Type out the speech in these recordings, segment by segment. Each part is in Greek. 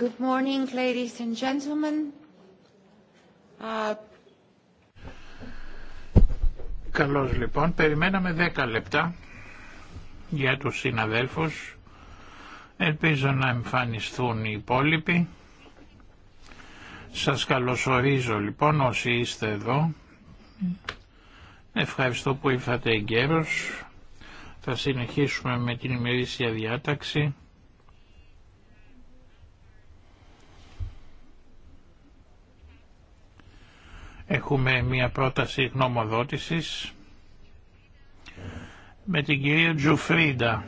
Good uh, Καλώς λοιπόν, περιμέναμε 10 λεπτά για τους συναδέλφους. Ελπίζω να εμφανιστούν οι υπόλοιποι. Σας καλωσορίζω λοιπόν όσοι είστε εδώ. Ευχαριστώ που ήρθατε εγκαίρως. Θα συνεχίσουμε με την ημερήσια διάταξη. έχουμε μια πρόταση γνωμοδότησης με την κυρία Τζουφρίντα.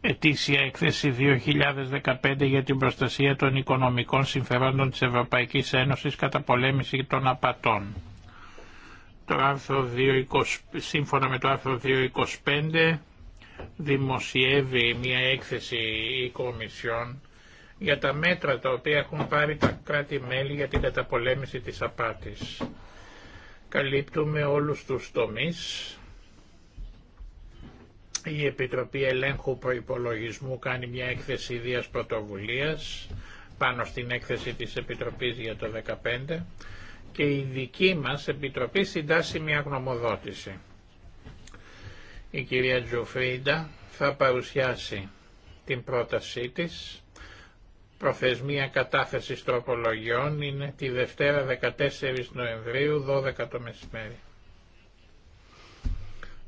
Ετήσια έκθεση 2015 για την προστασία των οικονομικών συμφερόντων της Ευρωπαϊκής Ένωσης κατά πολέμηση των απατών. Το άρθρο 220, σύμφωνα με το άρθρο 225 δημοσιεύει μια έκθεση η Κομισιόν για τα μέτρα τα οποία έχουν πάρει τα κράτη-μέλη για την καταπολέμηση της απάτης. Καλύπτουμε όλους τους τομείς. Η Επιτροπή Ελέγχου Προϋπολογισμού κάνει μια έκθεση ιδίας πρωτοβουλίας πάνω στην έκθεση της Επιτροπής για το 2015 και η δική μας Επιτροπή συντάσσει μια γνωμοδότηση. Η κυρία Τζουφρίντα θα παρουσιάσει την πρότασή της Προθεσμία κατάθεσης τροπολογιών είναι τη Δευτέρα 14 Νοεμβρίου 12 το μεσημέρι.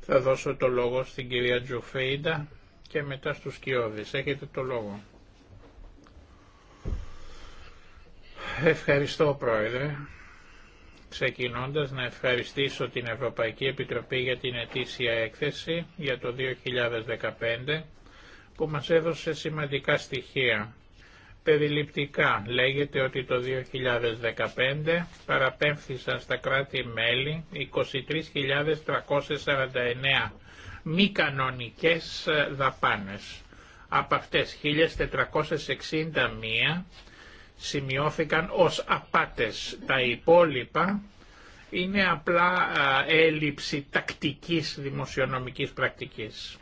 Θα δώσω το λόγο στην κυρία Τζουφρίντα και μετά στους Κιώδης. Έχετε το λόγο. Ευχαριστώ Πρόεδρε. Ξεκινώντας να ευχαριστήσω την Ευρωπαϊκή Επιτροπή για την ετήσια έκθεση για το 2015 που μας έδωσε σημαντικά στοιχεία περιληπτικά λέγεται ότι το 2015 παραπέμφθησαν στα κράτη-μέλη 23.349 μη κανονικές ε, δαπάνες. Από αυτές 1.461 σημειώθηκαν ως απάτες. Τα υπόλοιπα είναι απλά ε, έλλειψη τακτικής δημοσιονομικής πρακτικής.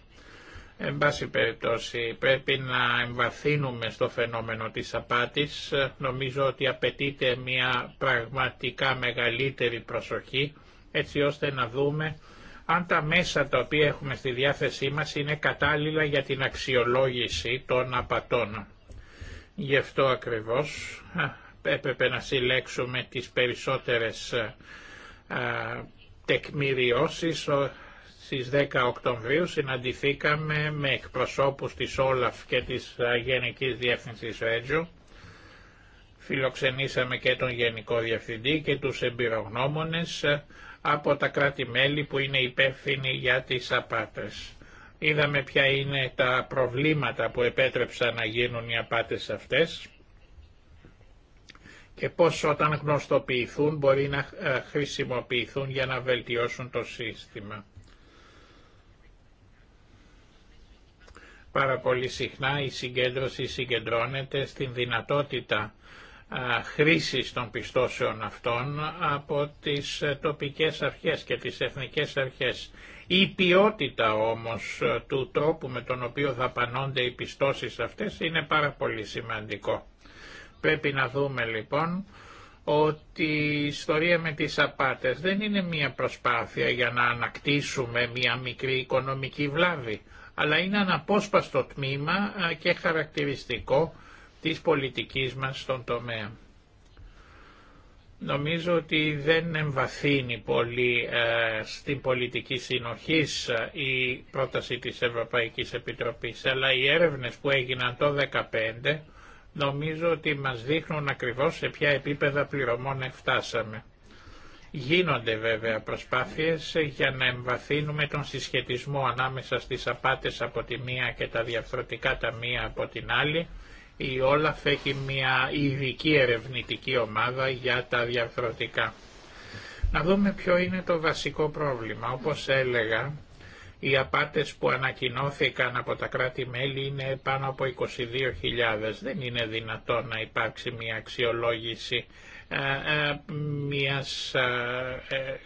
Εν πάση περιπτώσει πρέπει να εμβαθύνουμε στο φαινόμενο της απάτης. Νομίζω ότι απαιτείται μια πραγματικά μεγαλύτερη προσοχή έτσι ώστε να δούμε αν τα μέσα τα οποία έχουμε στη διάθεσή μας είναι κατάλληλα για την αξιολόγηση των απατών. Γι' αυτό ακριβώς έπρεπε να συλλέξουμε τις περισσότερες τεκμηριώσεις στις 10 Οκτωβρίου συναντηθήκαμε με εκπροσώπους της Όλαφ και της Γενικής Διεύθυνσης Ρέτζο. Φιλοξενήσαμε και τον Γενικό Διευθυντή και τους εμπειρογνώμονες από τα κράτη-μέλη που είναι υπεύθυνοι για τις απάτες. Είδαμε ποια είναι τα προβλήματα που επέτρεψαν να γίνουν οι απάτες αυτές και πώς όταν γνωστοποιηθούν μπορεί να χρησιμοποιηθούν για να βελτιώσουν το σύστημα. Πάρα πολύ συχνά η συγκέντρωση συγκεντρώνεται στην δυνατότητα χρήσης των πιστώσεων αυτών από τις ε, τοπικές αρχές και τις εθνικές αρχές. Η ποιότητα όμως ε, του τρόπου με τον οποίο θα πανώνται οι πιστώσεις αυτές είναι πάρα πολύ σημαντικό. Πρέπει να δούμε λοιπόν ότι η ιστορία με τις απάτες δεν είναι μια προσπάθεια για να ανακτήσουμε μια μικρή οικονομική βλάβη αλλά είναι αναπόσπαστο τμήμα και χαρακτηριστικό της πολιτικής μας στον τομέα. Νομίζω ότι δεν εμβαθύνει πολύ στην πολιτική συνοχή η πρόταση της Ευρωπαϊκής Επιτροπής, αλλά οι έρευνες που έγιναν το 2015 νομίζω ότι μας δείχνουν ακριβώς σε ποια επίπεδα πληρωμών φτάσαμε. Γίνονται βέβαια προσπάθειες για να εμβαθύνουμε τον συσχετισμό ανάμεσα στις απάτες από τη μία και τα τα μία από την άλλη. Η Όλαφ έχει μια από την άλλη. Η Όλαφ έχει μια ειδική ερευνητική ομάδα για τα διαφθορτικά. Να δούμε ποιο είναι το βασικό πρόβλημα. Όπως έλεγα, οι απάτες που ανακοινώθηκαν από τα κράτη-μέλη είναι πάνω από 22.000. Δεν είναι δυνατόν να υπάρξει μια αξιολόγηση ε, ε, μιας, ε,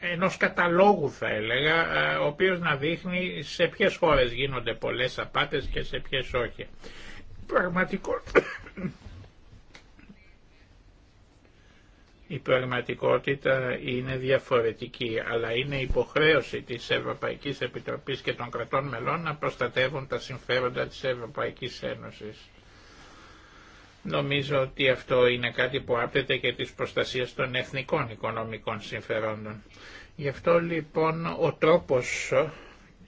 ενός καταλόγου θα έλεγα, ο οποίος να δείχνει σε ποιες χώρες γίνονται πολλές απάτες και σε ποιες όχι. Πραγματικό... Η πραγματικότητα είναι διαφορετική, αλλά είναι υποχρέωση της Ευρωπαϊκής Επιτροπής και των κρατών μελών να προστατεύουν τα συμφέροντα της Ευρωπαϊκής Ένωσης. Νομίζω ότι αυτό είναι κάτι που άπτεται και της προστασίας των εθνικών οικονομικών συμφερόντων. Γι' αυτό λοιπόν ο τρόπος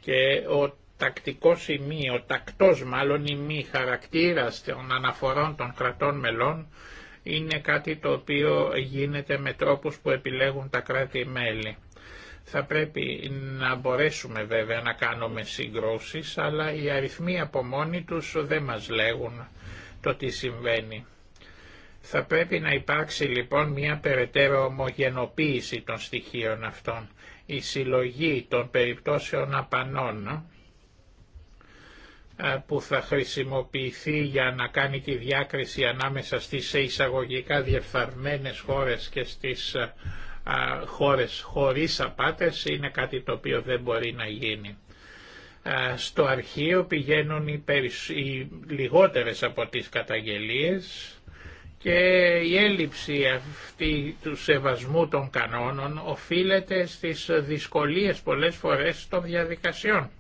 και ο τακτικός ημί, ο τακτός μάλλον η μη χαρακτήρας των αναφορών των κρατών μελών είναι κάτι το οποίο γίνεται με τρόπους που επιλέγουν τα κράτη-μέλη. Θα πρέπει να μπορέσουμε βέβαια να κάνουμε συγκρούσεις, αλλά οι αριθμοί από μόνοι τους δεν μας λέγουν το τι συμβαίνει. Θα πρέπει να υπάρξει λοιπόν μια περαιτέρω ομογενοποίηση των στοιχείων αυτών. Η συλλογή των περιπτώσεων απανών που θα χρησιμοποιηθεί για να κάνει τη διάκριση ανάμεσα στις εισαγωγικά διεφθαρμένες χώρες και στις χώρες χωρίς απάτες είναι κάτι το οποίο δεν μπορεί να γίνει. Ε, στο αρχείο πηγαίνουν οι, περισ... οι λιγότερες από τις καταγγελίες και η έλλειψη αυτή του σεβασμού των κανόνων οφείλεται στις δυσκολίες πολλές φορές των διαδικασιών.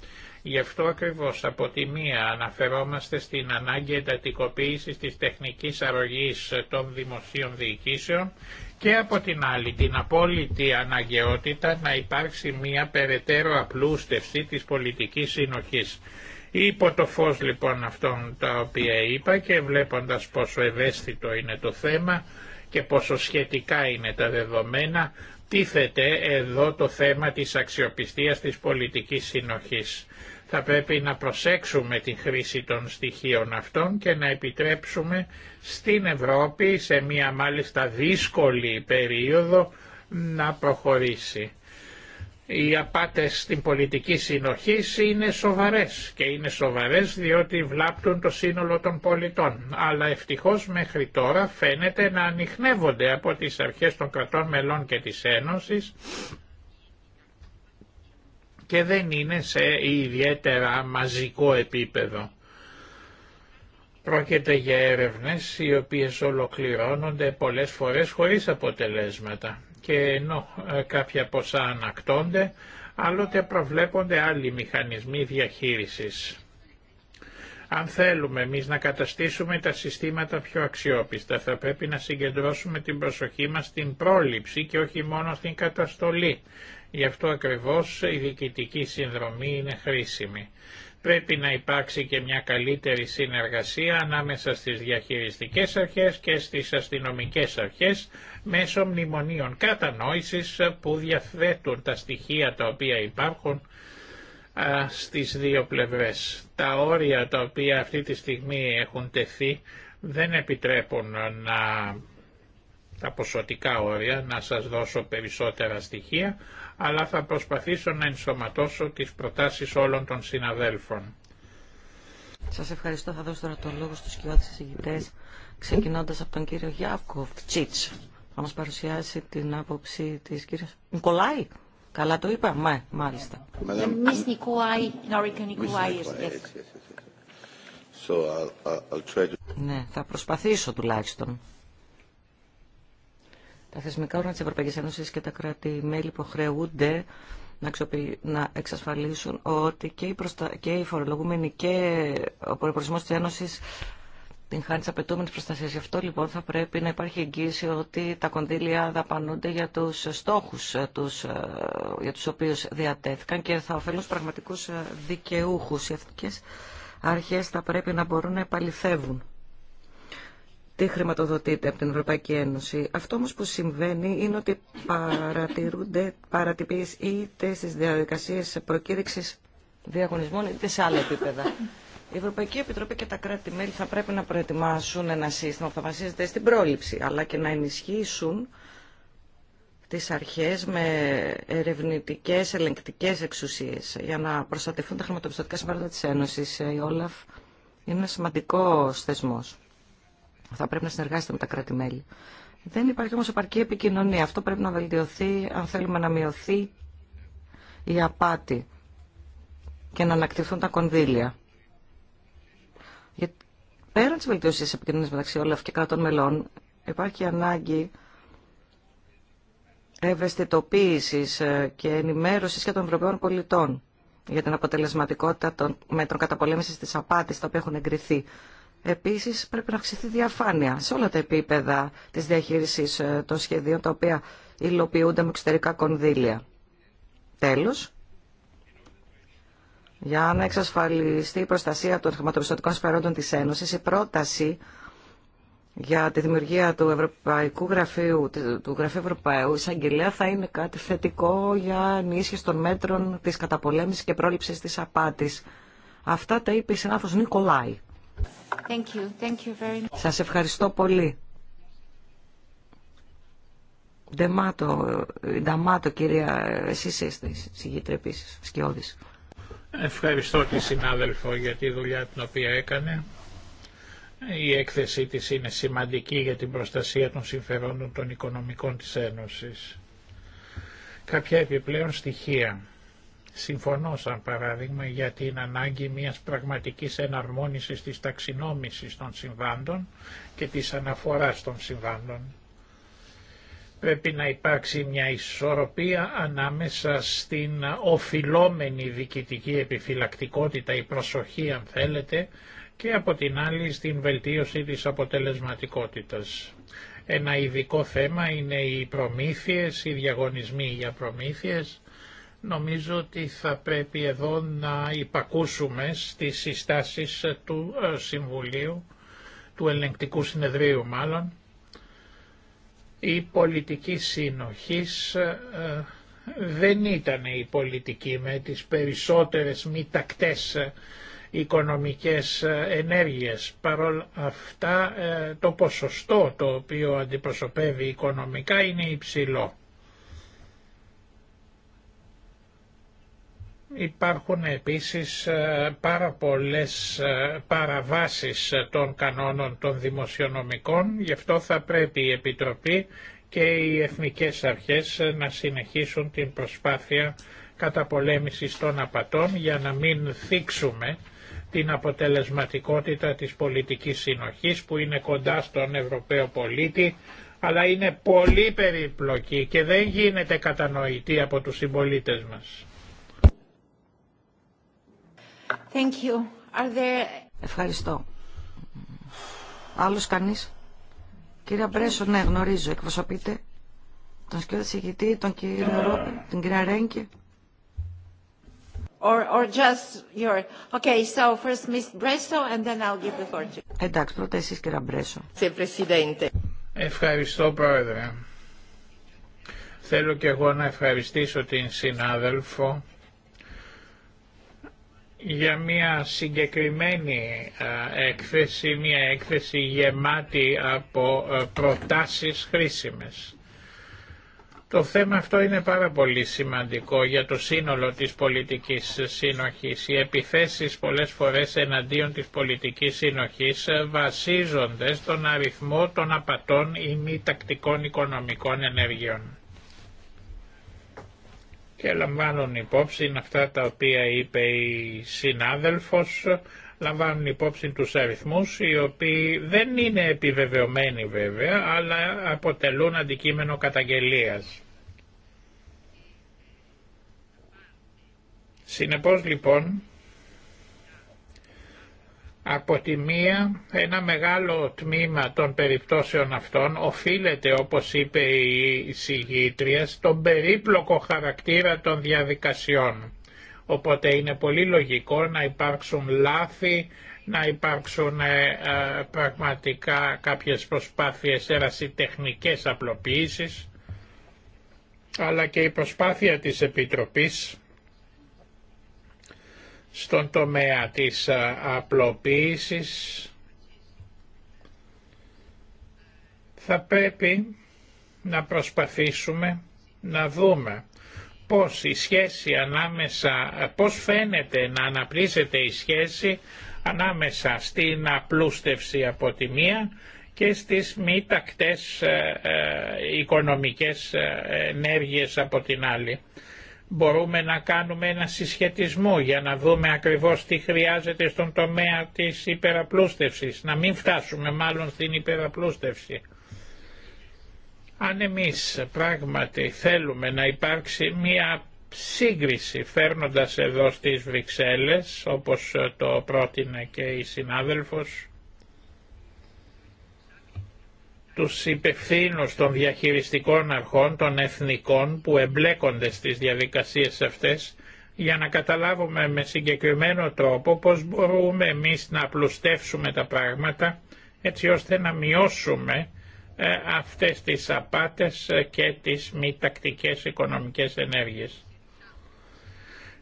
Γι' αυτό ακριβώς από τη μία αναφερόμαστε στην ανάγκη εντατικοποίησης της τεχνικής αρρωγής των δημοσίων διοικήσεων και από την άλλη την απόλυτη αναγκαιότητα να υπάρξει μια περαιτέρω απλούστευση της πολιτικής συνοχής. Υπό το φως λοιπόν αυτών τα οποία είπα και βλέποντας πόσο ευαίσθητο είναι το θέμα και πόσο σχετικά είναι τα δεδομένα, τίθεται εδώ το θέμα της αξιοπιστίας της πολιτικής συνοχής. Θα πρέπει να προσέξουμε τη χρήση των στοιχείων αυτών και να επιτρέψουμε στην Ευρώπη σε μια μάλιστα δύσκολη περίοδο να προχωρήσει. Οι απάτες στην πολιτική συνοχή είναι σοβαρές και είναι σοβαρές διότι βλάπτουν το σύνολο των πολιτών. Αλλά ευτυχώς μέχρι τώρα φαίνεται να ανοιχνεύονται από τις αρχές των κρατών μελών και της Ένωσης και δεν είναι σε ιδιαίτερα μαζικό επίπεδο. Πρόκειται για έρευνες οι οποίες ολοκληρώνονται πολλές φορές χωρίς αποτελέσματα και ενώ ε, κάποια ποσά ανακτώνται, άλλοτε προβλέπονται άλλοι μηχανισμοί διαχείρισης. Αν θέλουμε εμείς να καταστήσουμε τα συστήματα πιο αξιόπιστα, θα πρέπει να συγκεντρώσουμε την προσοχή μας στην πρόληψη και όχι μόνο στην καταστολή Γι' αυτό ακριβώς η διοικητική συνδρομή είναι χρήσιμη. Πρέπει να υπάρξει και μια καλύτερη συνεργασία ανάμεσα στις διαχειριστικές αρχές και στις αστυνομικές αρχές μέσω μνημονίων κατανόησης που διαθέτουν τα στοιχεία τα οποία υπάρχουν στις δύο πλευρές. Τα όρια τα οποία αυτή τη στιγμή έχουν τεθεί δεν επιτρέπουν να τα ποσοτικά όρια, να σας δώσω περισσότερα στοιχεία, αλλά θα προσπαθήσω να ενσωματώσω τις προτάσεις όλων των συναδέλφων. Σας ευχαριστώ. Θα δώσω τώρα το λόγο στους κοιότητες εισηγητές, ξεκινώντας από τον κύριο Γιάκο Φτσίτς. Θα μας παρουσιάσει την άποψη της κυρίας Νικολάη. Καλά το είπα, Μα, μάλιστα. Μις Νικολάη, Νικολάη, Ναι, θα προσπαθήσω τουλάχιστον. Τα θεσμικά όργανα τη Ευρωπαϊκή Ένωση και τα κράτη-μέλη υποχρεούνται να, εξασφαλίσουν ότι και οι, προστα... και οι φορολογούμενοι και ο προϋπορισμός τη Ένωση την χάνει τη απαιτούμενη προστασία. Γι' αυτό λοιπόν θα πρέπει να υπάρχει εγγύηση ότι τα κονδύλια δαπανούνται για του στόχου τους, ε, ε, για του οποίου διατέθηκαν και θα ωφελούν του πραγματικού ε, δικαιούχου. Οι εθνικέ αρχέ θα πρέπει να μπορούν να επαληθεύουν τι χρηματοδοτείται από την Ευρωπαϊκή Ένωση. Αυτό όμως που συμβαίνει είναι ότι παρατηρούνται παρατυπίες είτε στις διαδικασίες προκήρυξης διαγωνισμών είτε σε άλλα επίπεδα. Η Ευρωπαϊκή Επιτροπή και τα κράτη-μέλη θα πρέπει να προετοιμάσουν ένα σύστημα που θα βασίζεται στην πρόληψη, αλλά και να ενισχύσουν τις αρχές με ερευνητικές, ελεγκτικές εξουσίες για να προστατευτούν τα χρηματοπιστωτικά συμφέροντα της Ένωσης. Η ε, Όλαφ είναι ένα σημαντικό θεσμός θα πρέπει να συνεργάζεται με τα κράτη-μέλη. Δεν υπάρχει όμως επαρκή επικοινωνία. Αυτό πρέπει να βελτιωθεί αν θέλουμε να μειωθεί η απάτη και να ανακτηθούν τα κονδύλια. Γιατί πέραν της βελτιώσης της επικοινωνίας μεταξύ όλων και κρατών μελών, υπάρχει ανάγκη ευαισθητοποίησης ε, και ενημέρωσης και των Ευρωπαίων πολιτών για την αποτελεσματικότητα των μέτρων καταπολέμησης της απάτης τα οποία έχουν εγκριθεί Επίσης πρέπει να αυξηθεί διαφάνεια σε όλα τα επίπεδα της διαχείρισης ε, των σχεδίων τα οποία υλοποιούνται με εξωτερικά κονδύλια. Τέλος, για να εξασφαλιστεί η προστασία των χρηματοπιστωτικών σφαιρόντων της Ένωσης, η πρόταση για τη δημιουργία του Ευρωπαϊκού Γραφείου, του Γραφείου Ευρωπαίου Εισαγγελέα θα είναι κάτι θετικό για ενίσχυση των μέτρων της καταπολέμησης και πρόληψης της απάτης. Αυτά τα είπε η συνάδελφος Νικολάη. Thank Σας ευχαριστώ πολύ. νταμάτο, κυρία, εσείς είστε συγγήτρια επίσης, σκιώδης. Ευχαριστώ τη συνάδελφο για τη δουλειά την οποία έκανε. Η έκθεσή της είναι σημαντική για την προστασία των συμφερόντων των οικονομικών της Ένωσης. Κάποια επιπλέον στοιχεία Συμφωνώ σαν παράδειγμα για την ανάγκη μιας πραγματικής εναρμόνισης της ταξινόμησης των συμβάντων και της αναφοράς των συμβάντων. Πρέπει να υπάρξει μια ισορροπία ανάμεσα στην οφειλόμενη διοικητική επιφυλακτικότητα, η προσοχή αν θέλετε, και από την άλλη στην βελτίωση της αποτελεσματικότητας. Ένα ειδικό θέμα είναι οι προμήθειες, οι διαγωνισμοί για προμήθειες, Νομίζω ότι θα πρέπει εδώ να υπακούσουμε στις συστάσεις του ε, Συμβουλίου, του Ελεγκτικού Συνεδρίου μάλλον, η πολιτική σύνοχης ε, δεν ήταν η πολιτική με τις περισσότερες μη τακτές ε, οικονομικές ενέργειες. Παρόλα αυτά το ποσοστό το οποίο αντιπροσωπεύει οικονομικά είναι υψηλό. Υπάρχουν επίσης ε, πάρα πολλές ε, παραβάσεις ε, των κανόνων των δημοσιονομικών, γι' αυτό θα πρέπει η Επιτροπή και οι εθνικές αρχές να συνεχίσουν την προσπάθεια καταπολέμησης των απατών για να μην θίξουμε την αποτελεσματικότητα της πολιτικής συνοχής που είναι κοντά στον Ευρωπαίο πολίτη αλλά είναι πολύ περιπλοκή και δεν γίνεται κατανοητή από τους συμπολίτες μας. Thank you. Are there... Ευχαριστώ. Άλλος κανείς. Κύριε Μπρέσο, ναι, γνωρίζω. Εκπροσωπείτε τον σκιώδη συγκητή, τον κύριο Ρόπιν, την κυρία Ρέγκη. Εντάξει, πρώτα εσείς κύριε Μπρέσο. Ευχαριστώ πρόεδρε. Θέλω και εγώ να ευχαριστήσω την συνάδελφο για μια συγκεκριμένη έκθεση, μια έκθεση γεμάτη από προτάσεις χρήσιμες. Το θέμα αυτό είναι πάρα πολύ σημαντικό για το σύνολο της πολιτικής σύνοχης. Οι επιθέσεις πολλές φορές εναντίον της πολιτικής σύνοχης βασίζονται στον αριθμό των απατών ή μη τακτικών οικονομικών ενεργειών και λαμβάνουν υπόψη αυτά τα οποία είπε η συνάδελφος, λαμβάνουν υπόψη τους αριθμούς οι οποίοι δεν είναι επιβεβαιωμένοι βέβαια, αλλά αποτελούν αντικείμενο καταγγελίας. Συνεπώς λοιπόν, από τη μία, ένα μεγάλο τμήμα των περιπτώσεων αυτών οφείλεται, όπως είπε η συγγήτρια, στον περίπλοκο χαρακτήρα των διαδικασιών. Οπότε είναι πολύ λογικό να υπάρξουν λάθη, να υπάρξουν ε, ε, πραγματικά κάποιες προσπάθειες ερασιτεχνικές απλοποίησεις, αλλά και η προσπάθεια της Επιτροπής στον τομέα της απλοποίησης θα πρέπει να προσπαθήσουμε να δούμε πώς η σχέση ανάμεσα, πώς φαίνεται να αναπτύσσεται η σχέση ανάμεσα στην απλούστευση από τη μία και στις μη τακτές ε, ε, οικονομικές ε, ενέργειες από την άλλη μπορούμε να κάνουμε ένα συσχετισμό για να δούμε ακριβώς τι χρειάζεται στον τομέα της υπεραπλούστευσης, να μην φτάσουμε μάλλον στην υπεραπλούστευση. Αν εμείς πράγματι θέλουμε να υπάρξει μία σύγκριση φέρνοντας εδώ στις Βρυξέλλες, όπως το πρότεινε και η συνάδελφος, τους υπευθύνους των διαχειριστικών αρχών των εθνικών που εμπλέκονται στις διαδικασίες αυτές για να καταλάβουμε με συγκεκριμένο τρόπο πώς μπορούμε εμείς να απλουστεύσουμε τα πράγματα έτσι ώστε να μειώσουμε ε, αυτές τις απάτες ε, και τις μη τακτικές οικονομικές ενέργειες.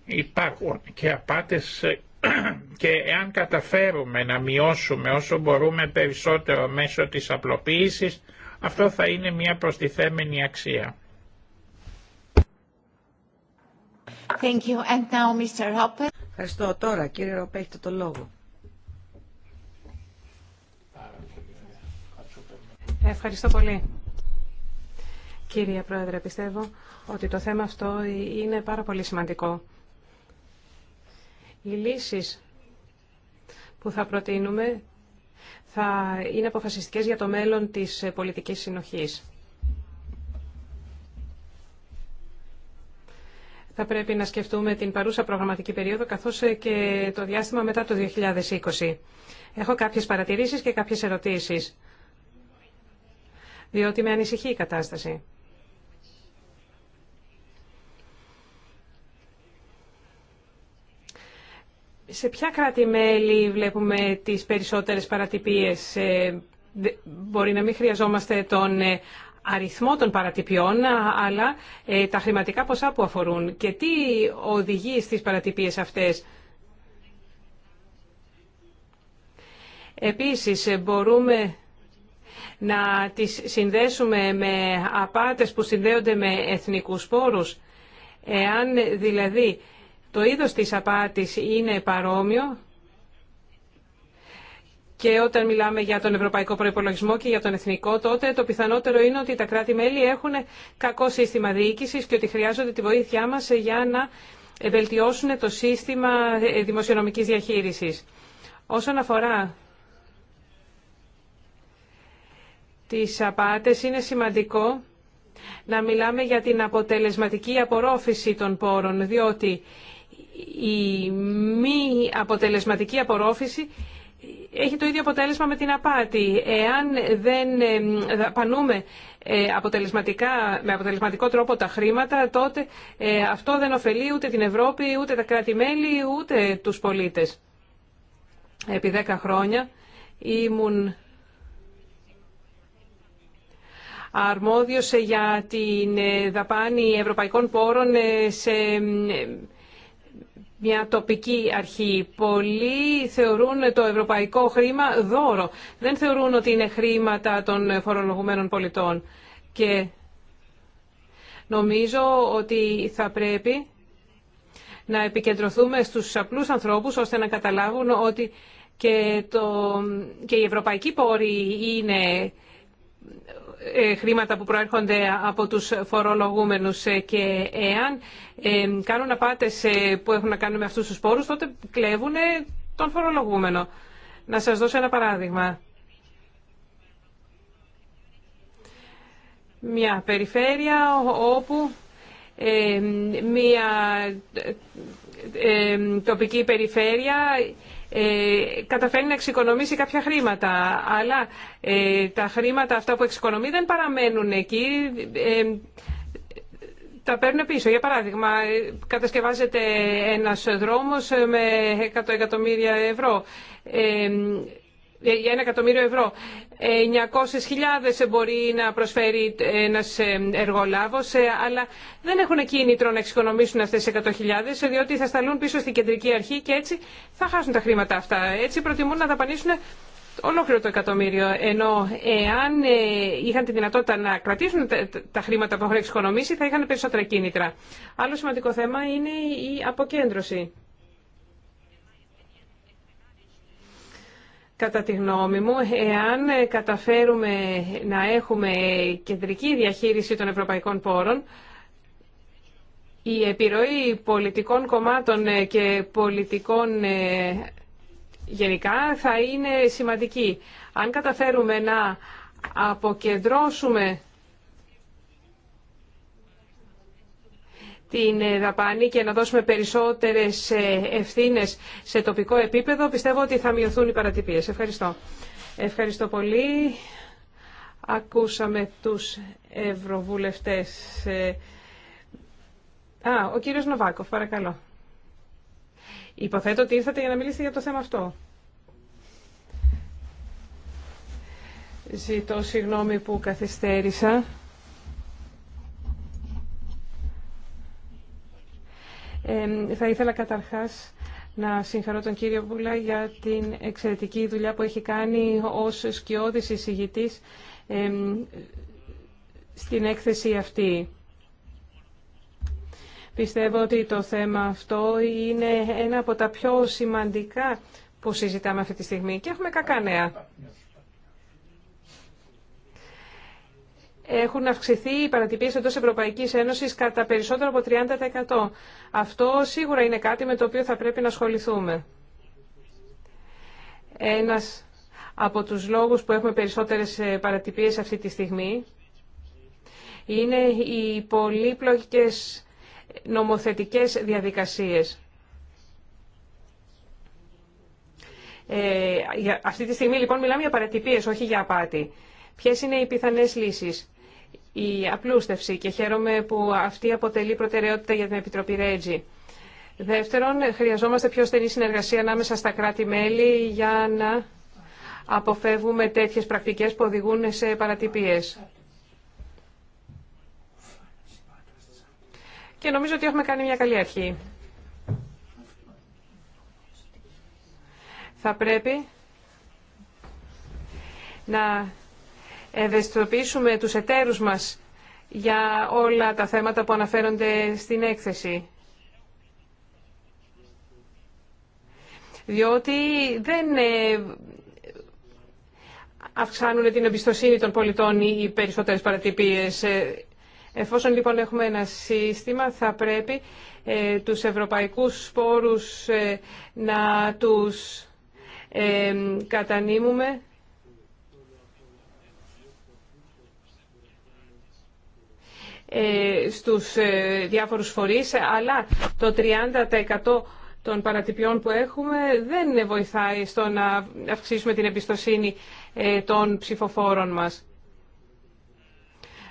Υπάρχουν και απάτες ε, και εάν καταφέρουμε να μειώσουμε όσο μπορούμε περισσότερο μέσω της απλοποίησης, αυτό θα είναι μια προστιθέμενη αξία. Ευχαριστώ. Τώρα, κύριε Ροπέ, έχετε το λόγο. Ευχαριστώ πολύ. Κύριε Πρόεδρε, πιστεύω ότι το θέμα αυτό είναι πάρα πολύ σημαντικό οι λύσεις που θα προτείνουμε θα είναι αποφασιστικές για το μέλλον της πολιτικής συνοχής. Θα πρέπει να σκεφτούμε την παρούσα προγραμματική περίοδο καθώς και το διάστημα μετά το 2020. Έχω κάποιες παρατηρήσεις και κάποιες ερωτήσεις, διότι με ανησυχεί η κατάσταση. Σε ποια κράτη-μέλη βλέπουμε τις περισσότερες παρατυπίες. Ε, μπορεί να μην χρειαζόμαστε τον ε, αριθμό των παρατυπιών, αλλά ε, τα χρηματικά ποσά που αφορούν. Και τι οδηγεί στις παρατυπίες αυτές. Επίσης, μπορούμε να τις συνδέσουμε με απάτες που συνδέονται με εθνικούς πόρους. Εάν δηλαδή το είδος της απάτης είναι παρόμοιο και όταν μιλάμε για τον ευρωπαϊκό Προϋπολογισμό και για τον εθνικό, τότε το πιθανότερο είναι ότι τα κράτη-μέλη έχουν κακό σύστημα διοίκηση και ότι χρειάζονται τη βοήθειά μας για να βελτιώσουν το σύστημα ε, δημοσιονομικής διαχείρισης. Όσον αφορά τις απάτες, είναι σημαντικό να μιλάμε για την αποτελεσματική απορρόφηση των πόρων, διότι η μη αποτελεσματική απορρόφηση έχει το ίδιο αποτέλεσμα με την απάτη. Εάν δεν δαπανούμε ε, ε, αποτελεσματικά, με αποτελεσματικό τρόπο τα χρήματα, τότε ε, αυτό δεν ωφελεί ούτε την Ευρώπη, ούτε τα κράτη-μέλη, ούτε τους πολίτες. Επί δέκα χρόνια ήμουν αρμόδιος για την δαπάνη ευρωπαϊκών πόρων σε μια τοπική αρχή. Πολλοί θεωρούν το ευρωπαϊκό χρήμα δώρο. Δεν θεωρούν ότι είναι χρήματα των φορολογουμένων πολιτών. Και νομίζω ότι θα πρέπει να επικεντρωθούμε στους απλούς ανθρώπους ώστε να καταλάβουν ότι και, το, και οι ευρωπαϊκή πόροι είναι ε, χρήματα που προέρχονται από τους φορολογούμενους ε, και εάν ε, κάνουν απάτες που έχουν να κάνουν με αυτούς τους πόρους, τότε κλέβουν τον φορολογούμενο. Να σας δώσω ένα παράδειγμα. Μια περιφέρεια όπου μια τοπική περιφέρεια ε, καταφέρνει να εξοικονομήσει κάποια χρήματα. Αλλά ε, τα χρήματα αυτά που εξοικονομεί δεν παραμένουν εκεί. Ε, τα παίρνουν πίσω. Για παράδειγμα, κατασκευάζεται ένας δρόμος με 100 εκατομμύρια ευρώ. Ε, για ένα εκατομμύριο ευρώ. 900.000 ε, μπορεί να προσφέρει ένα ε, εργολάβο, αλλά δεν έχουν κίνητρο να εξοικονομήσουν αυτές τις 100.000, διότι θα σταλούν πίσω στην κεντρική αρχή και έτσι θα χάσουν τα χρήματα αυτά. Έτσι προτιμούν να δαπανίσουν ολόκληρο το εκατομμύριο. Ενώ εάν είχαν τη δυνατότητα να κρατήσουν τα χρήματα που έχουν εξοικονομήσει, θα είχαν περισσότερα κίνητρα. Άλλο σημαντικό θέμα είναι η αποκέντρωση. Κατά τη γνώμη μου, εάν καταφέρουμε να έχουμε κεντρική διαχείριση των ευρωπαϊκών πόρων, η επιρροή πολιτικών κομμάτων και πολιτικών ε, γενικά θα είναι σημαντική. Αν καταφέρουμε να αποκεντρώσουμε την ε, δαπάνη και να δώσουμε περισσότερες ε, ευθύνες σε τοπικό επίπεδο, πιστεύω ότι θα μειωθούν οι παρατυπίες. Ευχαριστώ. Ευχαριστώ πολύ. Ακούσαμε τους ευρωβουλευτές. Ε. Α, ο κύριος Νοβάκοφ, παρακαλώ. Υποθέτω ότι ήρθατε για να μιλήσετε για το θέμα αυτό. Ζητώ συγγνώμη που καθυστέρησα. θα ήθελα καταρχάς να συγχαρώ τον κύριο Βούλα για την εξαιρετική δουλειά που έχει κάνει ως σκιώδης εισηγητής στην έκθεση αυτή. Πιστεύω ότι το θέμα αυτό είναι ένα από τα πιο σημαντικά που συζητάμε αυτή τη στιγμή και έχουμε κακά νέα. έχουν αυξηθεί οι παρατυπίες εντός Ευρωπαϊκής Ένωσης κατά περισσότερο από 30%. Αυτό σίγουρα είναι κάτι με το οποίο θα πρέπει να ασχοληθούμε. Ένας από τους λόγους που έχουμε περισσότερες ε, παρατυπίες αυτή τη στιγμή είναι οι πολύπλοκες νομοθετικές διαδικασίες. Ε, αυτή τη στιγμή λοιπόν μιλάμε για παρατυπίες, όχι για απάτη. Ποιες είναι οι πιθανές λύσεις η απλούστευση και χαίρομαι που αυτή αποτελεί προτεραιότητα για την Επιτροπή Ρέτζη. Δεύτερον, χρειαζόμαστε πιο στενή συνεργασία ανάμεσα στα κράτη-μέλη για να αποφεύγουμε τέτοιες πρακτικές που οδηγούν σε παρατυπίες. Και νομίζω ότι έχουμε κάνει μια καλή αρχή. Θα πρέπει να ευαισθητοποιήσουμε τους εταίρους μας για όλα τα θέματα που αναφέρονται στην έκθεση. Διότι δεν ε, αυξάνουν την εμπιστοσύνη των πολιτών οι περισσότερες παρατυπίες. Ε, εφόσον λοιπόν έχουμε ένα σύστημα θα πρέπει ε, τους ευρωπαϊκούς σπόρους να τους ε, κατανείμουμε Ε, στους ε, διάφορους φορείς, αλλά το 30% των παρατυπιών που έχουμε δεν βοηθάει στο να αυξήσουμε την εμπιστοσύνη ε, των ψηφοφόρων μας.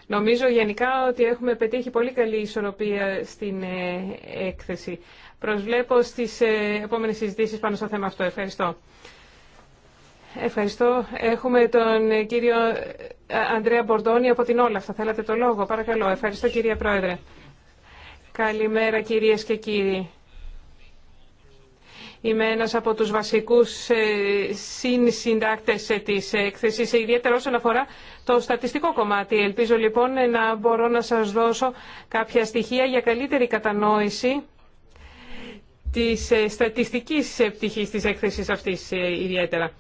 Νομίζω γενικά ότι έχουμε πετύχει πολύ καλή ισορροπία στην έκθεση. Προσβλέπω στις επόμενες συζητήσεις πάνω στο θέμα αυτό. Ευχαριστώ. Ευχαριστώ. Έχουμε τον κύριο ε, Ανδρέα Μπορδόνη από την Όλα. Θα θέλατε το λόγο. Παρακαλώ. Ευχαριστώ κύριε Πρόεδρε. Καλημέρα κυρίες και κύριοι. Είμαι ένας από τους βασικούς ε, συνσυντάκτες ε, της έκθεσης, ιδιαίτερα όσον αφορά το στατιστικό κομμάτι. Ελπίζω λοιπόν να μπορώ να σας δώσω κάποια στοιχεία για καλύτερη κατανόηση της στατιστικής πτυχής της έκθεσης αυτής ιδιαίτερα.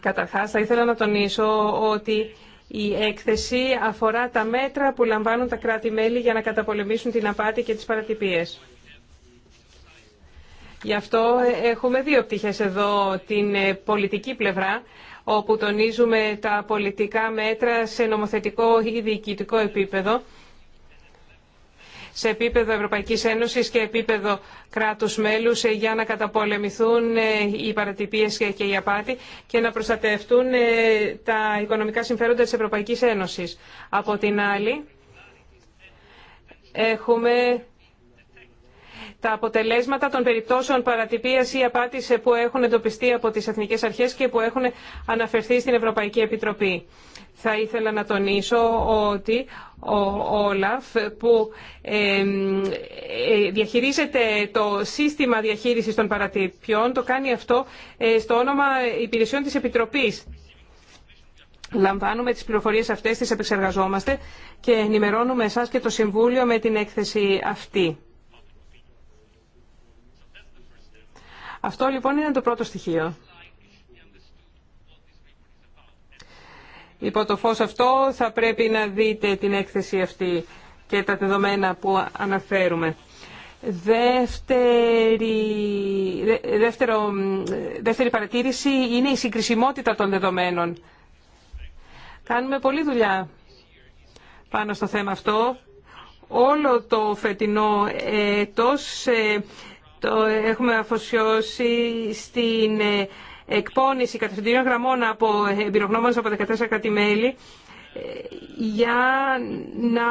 Καταρχάς, θα ήθελα να τονίσω ότι η έκθεση αφορά τα μέτρα που λαμβάνουν τα κράτη-μέλη για να καταπολεμήσουν την απάτη και τις παρατυπίες. Γι' αυτό έχουμε δύο πτυχές εδώ, την πολιτική πλευρά, όπου τονίζουμε τα πολιτικά μέτρα σε νομοθετικό ή διοικητικό επίπεδο σε επίπεδο Ευρωπαϊκής Ένωσης και επίπεδο κράτους μέλους ε, για να καταπολεμηθούν ε, οι παρατυπίες και οι απάτη και να προστατευτούν ε, τα οικονομικά συμφέροντα της Ευρωπαϊκής Ένωσης. Από την άλλη, έχουμε τα αποτελέσματα των περιπτώσεων παρατυπίας ή απάτης που έχουν εντοπιστεί από τις εθνικές αρχές και που έχουν αναφερθεί στην Ευρωπαϊκή Επιτροπή. Θα ήθελα να τονίσω ότι ο Όλαφ που ε, διαχειρίζεται το σύστημα διαχείρισης των παρατυπιών το κάνει αυτό ε, στο όνομα υπηρεσιών της Επιτροπής. Λαμβάνουμε τις πληροφορίες αυτές, τις επεξεργαζόμαστε και ενημερώνουμε εσάς και το Συμβούλιο με την έκθεση αυτή. Αυτό λοιπόν είναι το πρώτο στοιχείο. Υπό το φως αυτό θα πρέπει να δείτε την έκθεση αυτή και τα δεδομένα που αναφέρουμε. Δεύτερη, δεύτερο, δεύτερη παρατήρηση είναι η συγκρισιμότητα των δεδομένων. Κάνουμε πολλή δουλειά πάνω στο θέμα αυτό. Όλο το φετινό έτος ε, το έχουμε αφοσιώσει στην ε, εκπόνηση κατευθυντήριων γραμμών από ε, εμπειρογνώμονες από 14 μέλη ε, για να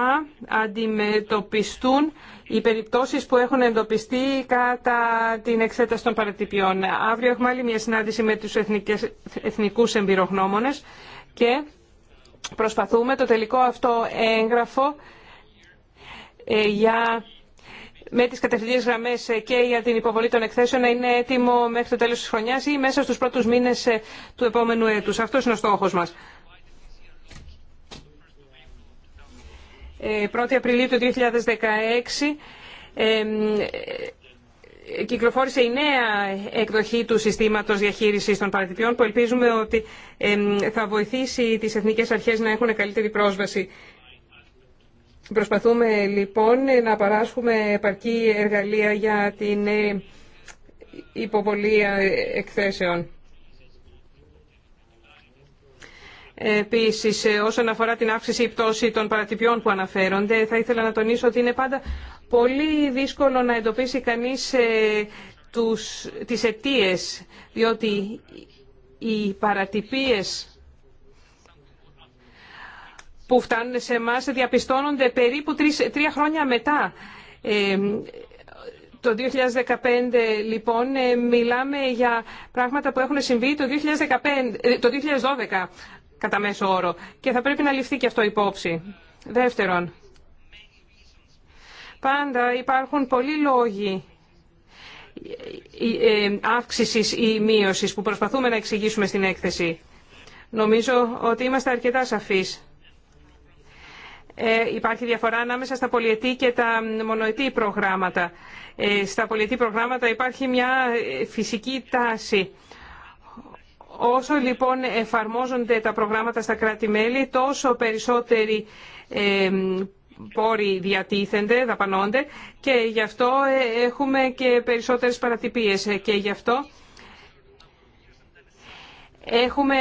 αντιμετωπιστούν οι περιπτώσεις που έχουν εντοπιστεί κατά την εξέταση των παρατυπιών. Αύριο έχουμε άλλη μια συνάντηση με τους εθνικές, εθνικούς εμπειρογνώμονες και προσπαθούμε το τελικό αυτό έγγραφο για με τις κατευθυντικές γραμμές ε, και για την υποβολή των εκθέσεων να είναι έτοιμο μέχρι το τέλος της χρονιάς ή μέσα στους πρώτους μήνες ε, του επόμενου έτους. Αυτός είναι ο στόχος μας. 1η ε, Απριλίου του 2016 κυκλοφόρησε η νέα εκδοχή του συστήματος διαχείρισης των παρατυπιών που ελπίζουμε ότι θα βοηθήσει τις εθνικές αρχές να έχουν καλύτερη πρόσβαση Προσπαθούμε λοιπόν να παράσχουμε επαρκή εργαλεία για την ε, υποβολή ε, εκθέσεων. Επίσης, ε, όσον αφορά την αύξηση ή πτώση των παρατυπιών που αναφέρονται, θα ήθελα να τονίσω ότι είναι πάντα πολύ δύσκολο να εντοπίσει κανείς τους, τις αιτίες, διότι οι παρατυπίες που φτάνουν σε εμά διαπιστώνονται περίπου τρία χρόνια μετά. Ε, το 2015 λοιπόν ε, μιλάμε για πράγματα που έχουν συμβεί το, 2015, ε, το 2012 κατά μέσο όρο και θα πρέπει να ληφθεί και αυτό υπόψη. Δεύτερον, πάντα υπάρχουν πολλοί λόγοι αύξησης ή μείωσης που προσπαθούμε να εξηγήσουμε στην έκθεση. Νομίζω ότι είμαστε αρκετά σαφείς. Ε, υπάρχει διαφορά ανάμεσα στα πολιετή και τα μονοετή προγράμματα. Ε, στα πολιετή προγράμματα υπάρχει μια ε, φυσική τάση. Όσο λοιπόν εφαρμόζονται τα προγράμματα στα κράτη-μέλη, τόσο περισσότεροι πόροι διατίθενται, δαπανώνται και γι' αυτό έχουμε και περισσότερες παρατυπίες και γι' αυτό έχουμε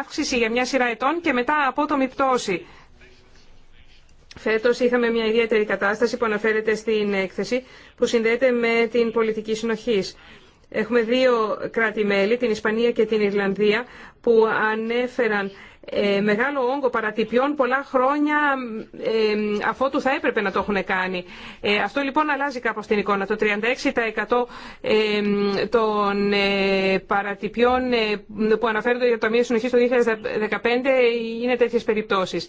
αύξηση για μια σειρά ετών και μετά απότομη πτώση. Φέτος είχαμε μια ιδιαίτερη κατάσταση που αναφέρεται στην έκθεση που συνδέεται με την πολιτικη συνοχή. συνοχής. Έχουμε δύο κράτη-μέλη, την Ισπανία και την Ιρλανδία, που ανέφεραν ε, μεγάλο όγκο παρατυπιών πολλά χρόνια ε, αφότου θα έπρεπε να το έχουν κάνει. Ε, αυτό λοιπόν αλλάζει κάπως την εικόνα. Το 36% των παρατυπιών που αναφέρονται για το Ταμείο Συνοχής το 2015 είναι τέτοιες περιπτώσεις.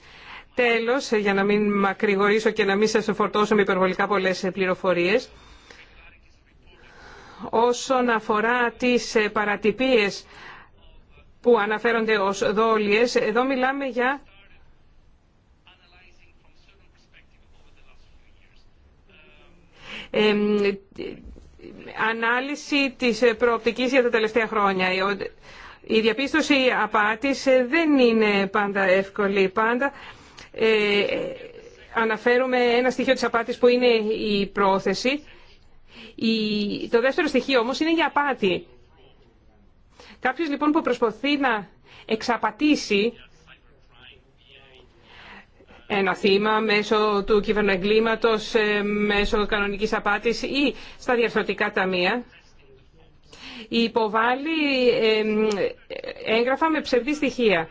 Τέλος, ε, για να μην μακρηγορήσω και να μην σας φορτώσω με υπερβολικά πολλές ε, πληροφορίες, όσον αφορά τις ε, παρατυπίες που αναφέρονται ως δόλιες, εδώ μιλάμε για ανάλυση της προοπτικής για τα τελευταία χρόνια. Η διαπίστωση απάτης δεν είναι πάντα εύκολη. Πάντα ε, αναφέρουμε ένα στοιχείο της απάτης που είναι η πρόθεση. Το δεύτερο στοιχείο όμως είναι η απάτη. Κάποιος λοιπόν που προσπαθεί να εξαπατήσει ένα θύμα μέσω του κυβερνοεγκλήματος, ε, μέσω κανονικής απάτης ή στα διαφορετικά ταμεία, υποβάλλει ε, έγγραφα με ψευδή στοιχεία.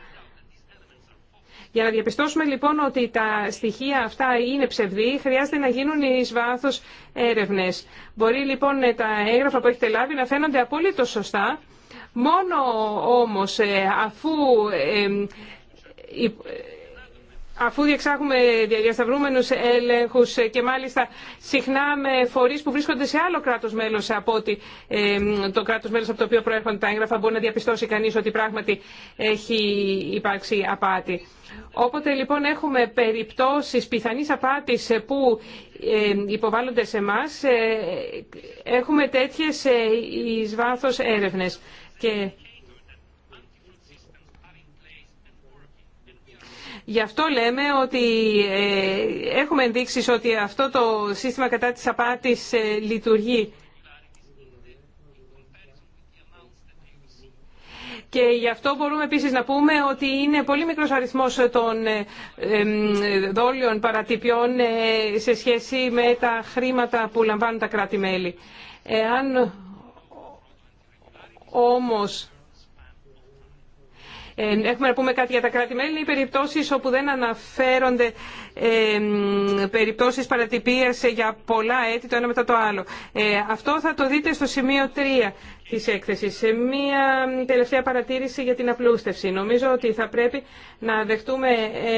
Για να διαπιστώσουμε λοιπόν ότι τα στοιχεία αυτά είναι ψευδή, χρειάζεται να γίνουν εις βάθος έρευνες. Μπορεί λοιπόν τα έγγραφα που έχετε λάβει να φαίνονται απόλυτο σωστά, μόνο όμως ε, αφού ε, αφού διεξάγουμε διασταυρούμενους έλεγχους και μάλιστα συχνά με φορείς που βρίσκονται σε άλλο κράτος μέλος από ότι το κράτος μέλος από το οποίο προέρχονται τα έγγραφα μπορεί να διαπιστώσει κανείς ότι πράγματι έχει υπάρξει απάτη. Όποτε λοιπόν έχουμε περιπτώσεις πιθανής απάτης που υποβάλλονται σε εμά, ε, έχουμε τέτοιες ε, εις βάθος έρευνες. Και Γι' αυτό λέμε ότι ε, έχουμε ενδείξει ότι αυτό το σύστημα κατά της απάτης ε, λειτουργεί. Και γι' αυτό μπορούμε επίσης να πούμε ότι είναι πολύ μικρός αριθμός των ε, δόλειων παρατυπιών σε σχέση με τα χρήματα που λαμβάνουν τα κράτη-μέλη. Εάν όμως ε, έχουμε να πούμε κάτι για τα κράτη-μέλη Οι περιπτώσεις όπου δεν αναφέρονται ε, περιπτώσεις παρατυπίας για πολλά έτη το ένα μετά το άλλο. Ε, αυτό θα το δείτε στο σημείο 3 της έκθεσης. Σε μία τελευταία παρατήρηση για την απλούστευση. Νομίζω ότι θα πρέπει να δεχτούμε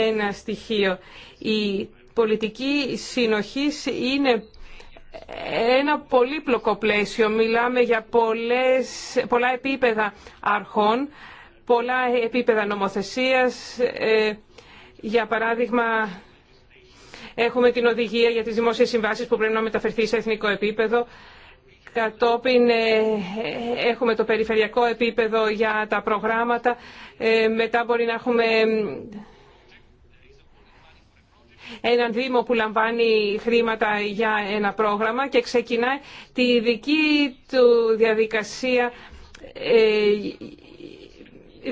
ένα στοιχείο. Η πολιτική συνοχής είναι ένα πολύπλοκο πλαίσιο. Μιλάμε για πολλές, πολλά επίπεδα αρχών πολλά επίπεδα νομοθεσίας. Ε, για παράδειγμα, έχουμε την οδηγία για τις δημόσιες συμβάσεις που πρέπει να μεταφερθεί σε εθνικό επίπεδο. Κατόπιν ε, έχουμε το περιφερειακό επίπεδο για τα προγράμματα. Ε, μετά μπορεί να έχουμε έναν Δήμο που λαμβάνει χρήματα για ένα πρόγραμμα και ξεκινάει τη δική του διαδικασία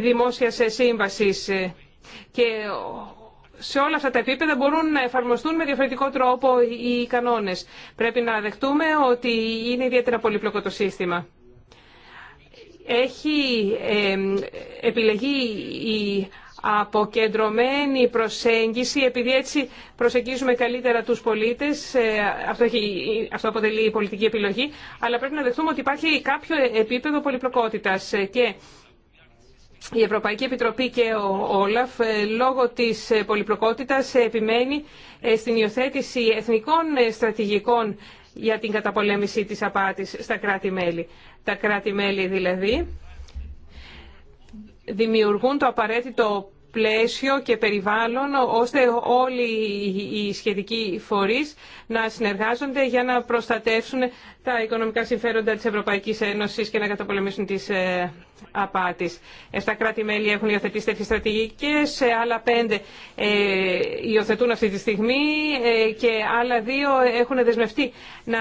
Δημόσια σύμβάση. Ε, και σε όλα αυτά τα επίπεδα μπορούν να εφαρμοστούν με διαφορετικό τρόπο οι κανόνες. Πρέπει να δεχτούμε ότι είναι ιδιαίτερα πολύπλοκο το σύστημα. Έχει ε, επιλεγεί η αποκεντρωμένη προσέγγιση, επειδή έτσι προσεγγίζουμε καλύτερα τους πολίτες, ε, αυτό, έχει, αυτό αποτελεί η πολιτική επιλογή, αλλά πρέπει να δεχτούμε ότι υπάρχει κάποιο επίπεδο πολυπλοκότητας και η Ευρωπαϊκή Επιτροπή και ο Όλαφ ε, λόγω της ε, πολυπλοκότητας ε, επιμένει στην υιοθέτηση εθνικών στρατηγικών για την καταπολέμηση της απάτης στα κράτη-μέλη. Τα κράτη-μέλη δηλαδή δημιουργούν το απαραίτητο πλαίσιο και περιβάλλον ώστε όλοι οι σχετικοί φορείς να συνεργάζονται για να προστατεύσουν τα οικονομικά συμφέροντα της Ευρωπαϊκής Ένωσης και να καταπολεμήσουν τις ε, απάτης. Εφτά κράτη-μέλη έχουν υιοθετήσει τέτοιες στρατηγικές, ε, άλλα πέντε ε, υιοθετούν αυτή τη στιγμή και άλλα δύο έχουν δεσμευτεί να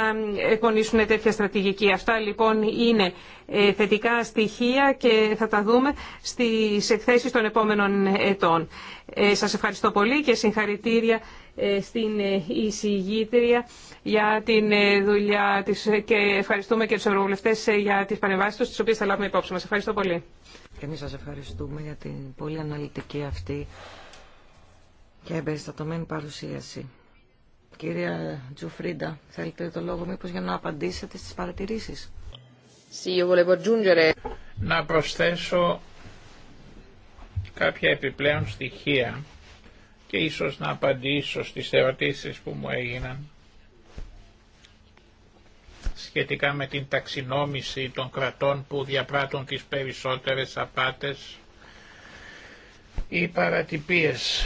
εκπονήσουν τέτοια στρατηγική. Αυτά λοιπόν είναι ε, θετικά στοιχεία και θα τα δούμε στις εκθέσεις των επόμενων ετών. Ε, σας ευχαριστώ πολύ και συγχαρητήρια ε, στην εισηγήτρια για την δουλειά της και ευχαριστούμε και τους ευρωβουλευτές για τις παρεμβάσεις τους, τις οποίες θα λάβουμε υπόψη μας. Ευχαριστώ πολύ. Και εμείς σας ευχαριστούμε για την πολύ αναλυτική αυτή και εμπεριστατωμένη παρουσίαση. Κυρία Τζουφρίντα, θέλετε το λόγο μήπως για να απαντήσετε στις παρατηρήσεις. Να προσθέσω κάποια επιπλέον στοιχεία και ίσως να απαντήσω στις ερωτήσεις που μου έγιναν σχετικά με την ταξινόμηση των κρατών που διαπράττουν τις περισσότερες απάτες ή παρατυπίες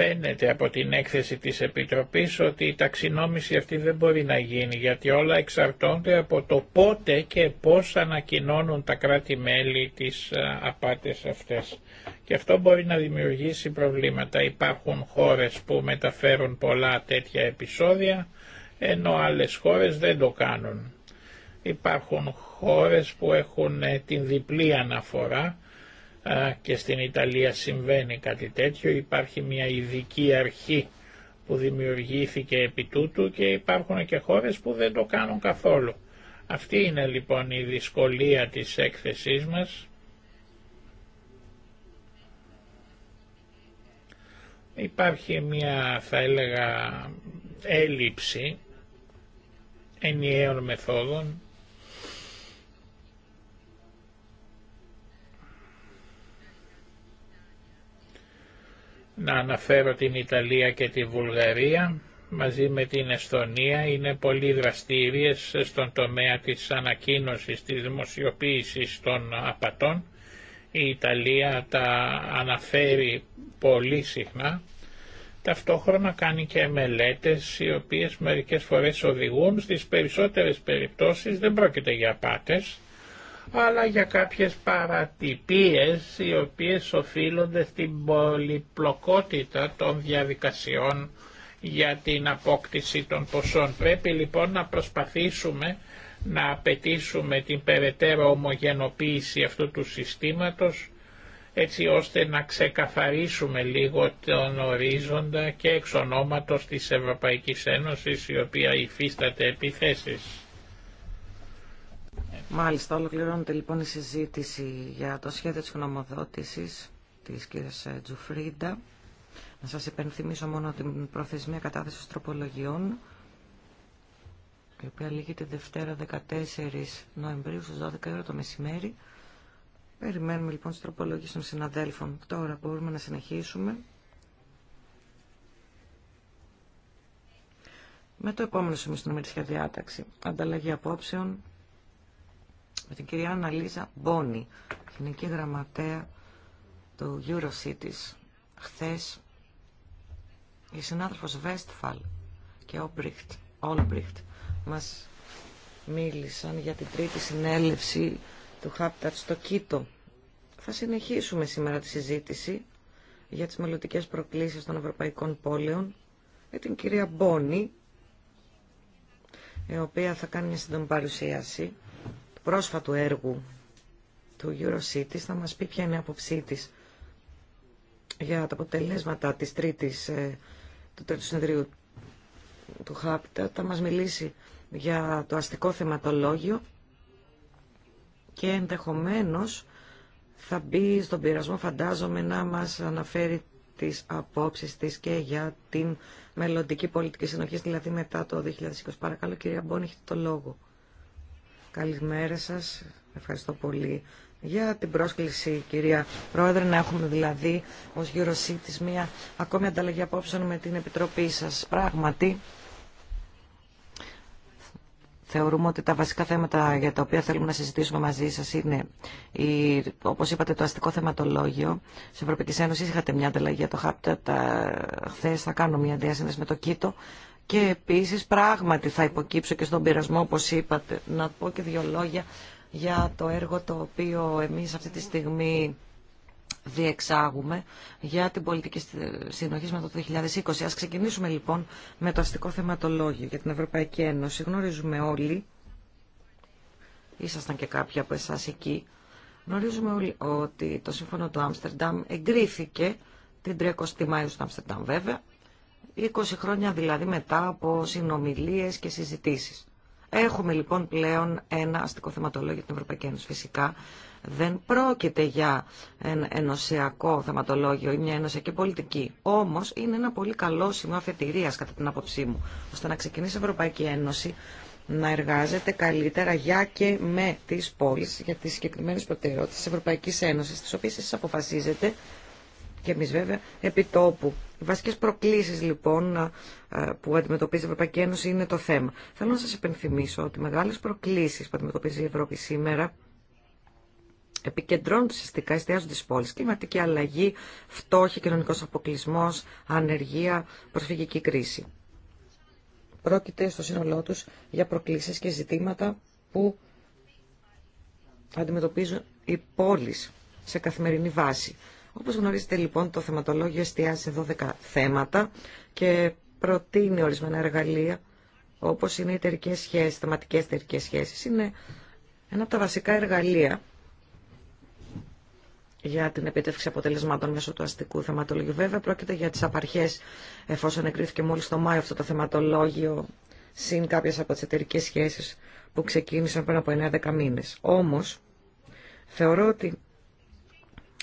Φαίνεται από την έκθεση της Επιτροπής ότι η ταξινόμηση αυτή δεν μπορεί να γίνει γιατί όλα εξαρτώνται από το πότε και πώς ανακοινώνουν τα κράτη-μέλη τις ε, απάτες αυτές. Και αυτό μπορεί να δημιουργήσει προβλήματα. Υπάρχουν χώρες που μεταφέρουν πολλά τέτοια επεισόδια ενώ άλλες χώρες δεν το κάνουν. Υπάρχουν χώρες που έχουν ε, την διπλή αναφορά και στην Ιταλία συμβαίνει κάτι τέτοιο. Υπάρχει μια ειδική αρχή που δημιουργήθηκε επί τούτου και υπάρχουν και χώρες που δεν το κάνουν καθόλου. Αυτή είναι λοιπόν η δυσκολία της έκθεσής μας. Υπάρχει μια θα έλεγα έλλειψη ενιαίων μεθόδων να αναφέρω την Ιταλία και τη Βουλγαρία μαζί με την Εσθονία είναι πολύ δραστήριες στον τομέα της ανακοίνωσης, της δημοσιοποίησης των απατών. Η Ιταλία τα αναφέρει πολύ συχνά. Ταυτόχρονα κάνει και μελέτες οι οποίες μερικές φορές οδηγούν στις περισσότερες περιπτώσεις δεν πρόκειται για απάτες αλλά για κάποιες παρατυπίες οι οποίες οφείλονται στην πολυπλοκότητα των διαδικασιών για την απόκτηση των ποσών. Πρέπει λοιπόν να προσπαθήσουμε να απαιτήσουμε την περαιτέρω ομογενοποίηση αυτού του συστήματος έτσι ώστε να ξεκαθαρίσουμε λίγο τον ορίζοντα και εξ ονόματος της Ευρωπαϊκής Ένωσης η οποία υφίσταται επιθέσεις. Μάλιστα, ολοκληρώνεται λοιπόν η συζήτηση για το σχέδιο της γνωμοδότησης της κυρίας Τζουφρίντα. Να σας υπενθυμίσω μόνο την προθεσμία κατάθεσης τροπολογιών, η οποία τη Δευτέρα 14 Νοεμβρίου στις 12 ώρα το μεσημέρι. Περιμένουμε λοιπόν τις τροπολογίες των συναδέλφων. Τώρα μπορούμε να συνεχίσουμε. Με το επόμενο σημείο στην ομιλητική διάταξη, ανταλλαγή απόψεων με την κυρία Αναλίζα Μπόνι, Γενική Γραμματέα του Eurocities. Χθες η συνάδελφος Βέστφαλ και Όμπριχτ, Όλμπριχτ μας μίλησαν για την τρίτη συνέλευση του Χάπταρτ στο Κίτο. Θα συνεχίσουμε σήμερα τη συζήτηση για τις μελλοντικές προκλήσεις των ευρωπαϊκών πόλεων με την κυρία Μπόνι, η οποία θα κάνει μια σύντομη παρουσίαση πρόσφατου έργου του EuroCities θα μας πει ποια είναι η άποψή της για τα αποτελέσματα της τρίτης ε, του τρίτου συνεδρίου του ΧΑΠΤΑ, Θα μας μιλήσει για το αστικό θεματολόγιο και ενδεχομένω θα μπει στον πειρασμό φαντάζομαι να μας αναφέρει τις απόψεις της και για την μελλοντική πολιτική συνοχή, δηλαδή μετά το 2020. Παρακαλώ κυρία Μπόνη, το λόγο. Καλημέρα σας. Ευχαριστώ πολύ για την πρόσκληση, κυρία Πρόεδρε, να έχουμε δηλαδή ως γύρω μία ακόμη ανταλλαγή απόψεων με την Επιτροπή σας. Πράγματι, θεωρούμε ότι τα βασικά θέματα για τα οποία θέλουμε να συζητήσουμε μαζί σας είναι, η, όπως είπατε, το αστικό θεματολόγιο. Στην Ευρωπαϊκή Ένωση είχατε μια ανταλλαγή για το ΧΑΠΤΑ. Χθε θα κάνω μια διάσυνδεση με το Κίτο και επίσης πράγματι θα υποκύψω και στον πειρασμό όπως είπατε να πω και δύο λόγια για το έργο το οποίο εμείς αυτή τη στιγμή διεξάγουμε για την πολιτική συνοχή με το 2020. Ας ξεκινήσουμε λοιπόν με το αστικό θεματολόγιο για την Ευρωπαϊκή Ένωση. Γνωρίζουμε όλοι, ήσασταν και κάποιοι από εσάς εκεί, γνωρίζουμε όλοι ότι το σύμφωνο του Άμστερνταμ εγκρίθηκε την 30η Μαΐου στο Άμστερνταμ βέβαια, 20 χρόνια δηλαδή μετά από συνομιλίες και συζητήσεις. Έχουμε λοιπόν πλέον ένα αστικό θεματολόγιο για την Ευρωπαϊκή Ένωση. Φυσικά δεν πρόκειται για ένα ενωσιακό θεματολόγιο ή μια ενωσιακή πολιτική. Όμω είναι ένα πολύ καλό σημείο αφετηρία, κατά την άποψή μου, ώστε να ξεκινήσει η Ευρωπαϊκή Ένωση να εργάζεται καλύτερα για και με τι πόλει, για τι συγκεκριμένε προτεραιότητε τη Ευρωπαϊκή Ένωση, τι οποίε εσεί αποφασίζετε και εμεί βέβαια επί τόπου. Οι βασικέ προκλήσει λοιπόν που αντιμετωπίζει η Ευρωπαϊκή Ένωση είναι το θέμα. Θέλω να σα υπενθυμίσω ότι οι μεγάλες προκλήσεις που αντιμετωπίζει η Ευρώπη σήμερα επικεντρώνουν ουσιαστικά, εστιάζονται τι πόλει. Κλιματική αλλαγή, φτώχεια, κοινωνικό αποκλεισμό, ανεργία, προσφυγική κρίση. Πρόκειται στο σύνολό του για προκλήσει και ζητήματα που αντιμετωπίζουν οι πόλει σε καθημερινή βάση. Όπως γνωρίζετε λοιπόν το θεματολόγιο εστιάζει σε 12 θέματα και προτείνει ορισμένα εργαλεία όπως είναι οι εταιρικέ σχέσεις, θεματικές εταιρικέ σχέσεις. Είναι ένα από τα βασικά εργαλεία για την επίτευξη αποτελεσμάτων μέσω του αστικού θεματολογίου. Βέβαια, πρόκειται για τις απαρχές, εφόσον εγκρίθηκε μόλις το Μάιο αυτό το θεματολόγιο, συν κάποιε από τις εταιρικέ σχέσεις που ξεκίνησαν πριν από 9-10 μήνες. Όμως, θεωρώ ότι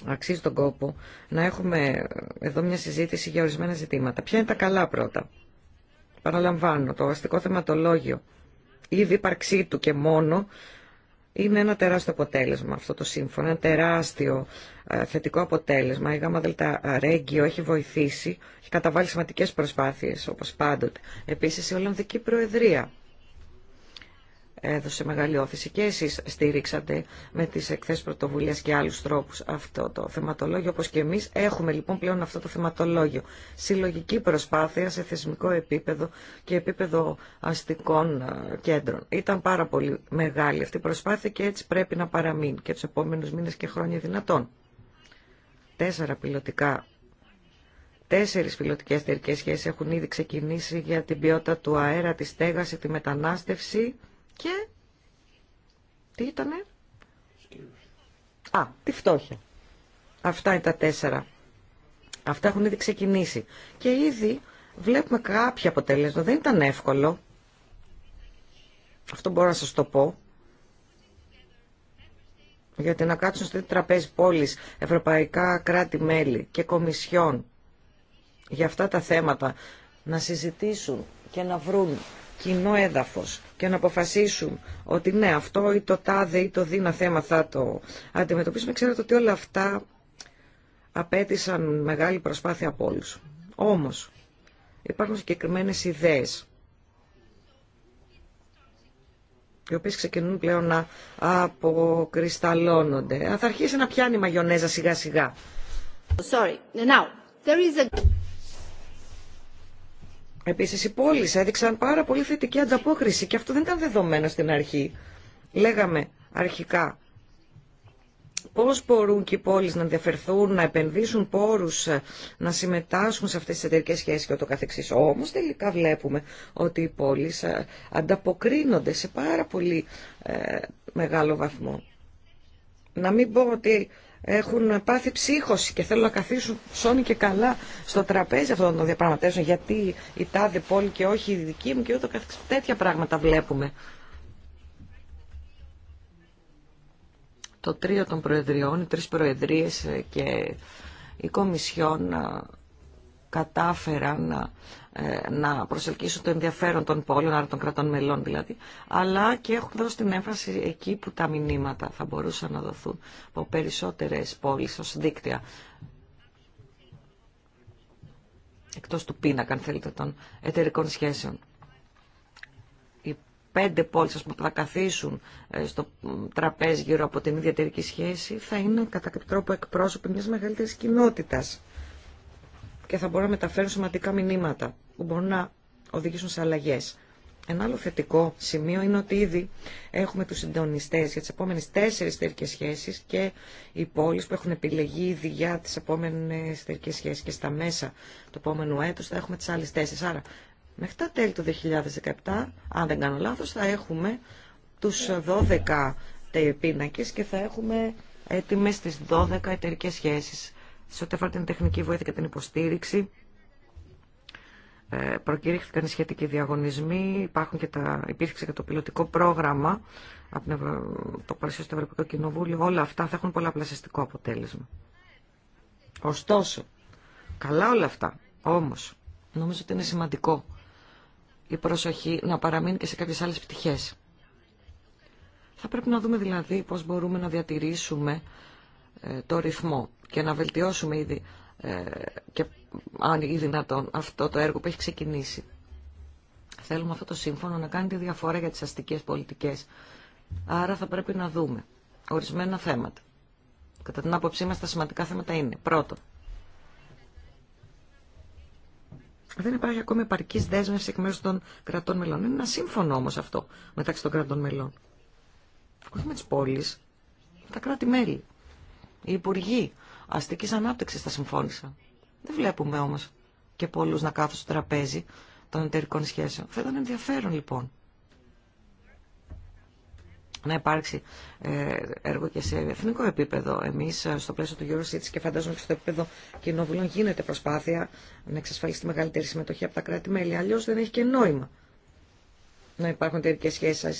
αξίζει τον κόπο να έχουμε εδώ μια συζήτηση για ορισμένα ζητήματα. Ποια είναι τα καλά πρώτα. Παραλαμβάνω, το αστικό θεματολόγιο, η ύπαρξή του και μόνο, είναι ένα τεράστιο αποτέλεσμα αυτό το σύμφωνο, ένα τεράστιο ε, θετικό αποτέλεσμα. Η ΓΑΜΑ ΔΕΛΤΑ έχει βοηθήσει, έχει καταβάλει σημαντικές προσπάθειες, όπως πάντοτε. Επίσης η Ολλανδική Προεδρία έδωσε μεγάλη όθηση και εσείς στήριξατε με τις εκθέσεις πρωτοβουλίας και άλλους τρόπους αυτό το θεματολόγιο όπως και εμείς έχουμε λοιπόν πλέον αυτό το θεματολόγιο συλλογική προσπάθεια σε θεσμικό επίπεδο και επίπεδο αστικών ε, κέντρων ήταν πάρα πολύ μεγάλη αυτή η προσπάθεια και έτσι πρέπει να παραμείνει και του επόμενου μήνες και χρόνια δυνατόν τέσσερα πιλωτικά Τέσσερι πιλωτικέ εταιρικέ σχέσει έχουν ήδη ξεκινήσει για την ποιότητα του αέρα, τη στέγαση, τη μετανάστευση και τι ήτανε. Α, τη φτώχεια. Αυτά είναι τα τέσσερα. Αυτά έχουν ήδη ξεκινήσει. Και ήδη βλέπουμε κάποια αποτέλεσμα. Δεν ήταν εύκολο. Αυτό μπορώ να σας το πω. Γιατί να κάτσουν στο τραπέζι πόλης, ευρωπαϊκά κράτη-μέλη και κομισιόν για αυτά τα θέματα, να συζητήσουν και να βρουν κοινό έδαφος και να αποφασίσουν ότι ναι αυτό ή το τάδε ή το δίνα θέμα θα το αντιμετωπίσουμε, ξέρετε ότι όλα αυτά απέτησαν μεγάλη προσπάθεια από όλους. Όμως υπάρχουν συγκεκριμένε ιδέες οι οποίες ξεκινούν πλέον να αποκρισταλώνονται. Θα αρχίσει να πιάνει η μαγιονέζα σιγά σιγά. Sorry. Now, there is a... Επίσης οι πόλεις έδειξαν πάρα πολύ θετική ανταπόκριση και αυτό δεν ήταν δεδομένο στην αρχή. Λέγαμε αρχικά πώς μπορούν και οι πόλεις να ενδιαφερθούν, να επενδύσουν πόρους, ε, να συμμετάσχουν σε αυτές τις εταιρικές σχέσεις και το καθεξής. Όμως τελικά βλέπουμε ότι οι πόλεις ε, ανταποκρίνονται σε πάρα πολύ ε, μεγάλο βαθμό. Να μην πω ότι έχουν πάθει ψύχωση και θέλουν να καθίσουν σώνη και καλά στο τραπέζι αυτών των διαπραγματεύσεων γιατί η τάδε πόλη και όχι η δική μου και ούτω Τέτοια πράγματα βλέπουμε. Το τρίο των προεδριών, οι τρεις προεδρίες ε, και η Κομισιόν ε, κατάφεραν ε, να προσελκύσουν το ενδιαφέρον των πόλεων, άρα των κρατών μελών δηλαδή, αλλά και έχουν δώσει την έμφαση εκεί που τα μηνύματα θα μπορούσαν να δοθούν από περισσότερες πόλεις ως δίκτυα. Εκτός του πίνακα, αν θέλετε, των εταιρικών σχέσεων. Οι πέντε πόλεις που θα καθίσουν ε, στο τραπέζι γύρω από την ίδια σχέση θα είναι κατά κάποιο τρόπο εκπρόσωποι μιας μεγαλύτερης κοινότητας και θα μπορούν να μεταφέρουν σημαντικά μηνύματα που μπορούν να οδηγήσουν σε αλλαγέ. Ένα άλλο θετικό σημείο είναι ότι ήδη έχουμε του συντονιστέ για τι επόμενε τέσσερι εταιρικέ σχέσει και οι πόλει που έχουν επιλεγεί ήδη για τι επόμενε εταιρικέ σχέσει και στα μέσα του επόμενου έτου θα έχουμε τι άλλε τέσσερι. Άρα, μέχρι τα τέλη του 2017, αν δεν κάνω λάθο, θα έχουμε του 12 πίνακε και θα έχουμε έτοιμε τι 12 εταιρικέ σχέσει σε ό,τι αφορά την τεχνική βοήθεια και την υποστήριξη. Ε, προκήρυχθηκαν οι σχετικοί διαγωνισμοί, υπάρχουν και τα, υπήρξε και το πιλωτικό πρόγραμμα από το Ευρωπαϊκό Κοινοβούλιο. Όλα αυτά θα έχουν πολλαπλασιαστικό αποτέλεσμα. Ωστόσο, καλά όλα αυτά, όμως, νομίζω ότι είναι σημαντικό η προσοχή να παραμείνει και σε κάποιες άλλες πτυχές. Θα πρέπει να δούμε δηλαδή πώς μπορούμε να διατηρήσουμε ε, το ρυθμό και να βελτιώσουμε ήδη ε, και αν ή δυνατόν αυτό το έργο που έχει ξεκινήσει. Θέλουμε αυτό το σύμφωνο να κάνει τη διαφορά για τις αστικές πολιτικές. Άρα θα πρέπει να δούμε ορισμένα θέματα. Κατά την άποψή μας τα σημαντικά θέματα είναι πρώτο. δεν υπάρχει ακόμη επαρκή δέσμευση εκ μέρους των κρατών μελών. Είναι ένα σύμφωνο όμω αυτό μεταξύ των κρατών μελών. Όχι με τι τα κράτη-μέλη. Οι υπουργοί αστική ανάπτυξη τα συμφώνησα. Δεν βλέπουμε όμω και πολλού να κάθουν στο τραπέζι των εταιρικών σχέσεων. Θα ήταν ενδιαφέρον λοιπόν να υπάρξει ε, έργο και σε εθνικό επίπεδο. Εμεί ε, στο πλαίσιο του EuroCities και φαντάζομαι και στο επίπεδο κοινοβουλίων γίνεται προσπάθεια να εξασφαλίσει τη μεγαλύτερη συμμετοχή από τα κράτη-μέλη. Αλλιώ δεν έχει και νόημα να υπάρχουν εταιρικέ σχέσει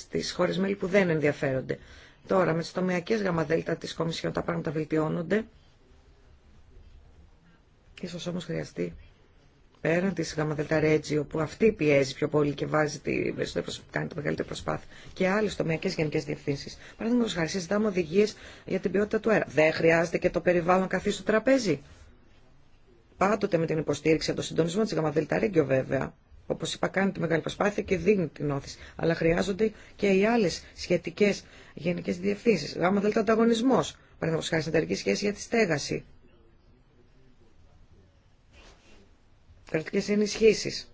στι χώρε μέλη που δεν ενδιαφέρονται Τώρα με τις τομιακές γαμαδέλτα της Κομισιόν τα πράγματα βελτιώνονται. Ίσως όμως χρειαστεί πέραν της γαμαδέλτα Ρέτζιο που αυτή πιέζει πιο πολύ και βάζει τη, κάνει το μεγαλύτερο προσπάθεια και άλλες τομιακές γενικές διευθύνσεις. Παραδείγματο χάρη συζητάμε οδηγίες για την ποιότητα του αέρα. Δεν χρειάζεται και το περιβάλλον καθίσει στο τραπέζι. Πάντοτε με την υποστήριξη από το συντονισμό της γαμαδέλτα βέβαια όπως είπα, κάνει τη μεγάλη προσπάθεια και δίνει την όθηση. Αλλά χρειάζονται και οι άλλες σχετικές γενικές διευθύνσεις. Γάμα δελτα ανταγωνισμός, παραδείγματος χάρη συνεταιρική σχέση για τη στέγαση. Κρατικές ενισχύσεις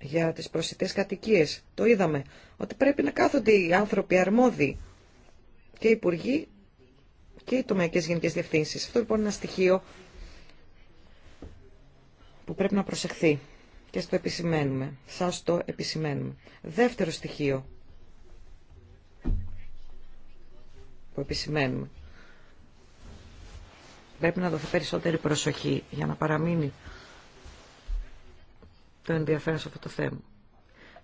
για τις προσιτές κατοικίες. Το είδαμε ότι πρέπει να κάθονται οι άνθρωποι αρμόδιοι και οι υπουργοί και οι τομεακές γενικές διευθύνσεις. Αυτό λοιπόν είναι ένα στοιχείο που πρέπει να προσεχθεί και στο επισημαίνουμε. Σας το επισημαίνουμε. Δεύτερο στοιχείο που επισημαίνουμε. Πρέπει να δοθεί περισσότερη προσοχή για να παραμείνει το ενδιαφέρον σε αυτό το θέμα.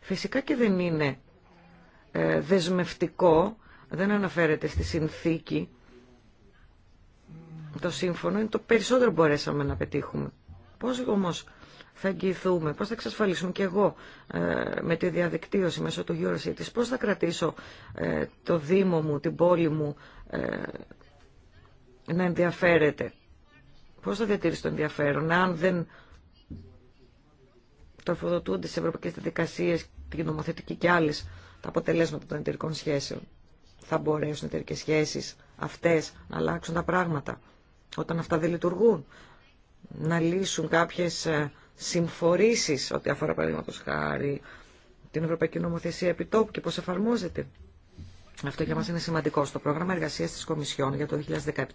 Φυσικά και δεν είναι ε, δεσμευτικό, δεν αναφέρεται στη συνθήκη το σύμφωνο, είναι το περισσότερο μπορέσαμε να πετύχουμε. Πώς όμως θα εγγυηθούμε, πώς θα εξασφαλίσουν και εγώ ε, με τη διαδικτύωση μέσω του EuroCities, πώς θα κρατήσω ε, το Δήμο μου, την πόλη μου ε, να ενδιαφέρεται. Πώς θα διατηρήσω το ενδιαφέρον, αν δεν τροφοδοτούνται τις ευρωπαϊκές διαδικασίες, την νομοθετική και άλλες, τα αποτελέσματα των εταιρικών σχέσεων. Θα μπορέσουν οι εταιρικές σχέσει αυτές να αλλάξουν τα πράγματα όταν αυτά δεν λειτουργούν. Να λύσουν κάποιες συμφορήσεις ό,τι αφορά παραδείγματο χάρη την Ευρωπαϊκή Νομοθεσία Επιτόπου και πώς εφαρμόζεται. Αυτό για μας είναι σημαντικό. Στο πρόγραμμα εργασίας της Κομισιόν για το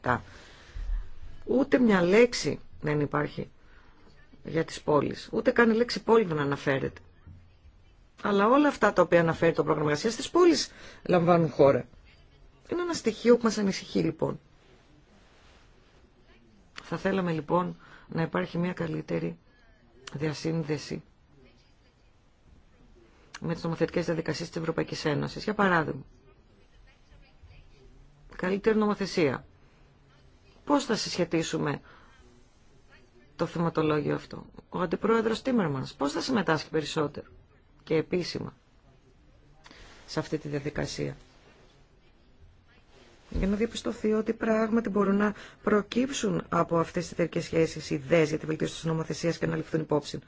2017 ούτε μια λέξη δεν υπάρχει για τις πόλεις. Ούτε καν η λέξη πόλη δεν αναφέρεται. Αλλά όλα αυτά τα οποία αναφέρει το πρόγραμμα εργασίας της πόλης λαμβάνουν χώρα. Είναι ένα στοιχείο που μας ανησυχεί λοιπόν. Θα θέλαμε λοιπόν να υπάρχει μια καλύτερη διασύνδεση με τις νομοθετικές διαδικασίες της Ευρωπαϊκής Ένωσης. Για παράδειγμα, καλύτερη νομοθεσία. Πώς θα συσχετίσουμε το θεματολόγιο αυτό. Ο Αντιπρόεδρος Τίμερμανς πώς θα συμμετάσχει περισσότερο και επίσημα σε αυτή τη διαδικασία για να διαπιστωθεί ότι πράγματι μπορούν να προκύψουν από αυτές τις εταιρικέ σχέσεις ιδέες για τη βελτίωση τη νομοθεσία και να ληφθούν υπόψη.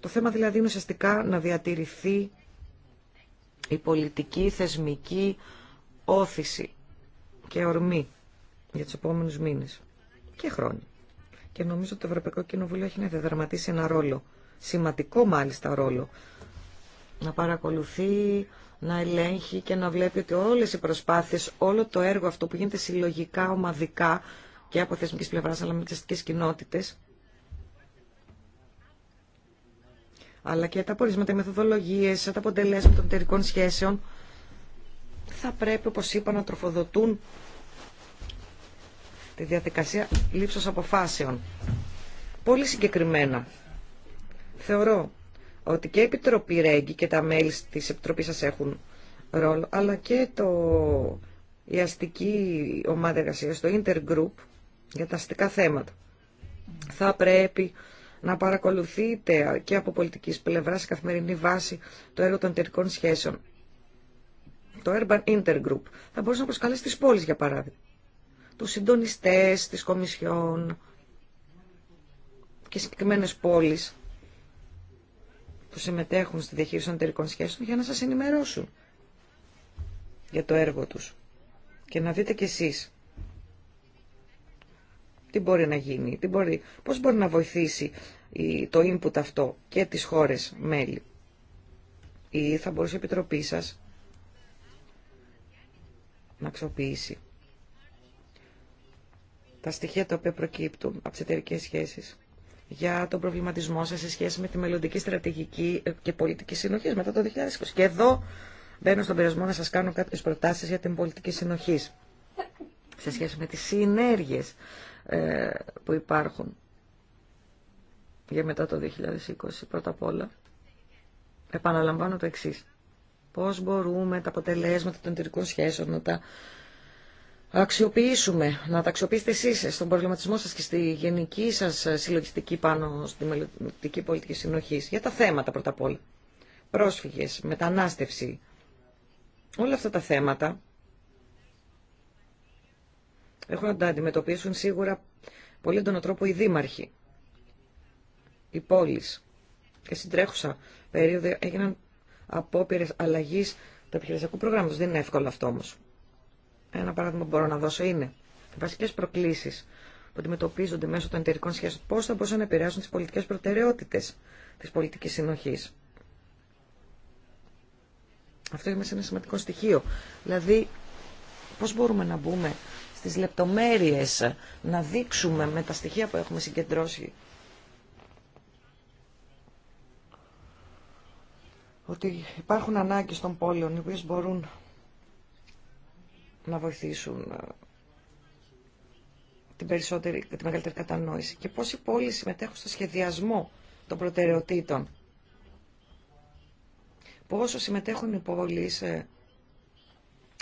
Το θέμα δηλαδή είναι ουσιαστικά να διατηρηθεί η πολιτική, θεσμική όθηση και ορμή για τους επόμενους μήνες και χρόνια. Και νομίζω ότι το Ευρωπαϊκό Κοινοβούλιο έχει να διαδραματίσει ένα ρόλο, σημαντικό μάλιστα ρόλο, να παρακολουθεί να ελέγχει και να βλέπει ότι όλες οι προσπάθειες, όλο το έργο αυτό που γίνεται συλλογικά, ομαδικά και από θεσμικής πλευράς αλλά με τις κοινότητες, αλλά και τα πορίσματα, οι μεθοδολογίες, τα αποτελέσματα των εταιρικών σχέσεων, θα πρέπει, όπως είπα, να τροφοδοτούν τη διαδικασία λήψος αποφάσεων. Πολύ συγκεκριμένα. Θεωρώ ότι και η Επιτροπή Ρέγγι και τα μέλη της Επιτροπής σας έχουν ρόλο, αλλά και το, η αστική ομάδα εργασία, το Intergroup για τα αστικά θέματα. Θα πρέπει να παρακολουθείτε και από πολιτικής πλευράς σε καθημερινή βάση το έργο των εταιρικών σχέσεων. Το Urban Intergroup θα μπορούσε να προσκαλέσει τις πόλεις για παράδειγμα. Τους συντονιστές, της κομισιόν και συγκεκριμένες πόλεις που συμμετέχουν στη διαχείριση των εταιρικών σχέσεων για να σας ενημερώσουν για το έργο τους. Και να δείτε κι εσείς τι μπορεί να γίνει, τι μπορεί, πώς μπορεί να βοηθήσει το input αυτό και τις χώρες μέλη. Ή θα μπορούσε η Επιτροπή σας να αξιοποιήσει τα στοιχεία τα οποία προκύπτουν από τι εταιρικές σχέσεις για τον προβληματισμό σας σε σχέση με τη μελλοντική στρατηγική ε, και πολιτική συνοχή μετά το 2020. Και εδώ μπαίνω στον περιορισμό να σας κάνω κάποιες προτάσεις για την πολιτική συνοχή σε σχέση με τις συνέργειες ε, που υπάρχουν για μετά το 2020. Πρώτα απ' όλα, επαναλαμβάνω το εξής. Πώς μπορούμε τα αποτελέσματα των εταιρικών σχέσεων να τα αξιοποιήσουμε, να τα αξιοποιήσετε εσείς στον προβληματισμό σας και στη γενική σας συλλογιστική πάνω στη μελλοντική πολιτική συνοχή Για τα θέματα πρώτα απ' όλα. Πρόσφυγες, μετανάστευση, όλα αυτά τα θέματα έχουν να τα αντιμετωπίσουν σίγουρα πολύ έντονο τρόπο οι δήμαρχοι, οι πόλει. Και στην τρέχουσα περίοδο έγιναν απόπειρε αλλαγή του επιχειρησιακού προγράμματο. Δεν είναι εύκολο αυτό όμω. Ένα παράδειγμα που μπορώ να δώσω είναι οι βασικέ προκλήσει που αντιμετωπίζονται μέσω των εταιρικών σχέσεων. Πώ θα μπορούσαν να επηρεάσουν τι πολιτικέ προτεραιότητε τη πολιτική συνοχή. Αυτό είναι ένα σημαντικό στοιχείο. Δηλαδή, πώ μπορούμε να μπούμε στις λεπτομέρειες, να δείξουμε με τα στοιχεία που έχουμε συγκεντρώσει ότι υπάρχουν ανάγκες των πόλεων οι οποίες μπορούν να βοηθήσουν ε, την, τη μεγαλύτερη κατανόηση και πώς οι πόλεις συμμετέχουν στο σχεδιασμό των προτεραιοτήτων. Πόσο συμμετέχουν οι πόλεις ε,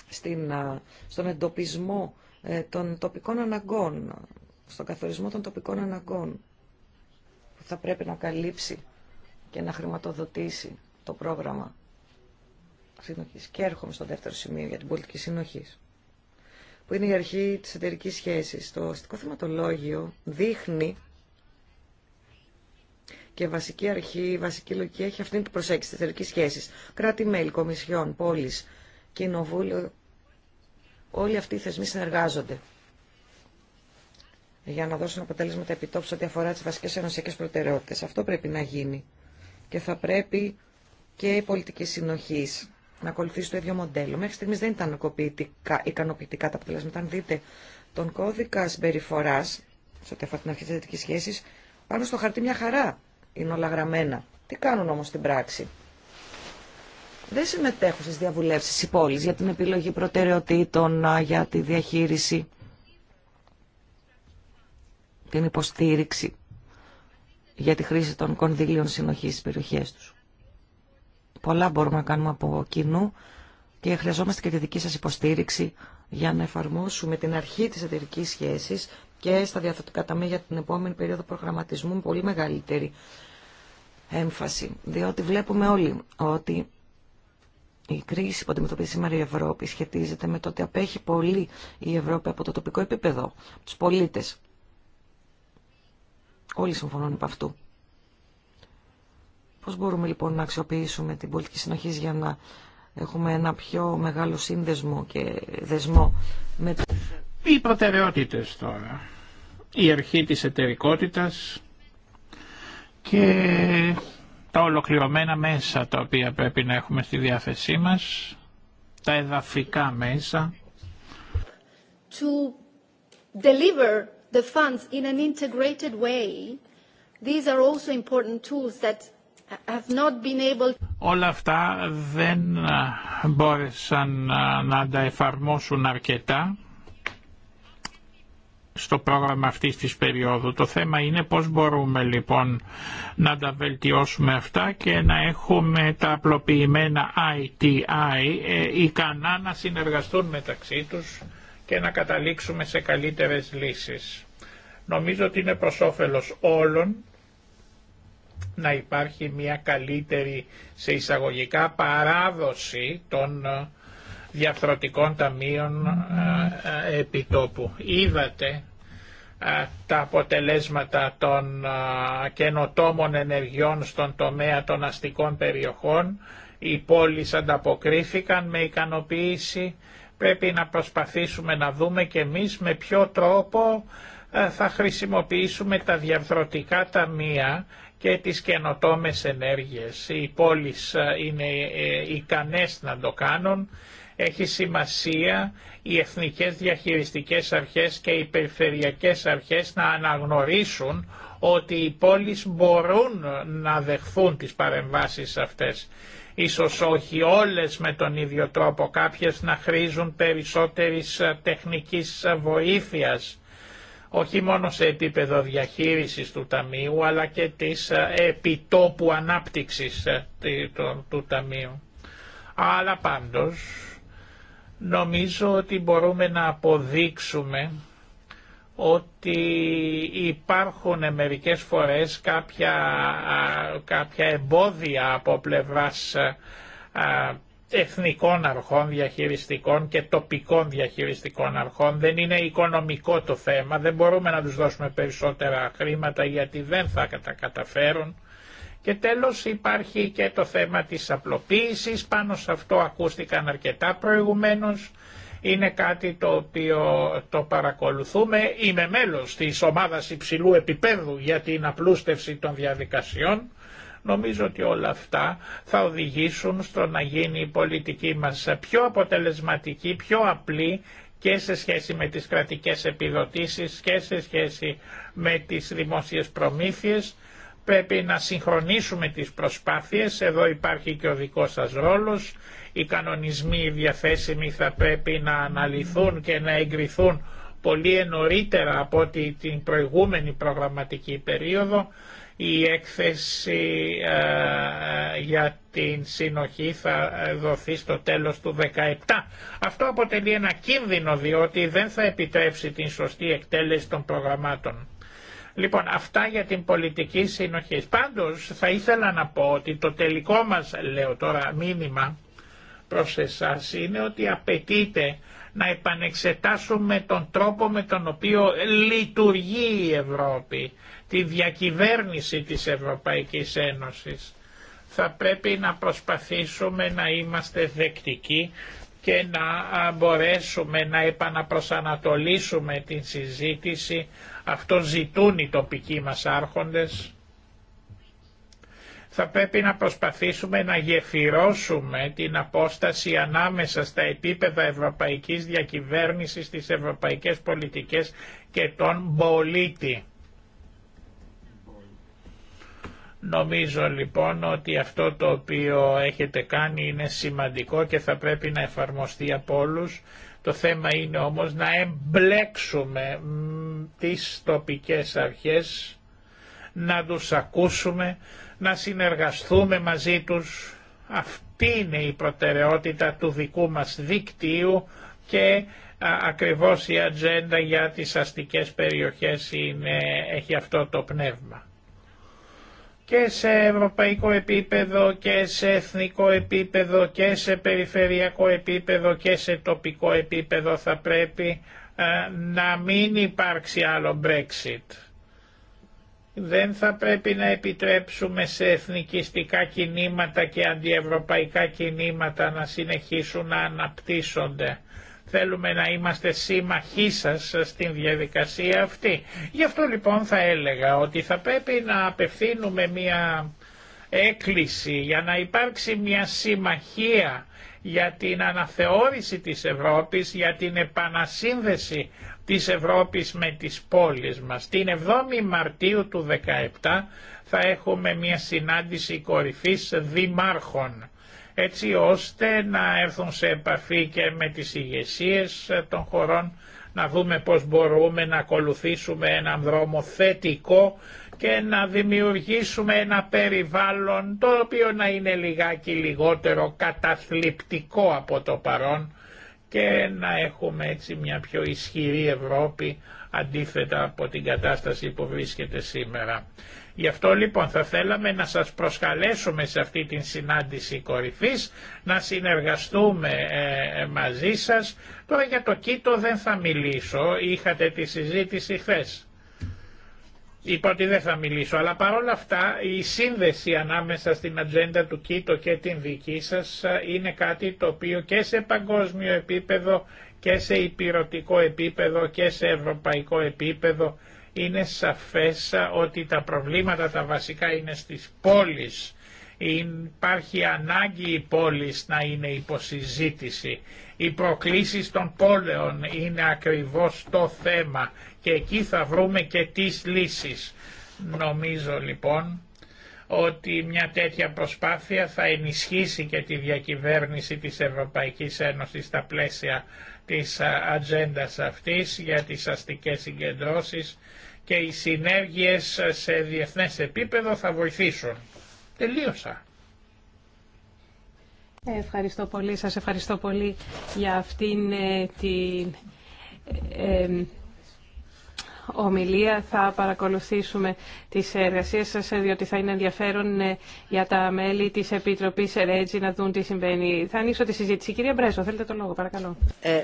στην, ε, στον εντοπισμό των τοπικών αναγκών, στον καθορισμό των τοπικών αναγκών που θα πρέπει να καλύψει και να χρηματοδοτήσει το πρόγραμμα. Και έρχομαι στο δεύτερο σημείο για την πολιτική συνοχή που είναι η αρχή της εταιρικής σχέσης. Το αστικό θεματολόγιο δείχνει και βασική αρχή, βασική λογική έχει αυτήν την προσέγγιση της εταιρικής σχέσης. Κράτη-μέλη, κομισιόν, πόλης, κοινοβούλιο, όλοι αυτοί οι θεσμοί συνεργάζονται για να δώσουν αποτέλεσματα επιτόπου ό,τι αφορά τι βασικέ ενωσιακέ προτεραιότητε. Αυτό πρέπει να γίνει. Και θα πρέπει και η πολιτική συνοχή να ακολουθήσει το ίδιο μοντέλο. Μέχρι στιγμής δεν ήταν ικανοποιητικά τα αποτελέσματα. Αν δείτε τον κώδικα συμπεριφορά σε ό,τι αφορά την αρχή σχέση, πάνω στο χαρτί μια χαρά είναι όλα γραμμένα. Τι κάνουν όμω στην πράξη. Δεν συμμετέχουν στι διαβουλεύσει οι πόλει για την επιλογή προτεραιοτήτων, για τη διαχείριση, την υποστήριξη, για τη χρήση των κονδύλιων συνοχής στι περιοχέ του. Πολλά μπορούμε να κάνουμε από κοινού και χρειαζόμαστε και τη δική σας υποστήριξη για να εφαρμόσουμε την αρχή της εταιρική σχέσης και στα διαθετικά ταμεία για την επόμενη περίοδο προγραμματισμού με πολύ μεγαλύτερη έμφαση. Διότι βλέπουμε όλοι ότι η κρίση που αντιμετωπίζει σήμερα η Ευρώπη σχετίζεται με το ότι απέχει πολύ η Ευρώπη από το τοπικό επίπεδο, τους πολίτες. Όλοι συμφωνούν από αυτού. Πώς μπορούμε λοιπόν να αξιοποιήσουμε την πολιτική συνοχή για να έχουμε ένα πιο μεγάλο σύνδεσμο και δεσμό με... Οι προτεραιότητες τώρα. Η αρχή της εταιρικότητας και τα ολοκληρωμένα μέσα τα οποία πρέπει να έχουμε στη διάθεσή μας, τα εδαφικά μέσα. To deliver the funds in an integrated way, these are also important tools that Όλα αυτά δεν ε, μπόρεσαν ε, να τα εφαρμόσουν αρκετά στο πρόγραμμα αυτής της περίοδου. Το θέμα είναι πώς μπορούμε λοιπόν να τα βελτιώσουμε αυτά και να έχουμε τα απλοποιημένα ITI ε, ικανά να συνεργαστούν μεταξύ τους και να καταλήξουμε σε καλύτερες λύσεις. Νομίζω ότι είναι προς όφελος όλων να υπάρχει μια καλύτερη σε εισαγωγικά παράδοση των ε, διαφθρωτικών ταμείων ε, ε, επιτόπου. Είδατε τα αποτελέσματα των καινοτόμων ενεργειών στον τομέα των αστικών περιοχών. Οι πόλεις ανταποκρίθηκαν με ικανοποίηση. Πρέπει να προσπαθήσουμε να δούμε και εμείς με ποιο τρόπο θα χρησιμοποιήσουμε τα διαφθρωτικά ταμεία και τις καινοτόμες ενέργειες. Οι πόλεις ε, είναι ε, ικανές να το κάνουν. Έχει σημασία οι εθνικές διαχειριστικές αρχές και οι περιφερειακές αρχές να αναγνωρίσουν ότι οι πόλεις μπορούν να δεχθούν τις παρεμβάσεις αυτές. Ίσως όχι όλες με τον ίδιο τρόπο, κάποιες να χρήζουν περισσότερης ε, τεχνικής βοήθειας όχι μόνο σε επίπεδο διαχείρισης του Ταμείου αλλά και της ε, επιτόπου ανάπτυξης ε, του Ταμείου. Αλλά πάντως νομίζω ότι μπορούμε να αποδείξουμε ότι υπάρχουν μερικές φορές κάποια, κάποια εμπόδια από πλευράς εθνικών αρχών διαχειριστικών και τοπικών διαχειριστικών αρχών. Δεν είναι οικονομικό το θέμα, δεν μπορούμε να τους δώσουμε περισσότερα χρήματα γιατί δεν θα τα καταφέρουν. Και τέλος υπάρχει και το θέμα της απλοποίησης, πάνω σε αυτό ακούστηκαν αρκετά προηγουμένως. Είναι κάτι το οποίο το παρακολουθούμε. Είμαι μέλος της ομάδας υψηλού επίπεδου για την απλούστευση των διαδικασιών Νομίζω ότι όλα αυτά θα οδηγήσουν στο να γίνει η πολιτική μας πιο αποτελεσματική, πιο απλή και σε σχέση με τις κρατικές επιδοτήσεις και σε σχέση με τις δημόσιες προμήθειες. Πρέπει να συγχρονίσουμε τις προσπάθειες, εδώ υπάρχει και ο δικός σας ρόλος. Οι κανονισμοί διαθέσιμοι θα πρέπει να αναλυθούν και να εγκριθούν πολύ νωρίτερα από την προηγούμενη προγραμματική περίοδο η έκθεση ε, ε, για την συνοχή θα ε, δοθεί στο τέλος του 2017. Αυτό αποτελεί ένα κίνδυνο διότι δεν θα επιτρέψει την σωστή εκτέλεση των προγραμμάτων. Λοιπόν, αυτά για την πολιτική συνοχή. Πάντως θα ήθελα να πω ότι το τελικό μας, λέω τώρα, μήνυμα προς εσάς είναι ότι απαιτείται να επανεξετάσουμε τον τρόπο με τον οποίο λειτουργεί η Ευρώπη τη διακυβέρνηση της Ευρωπαϊκής Ένωσης. Θα πρέπει να προσπαθήσουμε να είμαστε δεκτικοί και να μπορέσουμε να επαναπροσανατολίσουμε την συζήτηση. Αυτό ζητούν οι τοπικοί μας άρχοντες. Θα πρέπει να προσπαθήσουμε να γεφυρώσουμε την απόσταση ανάμεσα στα επίπεδα ευρωπαϊκής διακυβέρνησης, τις ευρωπαϊκές πολιτικές και τον πολίτη. Νομίζω λοιπόν ότι αυτό το οποίο έχετε κάνει είναι σημαντικό και θα πρέπει να εφαρμοστεί από όλους. Το θέμα είναι όμως να εμπλέξουμε τις τοπικές αρχές, να τους ακούσουμε, να συνεργαστούμε μαζί τους. Αυτή είναι η προτεραιότητα του δικού μας δικτύου και ακριβώς η ατζέντα για τις αστικές περιοχές είναι, έχει αυτό το πνεύμα και σε ευρωπαϊκό επίπεδο και σε εθνικό επίπεδο και σε περιφερειακό επίπεδο και σε τοπικό επίπεδο θα πρέπει ε, να μην υπάρξει άλλο Brexit. Δεν θα πρέπει να επιτρέψουμε σε εθνικιστικά κινήματα και αντιευρωπαϊκά κινήματα να συνεχίσουν να αναπτύσσονται θέλουμε να είμαστε σύμμαχοί σας στην διαδικασία αυτή. Γι' αυτό λοιπόν θα έλεγα ότι θα πρέπει να απευθύνουμε μια έκκληση για να υπάρξει μια συμμαχία για την αναθεώρηση της Ευρώπης, για την επανασύνδεση της Ευρώπης με τις πόλεις μας. Την 7η Μαρτίου του 2017 θα έχουμε μια συνάντηση κορυφής δημάρχων έτσι ώστε να έρθουν σε επαφή και με τις ηγεσίε των χωρών να δούμε πώς μπορούμε να ακολουθήσουμε έναν δρόμο θετικό και να δημιουργήσουμε ένα περιβάλλον το οποίο να είναι λιγάκι λιγότερο καταθλιπτικό από το παρόν και να έχουμε έτσι μια πιο ισχυρή Ευρώπη αντίθετα από την κατάσταση που βρίσκεται σήμερα. Γι' αυτό λοιπόν θα θέλαμε να σας προσκαλέσουμε σε αυτή την συνάντηση κορυφής, να συνεργαστούμε ε, μαζί σας. Τώρα για το Κίτο δεν θα μιλήσω, είχατε τη συζήτηση χθε. Είπα ότι δεν θα μιλήσω, αλλά παρόλα αυτά η σύνδεση ανάμεσα στην ατζέντα του Κίτο και την δική σας ε, είναι κάτι το οποίο και σε παγκόσμιο επίπεδο και σε υπηρετικό επίπεδο και σε ευρωπαϊκό επίπεδο είναι σαφές ότι τα προβλήματα τα βασικά είναι στις πόλεις. Υπάρχει ανάγκη οι πόλεις να είναι υποσυζήτηση. Οι προκλήσεις των πόλεων είναι ακριβώς το θέμα και εκεί θα βρούμε και τις λύσεις. Νομίζω λοιπόν ότι μια τέτοια προσπάθεια θα ενισχύσει και τη διακυβέρνηση της Ευρωπαϊκής Ένωσης στα πλαίσια της ατζέντα αυτής για τις αστικές συγκεντρώσεις και οι συνέργειες σε διεθνές επίπεδο θα βοηθήσουν. Τελείωσα. Ευχαριστώ πολύ. Σας ευχαριστώ πολύ για αυτήν ε, την ε, ομιλία θα παρακολουθήσουμε τις εργασίες σας, διότι θα είναι ενδιαφέρον ε, για τα μέλη της Επιτροπής Ρέτζη να δουν τι συμβαίνει. Θα ανοίξω τη συζήτηση. Κυρία Μπρέσο, θέλετε τον λόγο, παρακαλώ. Ε,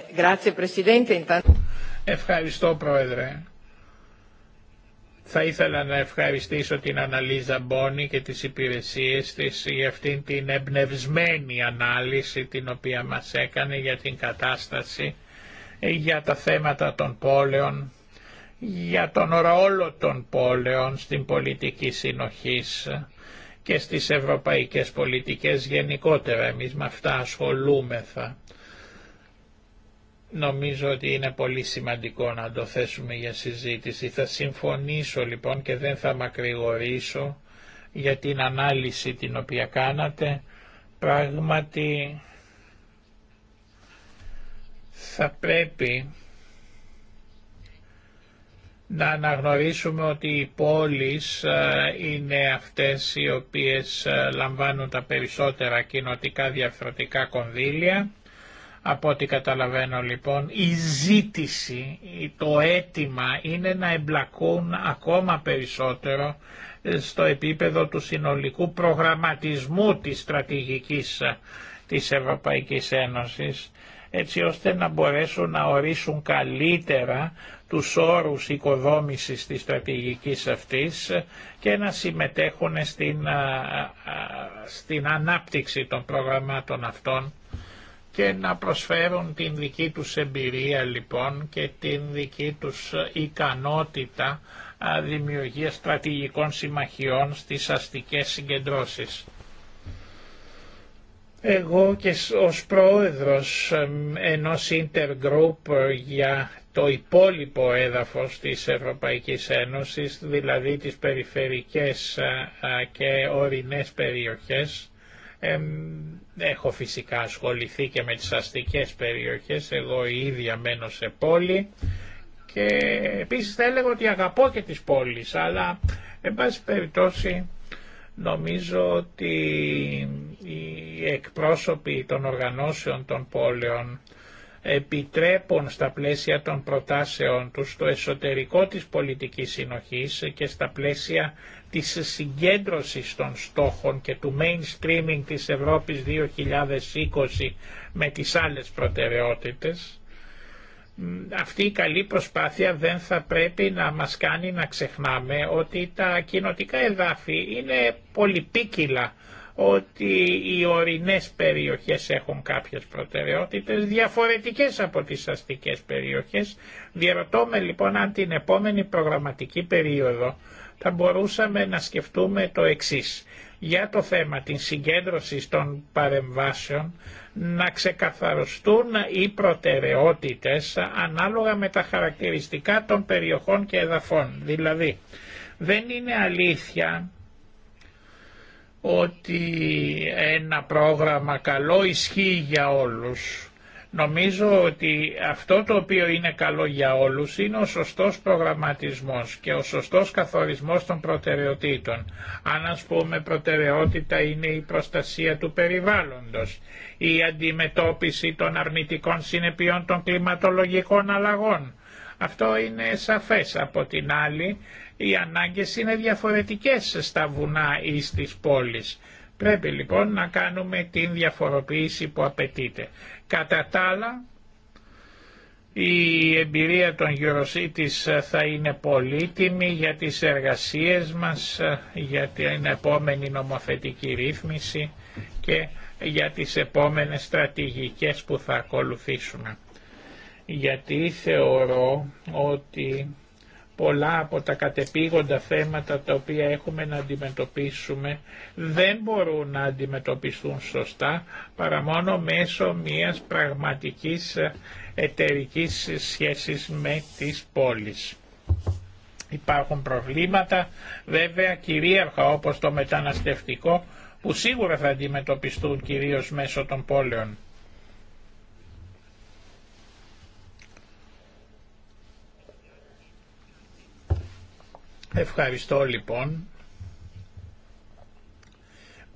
Ευχαριστώ, Πρόεδρε. Θα ήθελα να ευχαριστήσω την Αναλίζα Μπόνη και τις υπηρεσίες της για αυτήν την εμπνευσμένη ανάλυση την οποία μας έκανε για την κατάσταση, για τα θέματα των πόλεων για τον ρόλο των πόλεων στην πολιτική συνοχής και στις ευρωπαϊκές πολιτικές γενικότερα. Εμείς με αυτά ασχολούμεθα. Νομίζω ότι είναι πολύ σημαντικό να το θέσουμε για συζήτηση. Θα συμφωνήσω λοιπόν και δεν θα μακρηγορήσω για την ανάλυση την οποία κάνατε. Πράγματι θα πρέπει να αναγνωρίσουμε ότι οι πόλεις ε, είναι αυτές οι οποίες ε, λαμβάνουν τα περισσότερα κοινοτικά διαφορετικά κονδύλια. Από ό,τι καταλαβαίνω λοιπόν η ζήτηση, το αίτημα είναι να εμπλακούν ακόμα περισσότερο ε, στο επίπεδο του συνολικού προγραμματισμού της στρατηγικής της Ευρωπαϊκής Ένωσης έτσι ώστε να μπορέσουν να ορίσουν καλύτερα τους όρους οικοδόμησης της στρατηγικής αυτής και να συμμετέχουν στην, στην ανάπτυξη των προγραμμάτων αυτών και να προσφέρουν την δική τους εμπειρία λοιπόν και την δική τους ικανότητα δημιουργία στρατηγικών συμμαχιών στις αστικές συγκεντρώσεις. Εγώ και ως πρόεδρος ενός intergroup για το υπόλοιπο έδαφος της Ευρωπαϊκής Ένωσης, δηλαδή τις περιφερικές και ορεινές περιοχές, έχω φυσικά ασχοληθεί και με τις αστικές περιοχές, εγώ η ίδια μένω σε πόλη και επίσης θα έλεγα ότι αγαπώ και τις πόλεις, αλλά εν πάση περιπτώσει Νομίζω ότι οι εκπρόσωποι των οργανώσεων των πόλεων επιτρέπουν στα πλαίσια των προτάσεων τους στο εσωτερικό της πολιτικής συνοχής και στα πλαίσια της συγκέντρωσης των στόχων και του mainstreaming της Ευρώπης 2020 με τις άλλες προτεραιότητες αυτή η καλή προσπάθεια δεν θα πρέπει να μας κάνει να ξεχνάμε ότι τα κοινοτικά εδάφη είναι πολυπίκυλα, ότι οι ορινές περιοχές έχουν κάποιες προτεραιότητες διαφορετικές από τις αστικές περιοχές. Διερωτώμε λοιπόν αν την επόμενη προγραμματική περίοδο θα μπορούσαμε να σκεφτούμε το εξής. Για το θέμα της συγκέντρωσης των παρεμβάσεων να ξεκαθαριστούν οι προτεραιότητες ανάλογα με τα χαρακτηριστικά των περιοχών και εδαφών. Δηλαδή, δεν είναι αλήθεια ότι ένα πρόγραμμα καλό ισχύει για όλους Νομίζω ότι αυτό το οποίο είναι καλό για όλους είναι ο σωστός προγραμματισμός και ο σωστός καθορισμός των προτεραιοτήτων. Αν ας πούμε προτεραιότητα είναι η προστασία του περιβάλλοντος, η αντιμετώπιση των αρνητικών συνεπειών των κλιματολογικών αλλαγών. Αυτό είναι σαφές. Από την άλλη, οι ανάγκες είναι διαφορετικές στα βουνά ή στις πόλεις. Πρέπει λοιπόν να κάνουμε την διαφοροποίηση που απαιτείται. Κατά τα άλλα, η εμπειρία των γεροσύτης θα είναι πολύτιμη για τις εργασίες μας, για την επόμενη νομοθετική ρύθμιση και για τις επόμενες στρατηγικές που θα ακολουθήσουμε. Γιατί θεωρώ ότι πολλά από τα κατεπήγοντα θέματα τα οποία έχουμε να αντιμετωπίσουμε δεν μπορούν να αντιμετωπιστούν σωστά παρά μόνο μέσω μιας πραγματικής εταιρικής σχέσης με τις πόλεις. Υπάρχουν προβλήματα βέβαια κυρίαρχα όπως το μεταναστευτικό που σίγουρα θα αντιμετωπιστούν κυρίως μέσω των πόλεων. Ευχαριστώ λοιπόν.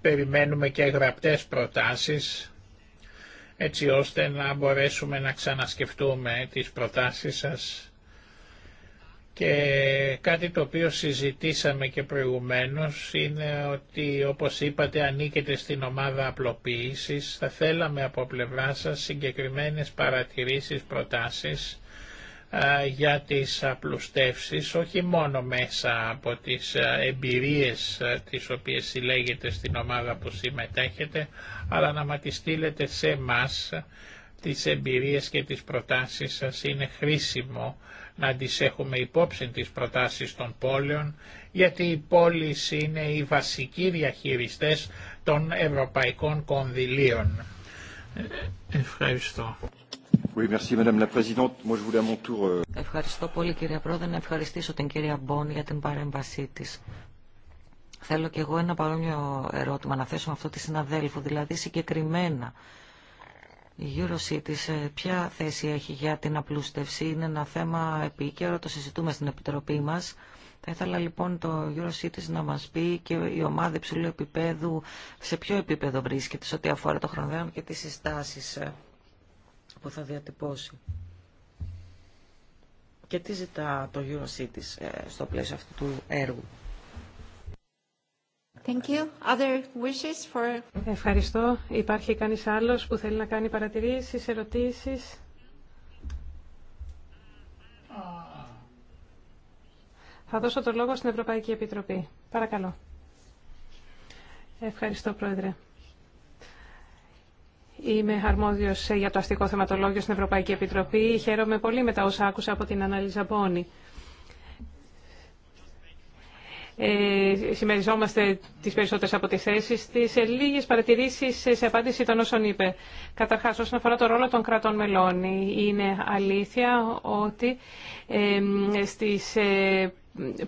Περιμένουμε και γραπτές προτάσεις έτσι ώστε να μπορέσουμε να ξανασκεφτούμε τις προτάσεις σας και κάτι το οποίο συζητήσαμε και προηγουμένως είναι ότι όπως είπατε ανήκετε στην ομάδα απλοποίησης θα θέλαμε από πλευρά σας συγκεκριμένες παρατηρήσεις, προτάσεις για τις απλουστεύσεις όχι μόνο μέσα από τις εμπειρίες τις οποίες συλλέγετε στην ομάδα που συμμετέχετε αλλά να μα τις στείλετε σε εμά τις εμπειρίες και τις προτάσεις σας είναι χρήσιμο να τις έχουμε υπόψη τις προτάσεις των πόλεων γιατί οι πόλεις είναι οι βασικοί διαχειριστές των ευρωπαϊκών κονδυλίων. Ε, ευχαριστώ. Euh, Ευχαριστώ πολύ κυρία Πρόεδρε. Να ευχαριστήσω την κυρία Μπόν για την παρέμβασή της. Θέλω και εγώ ένα παρόμοιο ερώτημα να θέσω με αυτό τη συναδέλφου, δηλαδή συγκεκριμένα. Η EuroCities ε, ποια θέση έχει για την απλούστευση. Είναι ένα θέμα επίκαιρο, το συζητούμε στην Επιτροπή μας. Θα ήθελα λοιπόν το EuroCities να μας πει και η ομάδα υψηλού επίπεδου σε ποιο επίπεδο βρίσκεται σε ό,τι αφορά το χρονοδιάγραμμα και τις συστάσεις. Ε που θα διατυπώσει. Και τι ζητά το EuroCities ε, στο πλαίσιο αυτού του έργου. Thank you. Other wishes for... Ευχαριστώ. Υπάρχει κανείς άλλος που θέλει να κάνει παρατηρήσεις, ερωτήσεις. Θα δώσω το λόγο στην Ευρωπαϊκή Επιτροπή. Παρακαλώ. Ευχαριστώ, Πρόεδρε. Είμαι αρμόδιο για το αστικό θεματολόγιο στην Ευρωπαϊκή Επιτροπή. Χαίρομαι πολύ με τα όσα άκουσα από την Ανάλυζα Μπόνη. Ε, συμμεριζόμαστε τις περισσότερες από τις θέσεις της. Ε, λίγες παρατηρήσεις σε απάντηση των όσων είπε. Καταρχάς, όσον αφορά το ρόλο των κρατών μελών, είναι αλήθεια ότι ε, στις ε,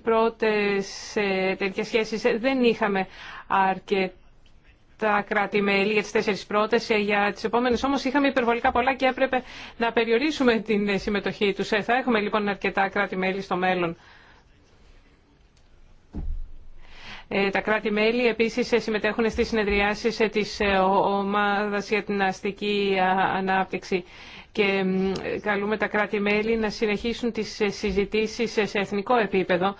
πρώτες ε, τέτοιες σχέσεις δεν είχαμε αρκετά τα κράτη-μέλη για τις τέσσερις πρώτες. Ε, για τις επόμενες όμως είχαμε υπερβολικά πολλά και έπρεπε να περιορίσουμε την ε, συμμετοχή τους. Ε, θα έχουμε λοιπόν αρκετά κράτη-μέλη στο μέλλον. Τα κράτη-μέλη επίσης συμμετέχουν στις συνεδριάσεις της ομάδας για την αστική ανάπτυξη και καλούμε τα κράτη-μέλη να συνεχίσουν τις συζητήσεις σε εθνικό επίπεδο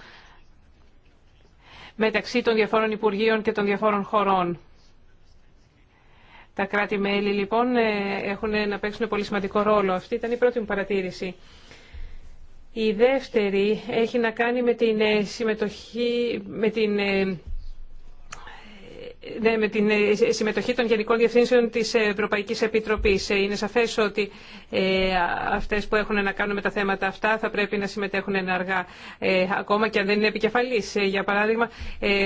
μεταξύ των διαφόρων Υπουργείων και των διαφόρων χωρών. Τα κράτη-μέλη λοιπόν ε, έχουν να παίξουν πολύ σημαντικό ρόλο. Αυτή ήταν η πρώτη μου παρατήρηση. Η δεύτερη έχει να κάνει με την ε, συμμετοχή, με την ε, ναι, με την ε, συμμετοχή των Γενικών Διευθύνσεων της Ευρωπαϊκής Επιτροπής. Ε, είναι σαφές ότι ε, αυτές που έχουν να κάνουν με τα θέματα αυτά θα πρέπει να συμμετέχουν ενεργά ακόμα και αν δεν είναι επικεφαλής. Για παράδειγμα,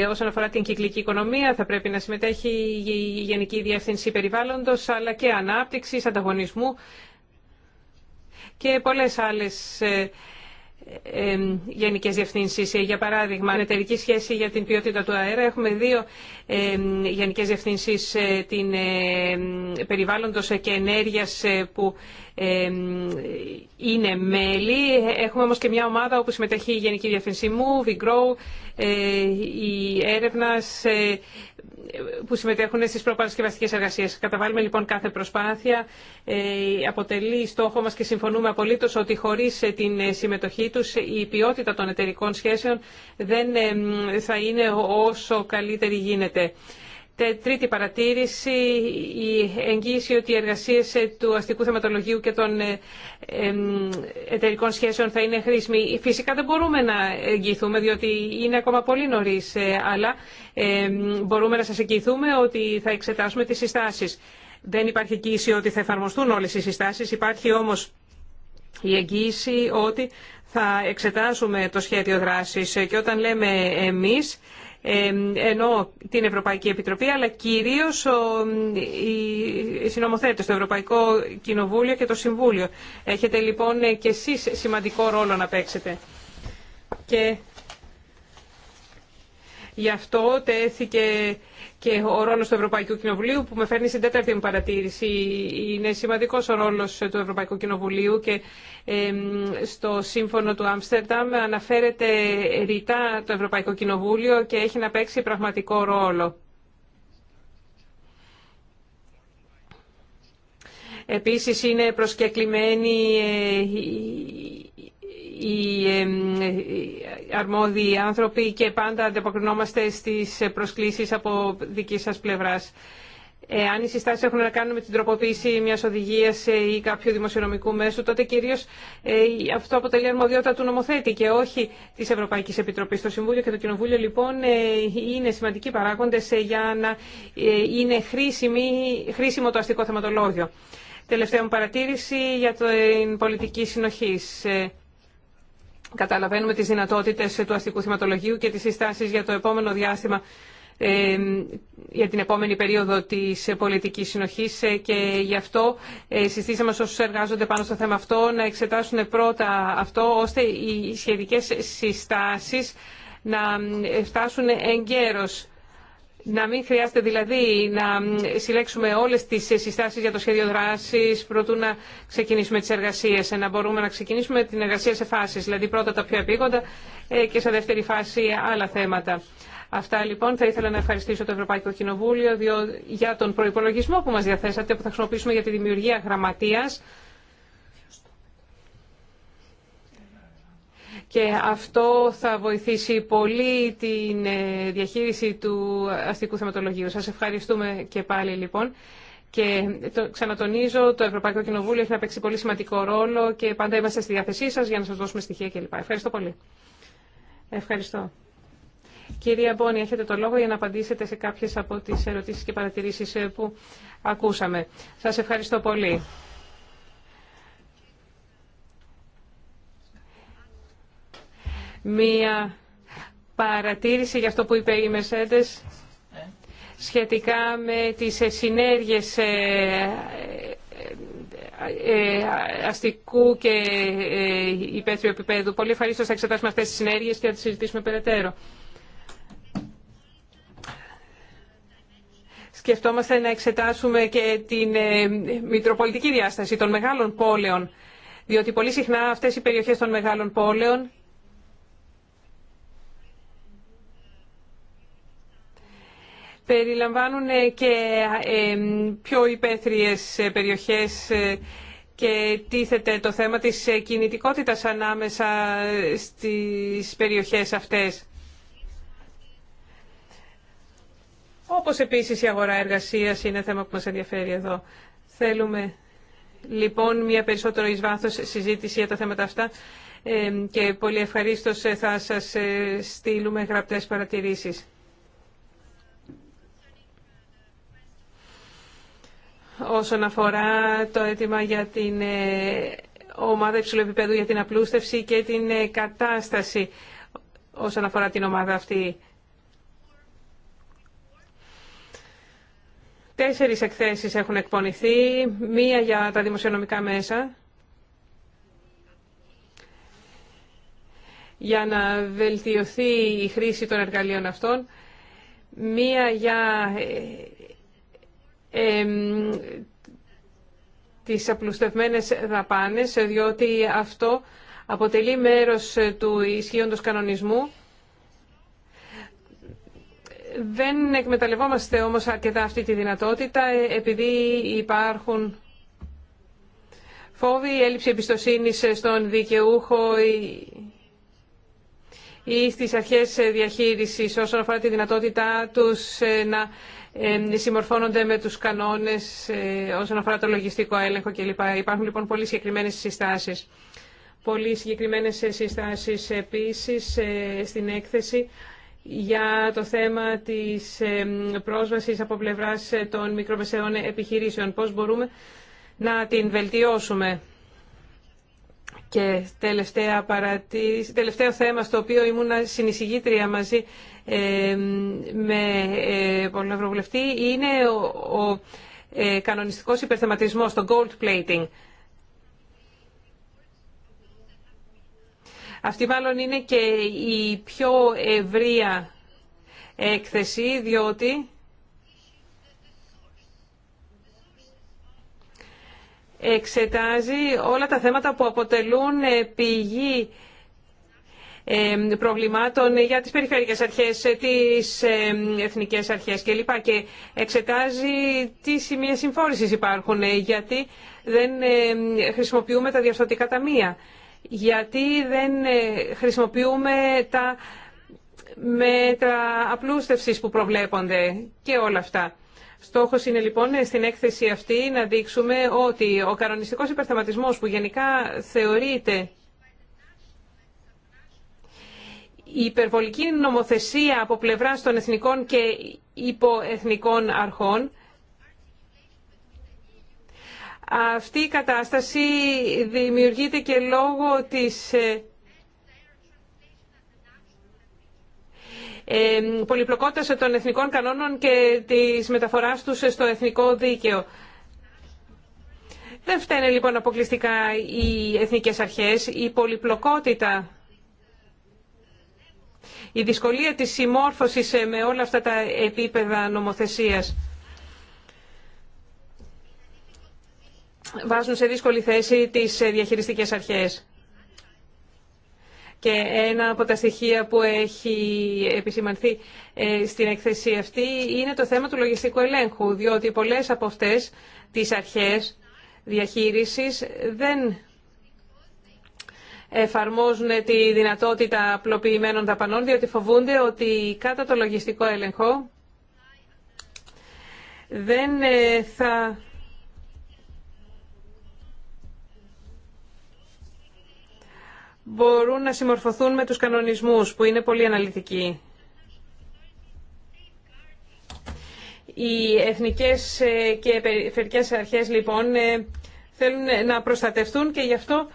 όσον αφορά την κυκλική οικονομία θα πρέπει να συμμετέχει η Γενική Διεύθυνση Περιβάλλοντος αλλά και ανάπτυξης, ανταγωνισμού και πολλές άλλες γενικέ διευθύνσει. Ε, για παράδειγμα, εταιρική σχέση για την ποιότητα του αέρα. Έχουμε δύο γενικέ διευθύνσει ε, την ε, περιβάλλοντο και ενέργεια που είναι μέλη. Έχουμε όμω και μια ομάδα όπου συμμετέχει η Γενική Διευθυνσή μου, η Grow, η έρευνα, που συμμετέχουν στις προπαρασκευαστικές εργασίες. Καταβάλουμε λοιπόν κάθε προσπάθεια. Ε, αποτελεί στόχο μας και συμφωνούμε απολύτως ότι χωρίς ε, την ε, συμμετοχή τους η ποιότητα των εταιρικών σχέσεων δεν θα είναι όσο καλύτερη γίνεται. Τρίτη παρατήρηση, η εγγύηση ότι οι εργασίες ε, του αστικού θεματολογίου και των ε, εταιρικών σχέσεων θα είναι χρήσιμοι. Φυσικά δεν μπορούμε να εγγυηθούμε, διότι είναι ακόμα πολύ νωρίς, ε, αλλά μπορούμε να σας εγγυηθούμε ότι θα εξετάσουμε τις συστάσεις. Δεν υπάρχει εγγύηση ότι θα εφαρμοστούν όλες οι συστάσεις, υπάρχει όμως η εγγύηση ότι θα εξετάσουμε το σχέδιο δράσης και όταν λέμε εμείς, ενώ την Ευρωπαϊκή Επιτροπή, αλλά κυρίως οι συνομοθέτες, το Ευρωπαϊκό Κοινοβούλιο και το Συμβούλιο. Έχετε λοιπόν και εσείς σημαντικό ρόλο να παίξετε. Γι' αυτό τέθηκε και ο ρόλος του Ευρωπαϊκού Κοινοβουλίου που με φέρνει στην τέταρτη μου παρατήρηση. Είναι σημαντικός ο ρόλος του Ευρωπαϊκού Κοινοβουλίου και στο σύμφωνο του Άμστερνταμ αναφέρεται ρητά το Ευρωπαϊκό Κοινοβούλιο και έχει να παίξει πραγματικό ρόλο. Επίσης είναι προσκεκλημένη ε, οι αρμόδιοι άνθρωποι και πάντα ανταποκρινόμαστε στις προσκλήσεις από δική σας πλευράς. Ε, αν οι συστάσεις έχουν να κάνουν με την τροποποίηση μιας οδηγίας ε, ή κάποιου δημοσιονομικού μέσου, τότε κυρίως ε, αυτό αποτελεί αρμοδιότητα του νομοθέτη και όχι της Ευρωπαϊκής Επιτροπής. Το Συμβούλιο και το Κοινοβούλιο λοιπόν είναι σημαντικοί παράγοντες για να είναι χρήσιμη, χρήσιμο το αστικό θεματολόγιο. Τελευταία μου παρατήρηση για την πολιτική συνοχής. Καταλαβαίνουμε τις δυνατότητες του αστικού θυματολογίου και τις συστάσεις για το επόμενο διάστημα για την επόμενη περίοδο της πολιτικής συνοχής ε, και γι' αυτό ε, συστήσαμε όσους εργάζονται πάνω στο θέμα αυτό να εξετάσουν πρώτα αυτό ώστε οι σχετικές συστάσεις να φτάσουν εγκαίρως να μην χρειάζεται δηλαδή να συλλέξουμε όλες τις συστάσει για το σχέδιο δράσης προτού να ξεκινήσουμε τις εργασίες, ε, να μπορούμε να ξεκινήσουμε την εργασία σε φάσεις, δηλαδή πρώτα τα πιο επίγοντα ε, και σε δεύτερη φάση άλλα θέματα. Αυτά λοιπόν θα ήθελα να ευχαριστήσω το Ευρωπαϊκό Κοινοβούλιο για τον προπολογισμό που μα διαθέσατε, που θα χρησιμοποιήσουμε για τη δημιουργία γραμματεία. και αυτό θα βοηθήσει πολύ την ε, διαχείριση του αστικού θεματολογίου. Σας ευχαριστούμε και πάλι λοιπόν. Και το, ξανατονίζω, το Ευρωπαϊκό Κοινοβούλιο έχει να παίξει πολύ σημαντικό ρόλο και πάντα είμαστε στη διάθεσή σας για να σας δώσουμε στοιχεία κλπ. Ευχαριστώ πολύ. Ευχαριστώ. Κυρία Μπόνη, έχετε το λόγο για να απαντήσετε σε κάποιες από τις ερωτήσεις και παρατηρήσεις ε, που ακούσαμε. Σας ευχαριστώ πολύ. μία παρατήρηση για αυτό που είπε η Μεσέντες σχετικά με τις ε, συνέργειες ε, ε, αστικού και υπαίθριου επίπεδου. Πολύ ευχαριστώ θα εξετάσουμε αυτές τις συνέργειες και θα τις συζητήσουμε περαιτέρω. Σκεφτόμαστε να εξετάσουμε και την μητροπολιτική διάσταση των μεγάλων πόλεων, διότι πολύ συχνά αυτές οι περιοχές των μεγάλων πόλεων περιλαμβάνουν και ε, πιο υπαίθριες ε, περιοχές ε, και τίθεται το θέμα της κινητικότητας ανάμεσα στις περιοχές αυτές. Όπως επίσης η αγορά εργασίας είναι θέμα που μας ενδιαφέρει εδώ. Θέλουμε λοιπόν μια περισσότερο εις βάθος συζήτηση για τα θέματα αυτά και πολύ ευχαρίστως θα σας στείλουμε γραπτές παρατηρήσεις. όσον αφορά το αίτημα για την ε, ομάδα υψηλού επίπεδου για την απλούστευση και την ε, κατάσταση όσον αφορά την ομάδα αυτή. Τέσσερις εκθέσεις έχουν εκπονηθεί, μία για τα δημοσιονομικά μέσα, για να βελτιωθεί η χρήση των εργαλείων αυτών, μία για ε, τις απλουστευμένες δαπάνες, διότι αυτό αποτελεί μέρος του ισχύοντος κανονισμού. Δεν εκμεταλλευόμαστε όμως αρκετά αυτή τη δυνατότητα, επειδή υπάρχουν φόβοι, έλλειψη εμπιστοσύνη στον δικαιούχο, ή στις αρχές διαχείρισης όσον αφορά τη δυνατότητά τους ε, να ε, συμμορφώνονται με τους κανόνες ε, όσον αφορά το λογιστικό έλεγχο κλπ. Υπάρχουν λοιπόν πολύ συγκεκριμένες συστάσεις. Πολύ συγκεκριμένες συστάσεις επίσης στην έκθεση για το θέμα της πρόσβασης από πλευράς των μικρομεσαίων επιχειρήσεων. Πώς μπορούμε να την βελτιώσουμε. Και τελευταία τελευταίο θέμα στο οποίο ήμουν συνεισηγήτρια μαζί με ε, πολλοί ευρωβουλευτή είναι ο, ο ε, κανονιστικός υπερθεματισμός, το gold plating. Αυτή μάλλον είναι και η πιο ευρεία έκθεση, διότι εξετάζει όλα τα θέματα που αποτελούν ε, πηγή ε, προβλημάτων για τις περιφερειακές αρχές, ε, τις εθνικές αρχές κλπ. Και εξετάζει τι σημεία συμφόρησης υπάρχουν, γιατί δεν χρησιμοποιούμε τα διαστοτικά ταμεία, γιατί δεν χρησιμοποιούμε τα μέτρα απλούστευσης που προβλέπονται και όλα αυτά. Στόχο είναι λοιπόν στην έκθεση αυτή να δείξουμε ότι ο κανονιστικό υπερθεματισμός που γενικά θεωρείται η υπερβολική νομοθεσία από πλευράς των εθνικών και υποεθνικών αρχών αυτή η κατάσταση δημιουργείται και λόγω της ε, Ε, πολυπλοκότητας των εθνικών κανόνων και της μεταφοράς τους στο εθνικό δίκαιο. Δεν φταίνε λοιπόν αποκλειστικά οι εθνικές αρχές. Η πολυπλοκότητα, η δυσκολία της συμμόρφωσης με όλα αυτά τα επίπεδα νομοθεσίας βάζουν σε δύσκολη θέση τις διαχειριστικές αρχές. Και ένα από τα στοιχεία που έχει επισημανθεί ε, στην εκθεσή αυτή είναι το θέμα του λογιστικού ελέγχου, διότι πολλές από αυτές τις αρχές διαχείρισης δεν εφαρμόζουν τη δυνατότητα απλοποιημένων δαπανών, διότι φοβούνται ότι κατά το λογιστικό έλεγχο δεν ε, θα μπορούν να συμμορφωθούν με τους κανονισμούς που είναι πολύ αναλυτικοί. Οι εθνικές ε, και περιφερειακές αρχές λοιπόν ε, θέλουν να προστατευτούν και γι' αυτό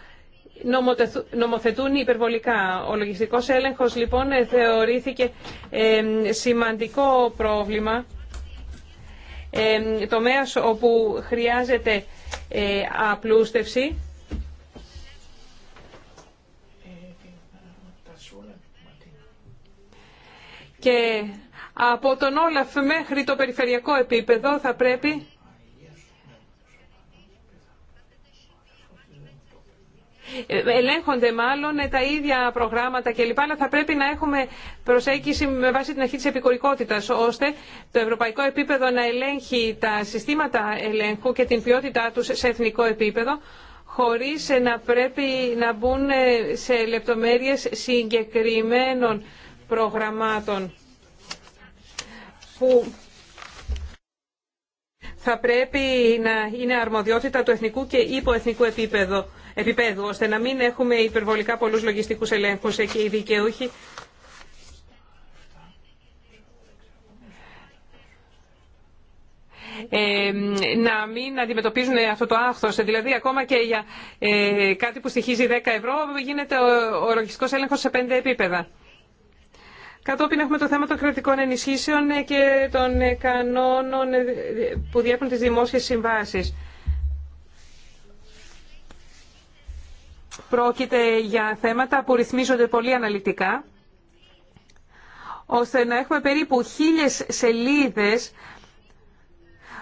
νομοθετούν υπερβολικά. Ο λογιστικός έλεγχος λοιπόν ε, θεωρήθηκε σημαντικό πρόβλημα τομέας όπου χρειάζεται απλούστευση και από τον Όλαφ μέχρι το περιφερειακό επίπεδο θα πρέπει ελέγχονται μάλλον τα ίδια προγράμματα κλπ. Αλλά θα πρέπει να έχουμε προσέγγιση με βάση την αρχή της επικουρικότητας, ώστε το ευρωπαϊκό επίπεδο να ελέγχει τα συστήματα ελέγχου και την ποιότητά τους σε εθνικό επίπεδο, χωρίς να πρέπει να μπουν σε λεπτομέρειες συγκεκριμένων προγραμμάτων που θα πρέπει να είναι αρμοδιότητα του εθνικού και υποεθνικού επίπεδο, επίπεδου, ώστε να μην έχουμε υπερβολικά πολλούς λογιστικούς ελέγχους και οι δικαιούχοι ε, να μην αντιμετωπίζουν αυτό το άχθος. Δηλαδή, ακόμα και για ε, κάτι που στοιχίζει 10 ευρώ γίνεται ο, ο λογιστικός έλεγχος σε 5 επίπεδα. Κατόπιν έχουμε το θέμα των κρατικών ενισχύσεων ε, και των ε, κανόνων ε, που διέπουν τις δημόσιες συμβάσεις. Πρόκειται για θέματα που ρυθμίζονται πολύ αναλυτικά, ώστε να έχουμε περίπου χίλιες σελίδες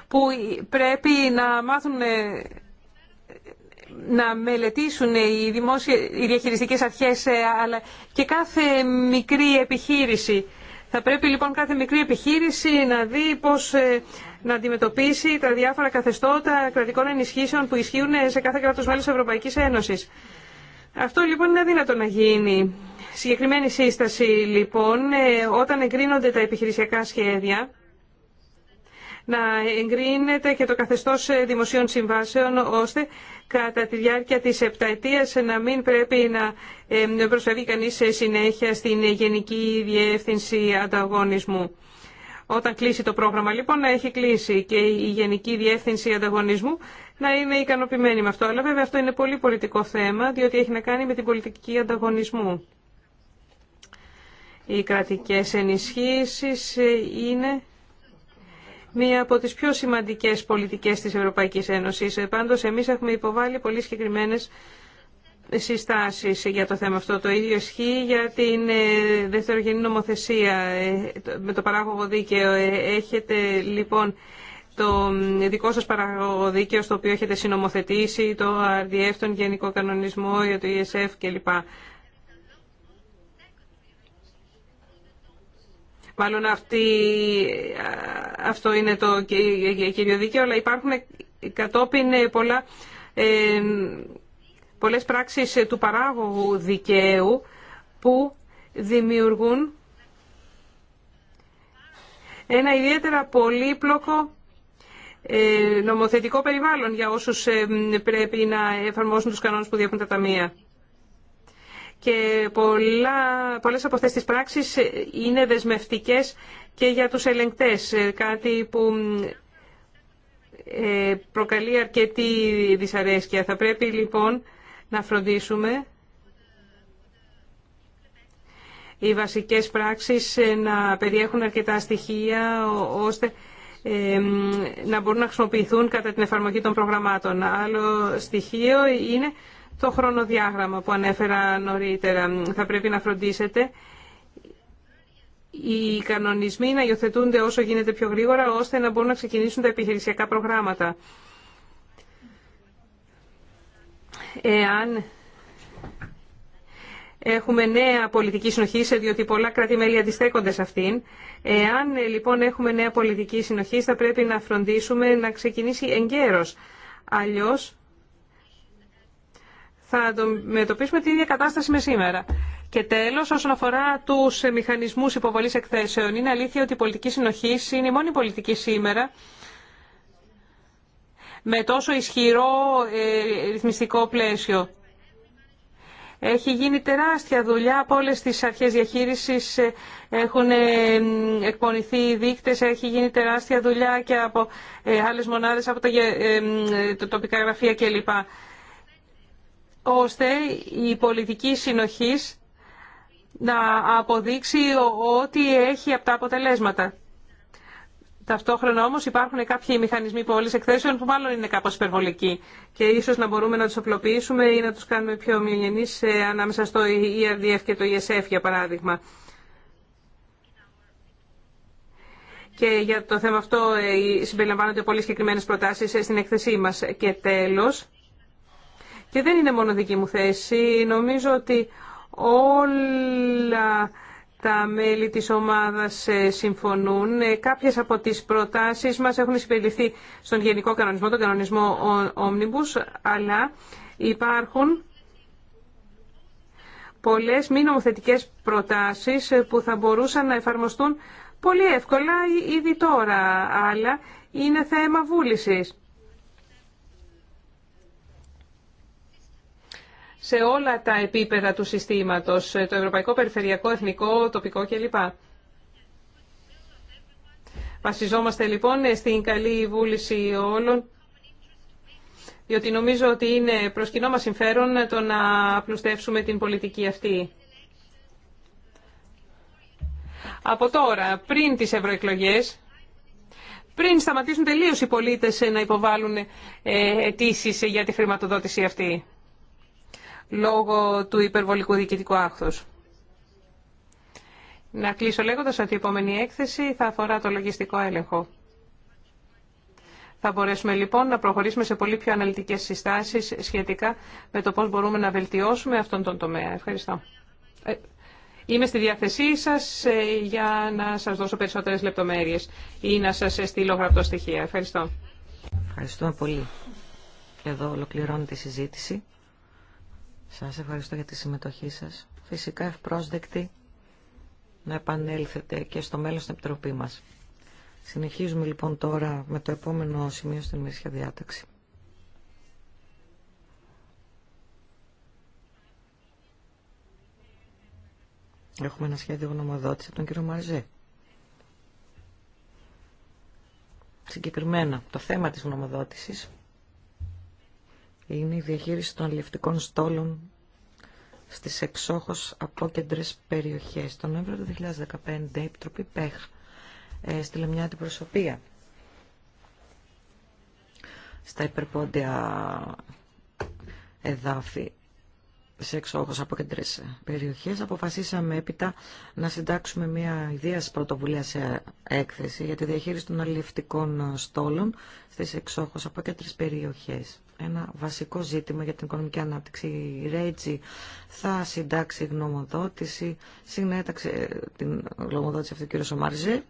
που πρέπει να μάθουν να μελετήσουν οι, δημόσιες, οι διαχειριστικές αρχές ε, αλλά και κάθε μικρή επιχείρηση. Θα πρέπει λοιπόν κάθε μικρή επιχείρηση να δει πώς ε, να αντιμετωπίσει τα διάφορα καθεστώτα κρατικών ενισχύσεων που ισχύουν σε κάθε κράτος μέλος Ευρωπαϊκής Ένωσης. Αυτό λοιπόν είναι αδύνατο να γίνει. Συγκεκριμένη σύσταση λοιπόν, ε, όταν εγκρίνονται τα επιχειρησιακά σχέδια, να εγκρίνεται και το καθεστώς δημοσίων συμβάσεων, ώστε κατά τη διάρκεια της επταετίας να μην πρέπει να προσφεύγει κανείς σε συνέχεια στην Γενική Διεύθυνση Ανταγωνισμού. Όταν κλείσει το πρόγραμμα λοιπόν να έχει κλείσει και η Γενική Διεύθυνση Ανταγωνισμού να είναι ικανοποιημένη με αυτό. Αλλά βέβαια αυτό είναι πολύ πολιτικό θέμα διότι έχει να κάνει με την πολιτική ανταγωνισμού. Οι κρατικές ενισχύσεις ε, είναι μία από τις πιο σημαντικές πολιτικές της Ευρωπαϊκής Ένωσης. Ε, πάντως, εμείς έχουμε υποβάλει πολύ συγκεκριμένε συστάσεις για το θέμα αυτό. Το ίδιο ισχύει για την ε, δευτερογενή νομοθεσία ε, με το παράγωγο δίκαιο. Έχετε, λοιπόν, το δικό σας παράγωγο δίκαιο στο οποίο έχετε συνομοθετήσει, το RDF, τον Γενικό Κανονισμό, για το ESF κλπ. Μάλλον αυτή, αυτό είναι το κύριο δίκαιο, αλλά υπάρχουν κατόπιν ε, πολλά, ε, πολλές πράξεις ε, του παράγωγου δικαίου που δημιουργούν ένα ιδιαίτερα πολύπλοκο ε, νομοθετικό περιβάλλον για όσους πρέπει να εφαρμόσουν τους κανόνες που διέχουν τα ταμεία και πολλά, πολλές από αυτές τις πράξεις είναι δεσμευτικές και για τους ελεγκτές, κάτι που ε, προκαλεί αρκετή δυσαρέσκεια. Θα πρέπει λοιπόν να φροντίσουμε οι βασικές πράξεις ε, να περιέχουν αρκετά στοιχεία ώστε να μπορούν να χρησιμοποιηθούν κατά την εφαρμογή των προγραμμάτων. Άλλο στοιχείο είναι το χρονοδιάγραμμα που ανέφερα νωρίτερα. Θα πρέπει να φροντίσετε οι κανονισμοί να υιοθετούνται όσο γίνεται πιο γρήγορα, ώστε να μπορούν να ξεκινήσουν τα επιχειρησιακά προγράμματα. Εάν έχουμε νέα πολιτική συνοχή, διότι πολλά κράτη-μέλη αντιστέκονται σε αυτήν. Εάν ε, λοιπόν έχουμε νέα πολιτική συνοχή, θα πρέπει να φροντίσουμε να ξεκινήσει εγκαίρως. Αλλιώς θα αντιμετωπίσουμε την ίδια κατάσταση με σήμερα. Και τέλο, όσον αφορά του μηχανισμού υποβολή εκθέσεων, είναι αλήθεια ότι η πολιτική συνοχή είναι η μόνη πολιτική σήμερα με τόσο ισχυρό ε, ρυθμιστικό πλαίσιο. Έχει γίνει τεράστια δουλειά από όλε τι αρχέ διαχείριση, ε, έχουν ε, εκπονηθεί οι έχει γίνει τεράστια δουλειά και από άλλε μονάδε από τα τοπικά γραφεία κλπ ώστε η πολιτική συνοχής να αποδείξει ότι έχει αυτά αποτελέσματα. Ταυτόχρονα όμως υπάρχουν κάποιοι μηχανισμοί πόλης εκθέσεων που μάλλον είναι κάπως υπερβολικοί και ίσως να μπορούμε να τους απλοποιήσουμε ή να τους κάνουμε πιο ομοιογενείς ε, ανάμεσα στο ERDF και το ESF για παράδειγμα. Και για το θέμα αυτό ε, συμπεριλαμβάνονται πολύ συγκεκριμένε προτάσεις ε, στην εκθεσή μας. Και τέλος, και δεν είναι μόνο δική μου θέση. Νομίζω ότι όλα τα μέλη της ομάδας ε, συμφωνούν. Ε, κάποιες από τις προτάσεις μας έχουν συμπεριληφθεί στον Γενικό Κανονισμό, τον Κανονισμό Omnibus, αλλά υπάρχουν πολλές μη νομοθετικές προτάσεις ε, που θα μπορούσαν να εφαρμοστούν πολύ εύκολα ήδη τώρα, αλλά είναι θέμα βούλησης. σε όλα τα επίπεδα του συστήματος, ε, το ευρωπαϊκό, περιφερειακό, εθνικό, τοπικό κλπ. Βασιζόμαστε λοιπόν στην καλή βούληση όλων, διότι νομίζω ότι είναι προς κοινό μας συμφέρον το να απλουστεύσουμε την πολιτική αυτή. Από τώρα, πριν τις ευρωεκλογές, πριν σταματήσουν τελείως οι πολίτες να υποβάλουν ε, αιτήσει για τη χρηματοδότηση αυτή λόγω του υπερβολικού διοικητικού άχθους. Να κλείσω λέγοντας ότι η επόμενη έκθεση θα αφορά το λογιστικό έλεγχο. Θα μπορέσουμε λοιπόν να προχωρήσουμε σε πολύ πιο αναλυτικές συστάσεις σχετικά με το πώς μπορούμε να βελτιώσουμε αυτόν τον τομέα. Ευχαριστώ. Ε, είμαι στη διάθεσή σας ε, για να σας δώσω περισσότερες λεπτομέρειες ή να σας στείλω γραπτό στοιχεία. Ευχαριστώ. Ευχαριστούμε πολύ. Εδώ ολοκληρώνεται η συζήτηση. Σας ευχαριστώ για τη συμμετοχή σας. Φυσικά ευπρόσδεκτη να επανέλθετε και στο μέλλον στην Επιτροπή μας. Συνεχίζουμε λοιπόν τώρα με το επόμενο σημείο στην ημερήσια διάταξη. Έχουμε ένα σχέδιο γνωμοδότηση από τον κύριο Μαριζέ. Συγκεκριμένα, το θέμα της γνωμοδότησης είναι η διαχείριση των αλληλευτικών στόλων στις εξόχως απόκεντρες περιοχές. Τον Νοέμβριο του 2015 η Επιτροπή ΠΕΧ ε, στείλε μια αντιπροσωπεία στα υπερπόντια εδάφη σε εξόχως απόκεντρες περιοχές. Αποφασίσαμε έπειτα να συντάξουμε μια ιδέα πρωτοβουλία σε έκθεση για τη διαχείριση των αλληλευτικών στόλων στις εξόχως απόκεντρες περιοχές ένα βασικό ζήτημα για την οικονομική ανάπτυξη. Η Ρέτζη θα συντάξει γνωμοδότηση, συνέταξε ε, την γνωμοδότηση αυτή ο κύριο Σομαριζή.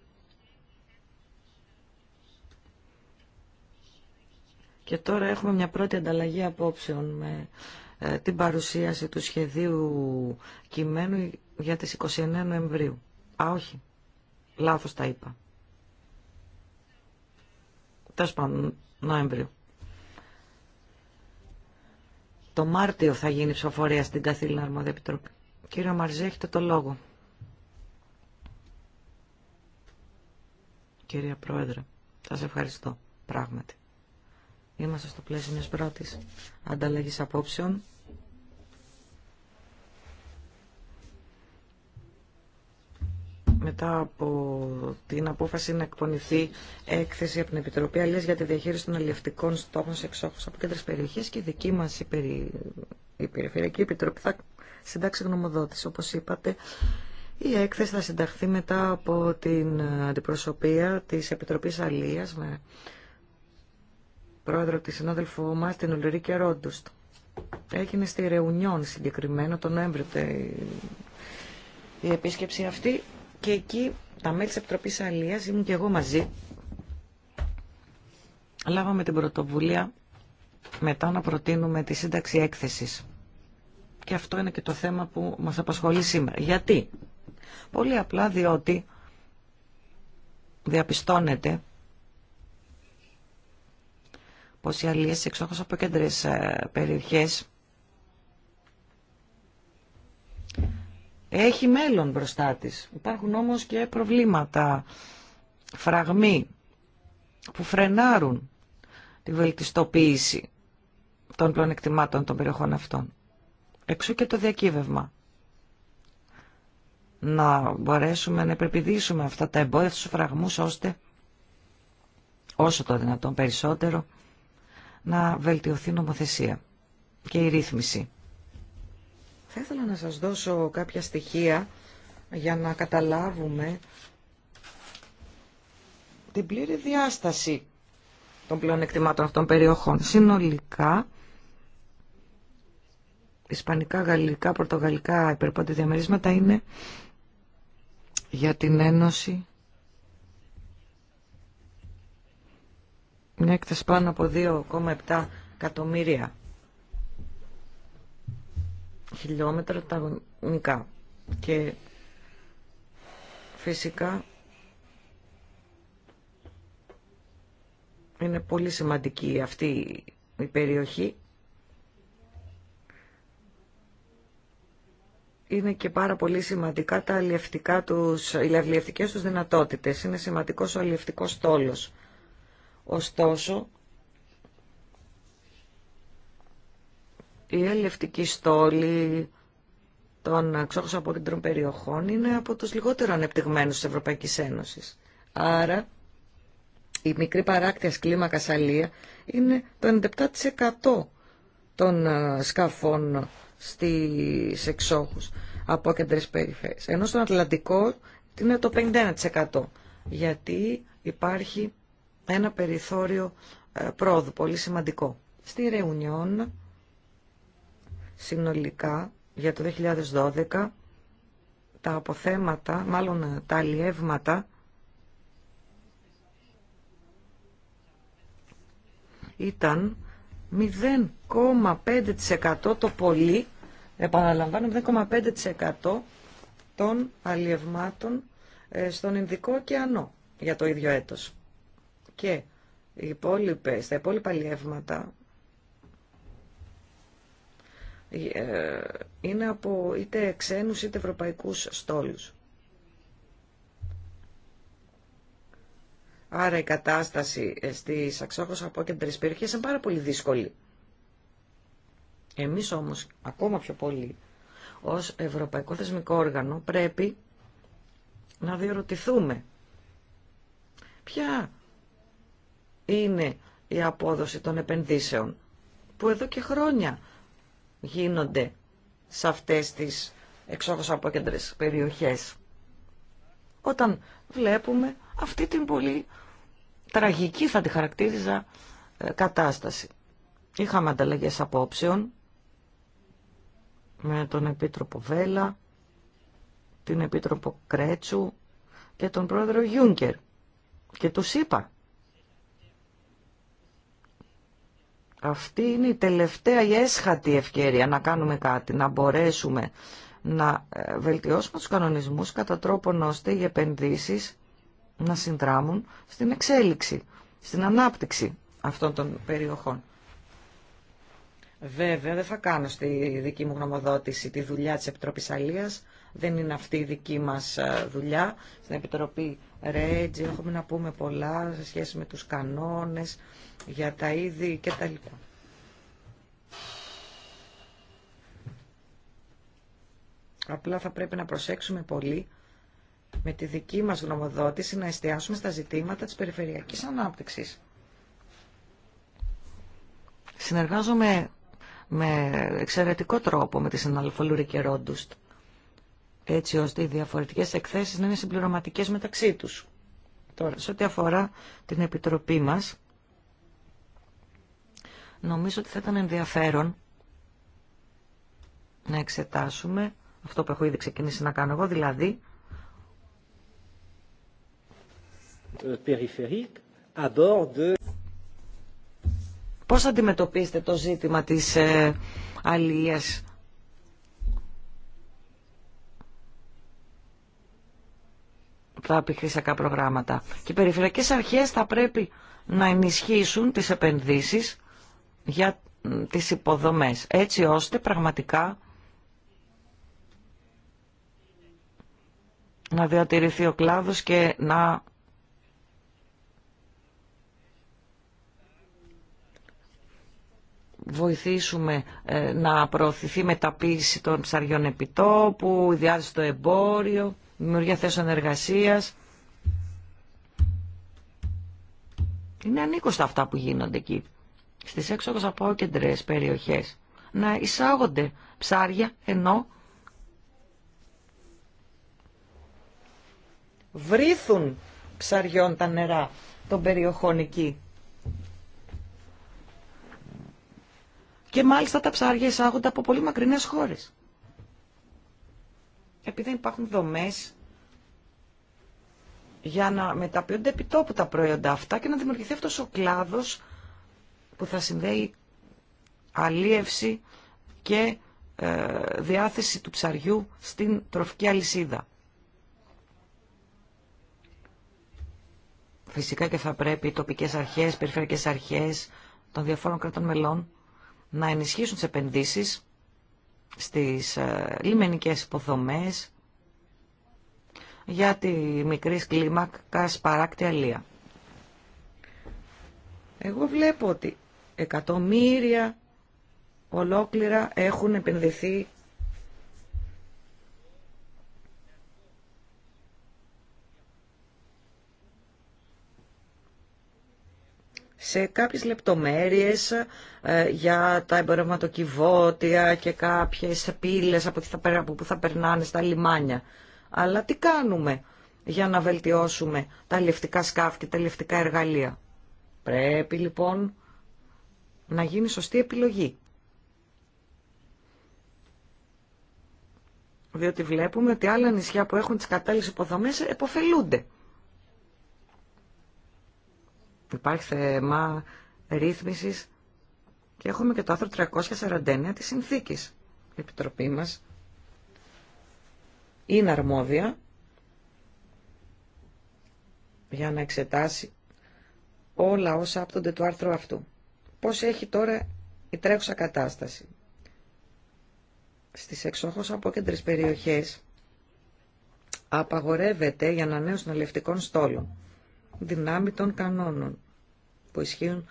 Και τώρα έχουμε μια πρώτη ανταλλαγή απόψεων με ε, την παρουσίαση του σχεδίου κειμένου για τις 29 Νοεμβρίου. Α, όχι. Λάθος τα είπα. Τέλος πάντων, Νοεμβρίου. Το Μάρτιο θα γίνει ψηφοφορία στην Καθήλυνα Αρμόδια Επιτροπή. Κύριο έχετε το λόγο. Κυρία Πρόεδρε, σας ευχαριστώ, πράγματι. Είμαστε στο πλαίσιο μιας πρώτης ανταλλαγής απόψεων μετά από την απόφαση να εκπονηθεί έκθεση από την Επιτροπή Αλλιές για τη διαχείριση των αλληλευτικών στόχων σε εξόχους από κέντρες περιοχές και η δική μας η, Περιφερειακή Επιτροπή θα συντάξει γνωμοδότηση. Όπως είπατε, η έκθεση θα συνταχθεί μετά από την αντιπροσωπεία της Επιτροπής Αλίας με πρόεδρο τη συνάδελφό μας, την Ουλρίκη Ρόντουστ. Έγινε στη Ρεουνιόν συγκεκριμένα τον Νοέμβριο η επίσκεψη αυτή και εκεί τα μέλη της Επιτροπής Αλίας ήμουν και εγώ μαζί. Λάβαμε την πρωτοβουλία μετά να προτείνουμε τη σύνταξη έκθεσης. Και αυτό είναι και το θέμα που μας απασχολεί σήμερα. Γιατί? Πολύ απλά διότι διαπιστώνεται πως οι αλίες εξόχως από κέντρες ε, περιοχές έχει μέλλον μπροστά της. Υπάρχουν όμως και προβλήματα, φραγμοί που φρενάρουν τη βελτιστοποίηση των πλονεκτημάτων των περιοχών αυτών. Εξού και το διακύβευμα. Να μπορέσουμε να επεπιδίσουμε αυτά τα εμπόδια, στους φραγμούς, ώστε όσο το δυνατόν περισσότερο να βελτιωθεί η νομοθεσία και η ρύθμιση. Θα ήθελα να σας δώσω κάποια στοιχεία για να καταλάβουμε την πλήρη διάσταση των εκτιμάτων αυτών των περιοχών. Συνολικά, ισπανικά, γαλλικά, πορτογαλικά υπερπόντα διαμερίσματα είναι για την Ένωση μια έκταση πάνω από 2,7 εκατομμύρια χιλιόμετρα γονικά. Και φυσικά είναι πολύ σημαντική αυτή η περιοχή. Είναι και πάρα πολύ σημαντικά τα αλλιευτικά τους, οι τους δυνατότητες. Είναι σημαντικός ο αλλιευτικός τόλος. Ωστόσο, Η ελευτική στόλη των ξόχων από περιοχών είναι από τους λιγότερο ανεπτυγμένους της Ευρωπαϊκής Ένωσης. Άρα η μικρή παράκτεια κλίμακα σαλία είναι το 97% των ε, σκαφών στις εξόχους από κεντρές περιφέρειες. Ενώ στον Ατλαντικό είναι το 51% γιατί υπάρχει ένα περιθώριο ε, πρόοδου πολύ σημαντικό. Στη Ρεουνιόν συνολικά για το 2012 τα αποθέματα, μάλλον τα αλλιεύματα ήταν 0,5% το πολύ, επαναλαμβάνω 0,5% των αλλιευμάτων ε, στον Ινδικό ωκεανό για το ίδιο έτος. Και οι υπόλοιπες, τα υπόλοιπα αλλιεύματα ε, είναι από είτε ξένους είτε ευρωπαϊκούς στόλους. Άρα η κατάσταση ε, στις από απόκεντρες περιοχές είναι πάρα πολύ δύσκολη. Εμείς όμως, ακόμα πιο πολύ, ως Ευρωπαϊκό Θεσμικό Όργανο πρέπει να διερωτηθούμε ποια είναι η απόδοση των επενδύσεων που εδώ και χρόνια γίνονται σε αυτές τις από απόκεντρες περιοχές. Όταν βλέπουμε αυτή την πολύ τραγική θα τη χαρακτήριζα ε, κατάσταση. Είχαμε ανταλλαγές απόψεων με τον Επίτροπο Βέλα, την Επίτροπο Κρέτσου και τον Πρόεδρο Γιούγκερ. Και τους είπα Αυτή είναι η τελευταία η έσχατη ευκαιρία να κάνουμε κάτι, να μπορέσουμε να ε, βελτιώσουμε τους κανονισμούς κατά τρόπον ώστε οι επενδύσεις να συνδράμουν στην εξέλιξη, στην ανάπτυξη αυτών των περιοχών. Βέβαια, δεν θα κάνω στη δική μου γνωμοδότηση τη δουλειά της Επιτροπής Αλίας. Δεν είναι αυτή η δική μας ε, δουλειά. Στην Επιτροπή Ρέτζι, έχουμε να πούμε πολλά σε σχέση με τους κανόνες, για τα είδη κτλ. Απλά θα πρέπει να προσέξουμε πολύ με τη δική μας γνωμοδότηση να εστιάσουμε στα ζητήματα της περιφερειακής ανάπτυξης. Συνεργάζομαι με εξαιρετικό τρόπο με τη συναλφολούρη και έτσι ώστε οι διαφορετικές εκθέσεις να είναι συμπληρωματικές μεταξύ τους. Τώρα, σε ό,τι αφορά την Επιτροπή μας, νομίζω ότι θα ήταν ενδιαφέρον να εξετάσουμε αυτό που έχω ήδη ξεκινήσει να κάνω εγώ, δηλαδή πώς αντιμετωπίζετε το ζήτημα της ε, τα επιχειρησιακά προγράμματα. Και οι περιφερειακές αρχές θα πρέπει να ενισχύσουν τις επενδύσεις για τις υποδομές, έτσι ώστε πραγματικά να διατηρηθεί ο κλάδος και να βοηθήσουμε ε, να προωθηθεί μεταποίηση των ψαριών επιτόπου, η διάθεση στο εμπόριο δημιουργία θέσεων εργασίας. Είναι ανήκωστα αυτά που γίνονται εκεί, στις έξω από κεντρές περιοχές. Να εισάγονται ψάρια, ενώ βρίθουν ψαριών τα νερά των περιοχών εκεί. Και μάλιστα τα ψάρια εισάγονται από πολύ μακρινές χώρες επειδή δεν υπάρχουν δομές για να μεταποιούνται επιτόπου τα προϊόντα αυτά και να δημιουργηθεί αυτός ο κλάδος που θα συνδέει αλίευση και ε, διάθεση του ψαριού στην τροφική αλυσίδα. Φυσικά και θα πρέπει οι τοπικές αρχές, περιφερειακές αρχές των διαφόρων κρατών μελών να ενισχύσουν τις επενδύσεις στις ε, λιμενικές υποδομές για τη μικρή κλίμακα παράκτη αλία. Εγώ βλέπω ότι εκατομμύρια ολόκληρα έχουν επενδυθεί σε κάποιες λεπτομέρειες ε, για τα εμπορευματοκιβώτια και κάποιες πύλες από που θα περνάνε στα λιμάνια. Αλλά τι κάνουμε για να βελτιώσουμε τα λευτικά σκάφη και τα λευτικά εργαλεία. Πρέπει λοιπόν να γίνει σωστή επιλογή. Διότι βλέπουμε ότι άλλα νησιά που έχουν τις κατάλληλες υποδομές ε, εποφελούνται Υπάρχει θέμα ρύθμισης και έχουμε και το άρθρο 349 της συνθήκης. Η Επιτροπή μας είναι αρμόδια για να εξετάσει όλα όσα άπτονται του άρθρου αυτού. Πώς έχει τώρα η τρέχουσα κατάσταση. Στις εξόχως απόκεντρες περιοχές απαγορεύεται η ανανέωση των λευτικών στόλων δυνάμει των κανόνων που ισχύουν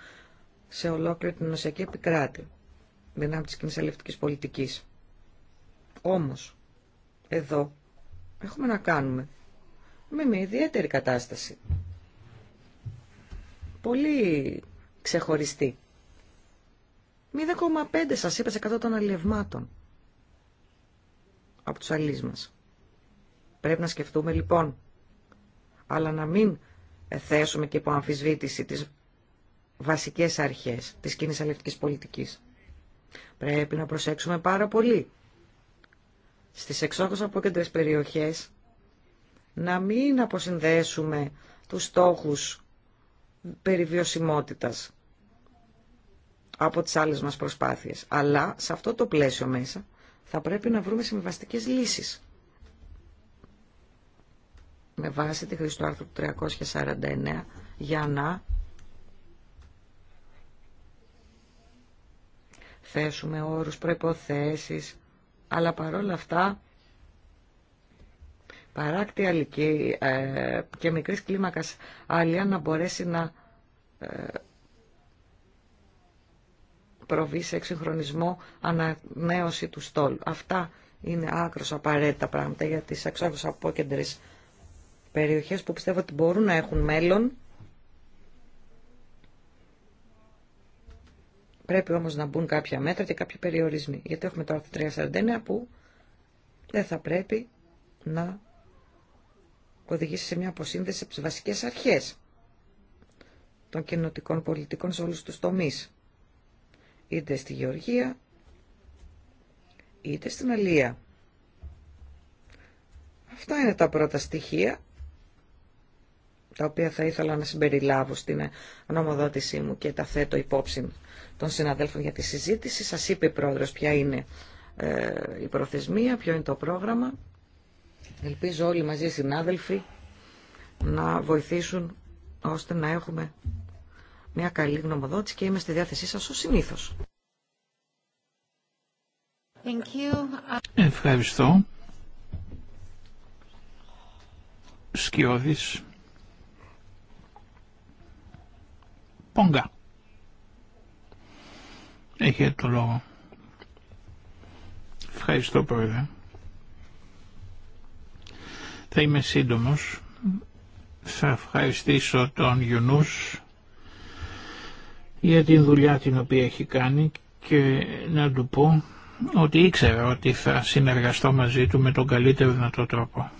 σε ολόκληρη την νοσιακή επικράτη, δυνάμει της κοινής πολιτικής. Όμως, εδώ έχουμε να κάνουμε με μια ιδιαίτερη κατάσταση. Πολύ ξεχωριστή. 0,5 σας είπα σε των αλληλευμάτων από τους αλλείς μας. Πρέπει να σκεφτούμε λοιπόν, αλλά να μην θέσουμε και υπό αμφισβήτηση τις βασικές αρχές της κοινής αλληλευτικής πολιτικής. Πρέπει να προσέξουμε πάρα πολύ στις εξόχως απόκεντρες περιοχές να μην αποσυνδέσουμε τους στόχους περιβιωσιμότητας από τις άλλες μας προσπάθειες. Αλλά σε αυτό το πλαίσιο μέσα θα πρέπει να βρούμε συμβαστικές λύσεις με βάση τη χρήση του άρθρου 349 για να θέσουμε όρους, προϋποθέσεις, αλλά παρόλα αυτά παράκτη αλική ε, και μικρής κλίμακας αλία να μπορέσει να ε, προβεί σε εξυγχρονισμό ανανέωση του στόλου. Αυτά είναι άκρος απαραίτητα πράγματα για τις εξόδους απόκεντρες περιοχές που πιστεύω ότι μπορούν να έχουν μέλλον. Πρέπει όμως να μπουν κάποια μέτρα και κάποιοι περιορισμοί. Γιατί έχουμε το 349 που δεν θα πρέπει να οδηγήσει σε μια αποσύνδεση από τις βασικές αρχές των κοινοτικών πολιτικών σε όλους τους τομείς. Είτε στη γεωργία, είτε στην αλία. Αυτά είναι τα πρώτα στοιχεία τα οποία θα ήθελα να συμπεριλάβω στην νομοδότησή μου και τα θέτω υπόψη των συναδέλφων για τη συζήτηση. Σας είπε η Πρόεδρος ποια είναι ε, η προθεσμία, ποιο είναι το πρόγραμμα. Ελπίζω όλοι μαζί οι συνάδελφοι να βοηθήσουν ώστε να έχουμε μια καλή γνωμοδότηση και είμαι στη διάθεσή σας ως συνήθως. Ευχαριστώ. Σκιώδης. Πόγκα. Έχετε το λόγο. Ευχαριστώ πρόεδρε. Θα είμαι σύντομος. Θα ευχαριστήσω τον Γιουνούς για την δουλειά την οποία έχει κάνει και να του πω ότι ήξερα ότι θα συνεργαστώ μαζί του με τον καλύτερο δυνατό τρόπο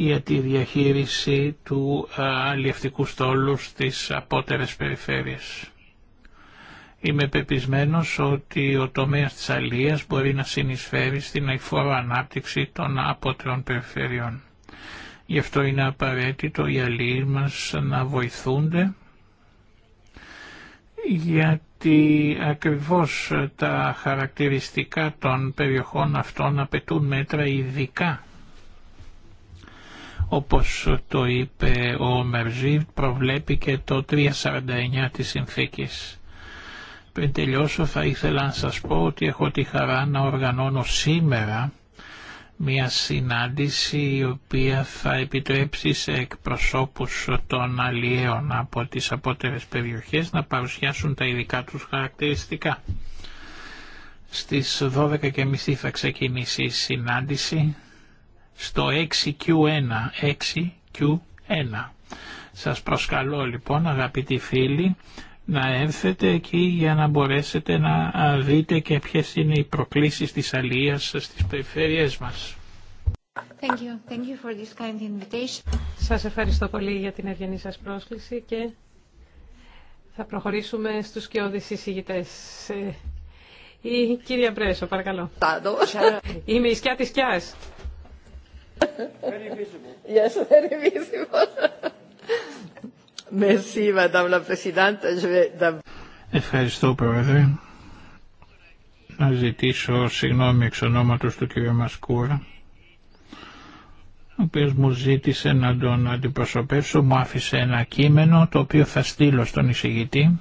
για τη διαχείριση του ε, αλλιευτικού στόλου στις απότερες περιφέρειες. Είμαι πεπισμένος ότι ο τομέας της αλίας μπορεί να συνεισφέρει στην αηφόρο ανάπτυξη των απότερων περιφερειών. Γι' αυτό είναι απαραίτητο οι αλλοί μας να βοηθούνται γιατί ακριβώς τα χαρακτηριστικά των περιοχών αυτών απαιτούν μέτρα ειδικά όπως το είπε ο Μερζή, προβλέπει και το 349 της συνθήκης. Πριν τελειώσω θα ήθελα να σας πω ότι έχω τη χαρά να οργανώνω σήμερα μια συνάντηση η οποία θα επιτρέψει σε εκπροσώπους των αλλιέων από τις απότερες περιοχές να παρουσιάσουν τα ειδικά τους χαρακτηριστικά. Στις 12.30 θα ξεκινήσει η συνάντηση στο 6Q1, 6Q1. Σας προσκαλώ λοιπόν αγαπητοί φίλοι να έρθετε εκεί για να μπορέσετε να δείτε και ποιες είναι οι προκλήσεις της αλληλείας στις περιφέρειές μας. Thank you. Thank you for this kind invitation. Σας ευχαριστώ πολύ για την ευγενή σας πρόσκληση και θα προχωρήσουμε στους κοιόδης εισηγητές. Ε, η κυρία Μπρέσο, παρακαλώ. Είμαι η σκιά της σκιάς. Very Yes, very visible. Merci, Madame la Présidente. Je vais... Ευχαριστώ, Πρόεδρε. Να ζητήσω συγγνώμη εξ ονόματος του κ. Μασκούρα, ο οποίος μου ζήτησε να τον αντιπροσωπεύσω, μου άφησε ένα κείμενο το οποίο θα στείλω στον εισηγητή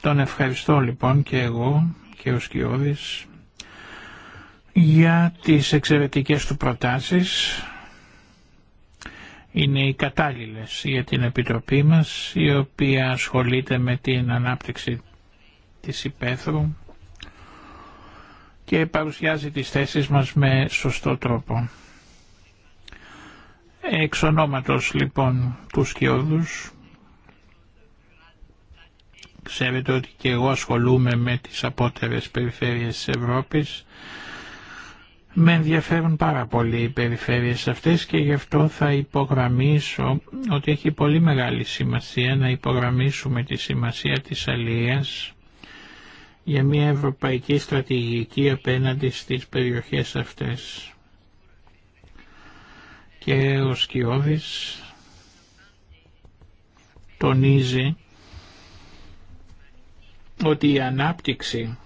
Τον ευχαριστώ λοιπόν και εγώ και ο Σκιώδης για τις εξαιρετικές του προτάσεις. Είναι οι κατάλληλες για την Επιτροπή μας, η οποία ασχολείται με την ανάπτυξη της υπαίθρου και παρουσιάζει τις θέσεις μας με σωστό τρόπο. Εξ ονόματος λοιπόν του Σκιώδους Ξέρετε ότι και εγώ ασχολούμαι με τις απότερες περιφέρειες της Ευρώπης. Με ενδιαφέρουν πάρα πολύ οι περιφέρειες αυτές και γι' αυτό θα υπογραμμίσω ότι έχει πολύ μεγάλη σημασία να υπογραμμίσουμε τη σημασία της αλίας για μια ευρωπαϊκή στρατηγική απέναντι στις περιοχές αυτές. Και ο Σκιώδης τονίζει ότι η ανάπτυξη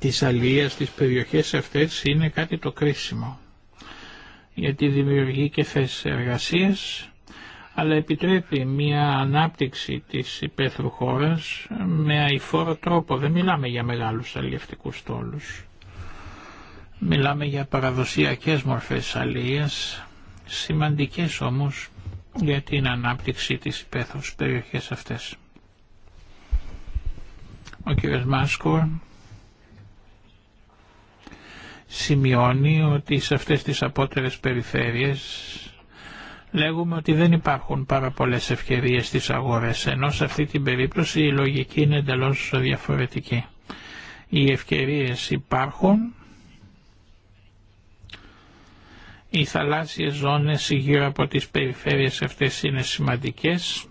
της αλίας στις περιοχές αυτές είναι κάτι το κρίσιμο γιατί δημιουργεί και θέσεις εργασίας αλλά επιτρέπει μια ανάπτυξη της υπαίθρου χώρας με αηφόρο τρόπο. Δεν μιλάμε για μεγάλους αλλιευτικούς τόλους. Μιλάμε για παραδοσιακές μορφές αλλίας, σημαντικές όμως για την ανάπτυξη της υπαίθρου περιοχές αυτές ο κ. Μάσκο σημειώνει ότι σε αυτές τις απότερες περιφέρειες λέγουμε ότι δεν υπάρχουν πάρα πολλές ευκαιρίες στις αγορές, ενώ σε αυτή την περίπτωση η λογική είναι εντελώς διαφορετική. Οι ευκαιρίες υπάρχουν, οι θαλάσσιες ζώνες γύρω από τις περιφέρειες αυτές είναι σημαντικές,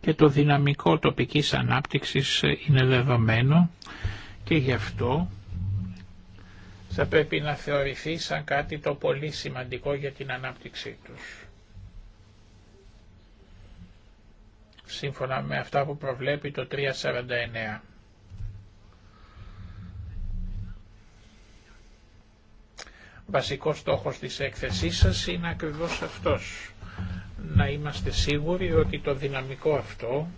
και το δυναμικό τοπικής ανάπτυξης είναι δεδομένο και γι' αυτό θα πρέπει να θεωρηθεί σαν κάτι το πολύ σημαντικό για την ανάπτυξή τους. Σύμφωνα με αυτά που προβλέπει το 349. Βασικός στόχος της έκθεσής σας είναι ακριβώς αυτός να είμαστε σίγουροι ότι το δυναμικό αυτό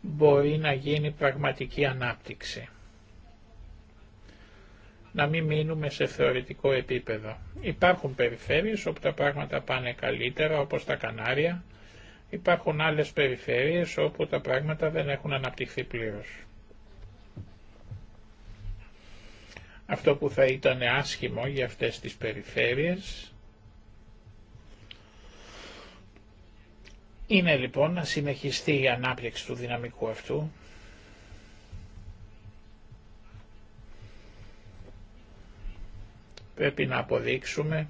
μπορεί να γίνει πραγματική ανάπτυξη. Να μην μείνουμε σε θεωρητικό επίπεδο. Υπάρχουν περιφέρειες όπου τα πράγματα πάνε καλύτερα όπως τα Κανάρια, υπάρχουν άλλες περιφέρειες όπου τα πράγματα δεν έχουν αναπτυχθεί πλήρως. Αυτό που θα ήταν άσχημο για αυτές τις περιφέρειες Είναι λοιπόν να συνεχιστεί η ανάπτυξη του δυναμικού αυτού. Πρέπει να αποδείξουμε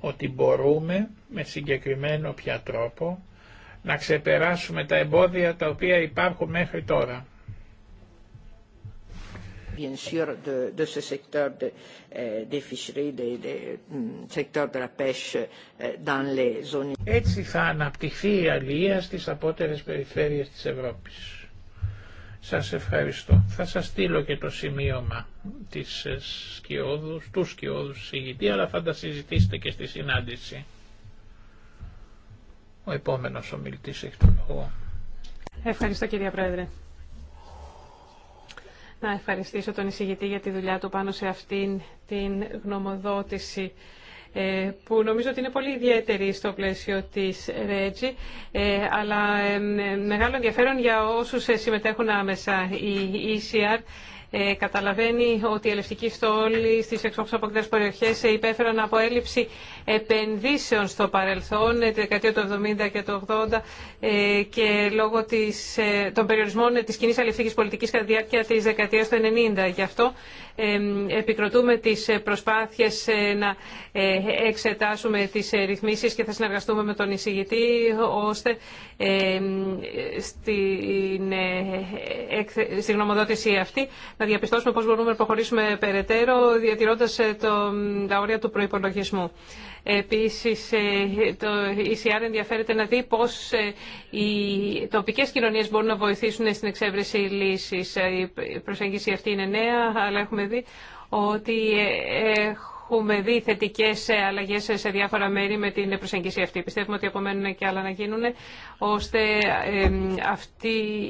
ότι μπορούμε με συγκεκριμένο πια τρόπο να ξεπεράσουμε τα εμπόδια τα οποία υπάρχουν μέχρι τώρα bien sûr, de, de ce secteur de, euh, des fisheries, des, des mm, secteur de la pêche euh, dans les zones. Έτσι θα αναπτυχθεί η αλληλεία στις απότερες περιφέρειες της Ευρώπης. Σας ευχαριστώ. Θα σας στείλω και το σημείωμα της ε, σκιώδους, του σκιώδου συγητή, αλλά θα τα συζητήσετε και στη συνάντηση. Ο επόμενος ομιλητής έχει το λόγο. Ευχαριστώ κυρία Πρόεδρε να ευχαριστήσω τον εισηγητή για τη δουλειά του πάνω σε αυτήν την γνωμοδότηση ε, που νομίζω ότι είναι πολύ ιδιαίτερη στο πλαίσιο της Ρέτζη, ε, αλλά ε, μεγάλο ενδιαφέρον για όσους συμμετέχουν άμεσα. Η ECR ε, καταλαβαίνει ότι οι ελευτικοί στόλοι στις εξόχους αποκτές περιοχές υπέφεραν από έλλειψη επενδύσεων στο παρελθόν, ε, τη δεκαετία του 70 και του 80 ε, και λόγω της, των περιορισμών της κοινή αλληλευτικής πολιτικής κατά τη διάρκεια τη δεκαετία του 90. Γι' αυτό επικροτούμε τις προσπάθειες να εξετάσουμε τις ρυθμίσει και θα συνεργαστούμε με τον εισηγητή ώστε στην, στη γνωμοδότηση αυτή να διαπιστώσουμε πώς μπορούμε να προχωρήσουμε περαιτέρω διατηρώντας ε, το, τα όρια του προϋπολογισμού. Επίσης, ε, το ECR ενδιαφέρεται να δει πώς ε, οι τοπικές κοινωνίες μπορούν να βοηθήσουν στην εξέβρεση λύσης. Η προσέγγιση αυτή είναι νέα, αλλά έχουμε δει ότι έχουμε δει θετικέ ε, αλλαγέ σε διάφορα μέρη με την προσέγγιση αυτή. Πιστεύουμε ότι απομένουν και άλλα να γίνουν, ώστε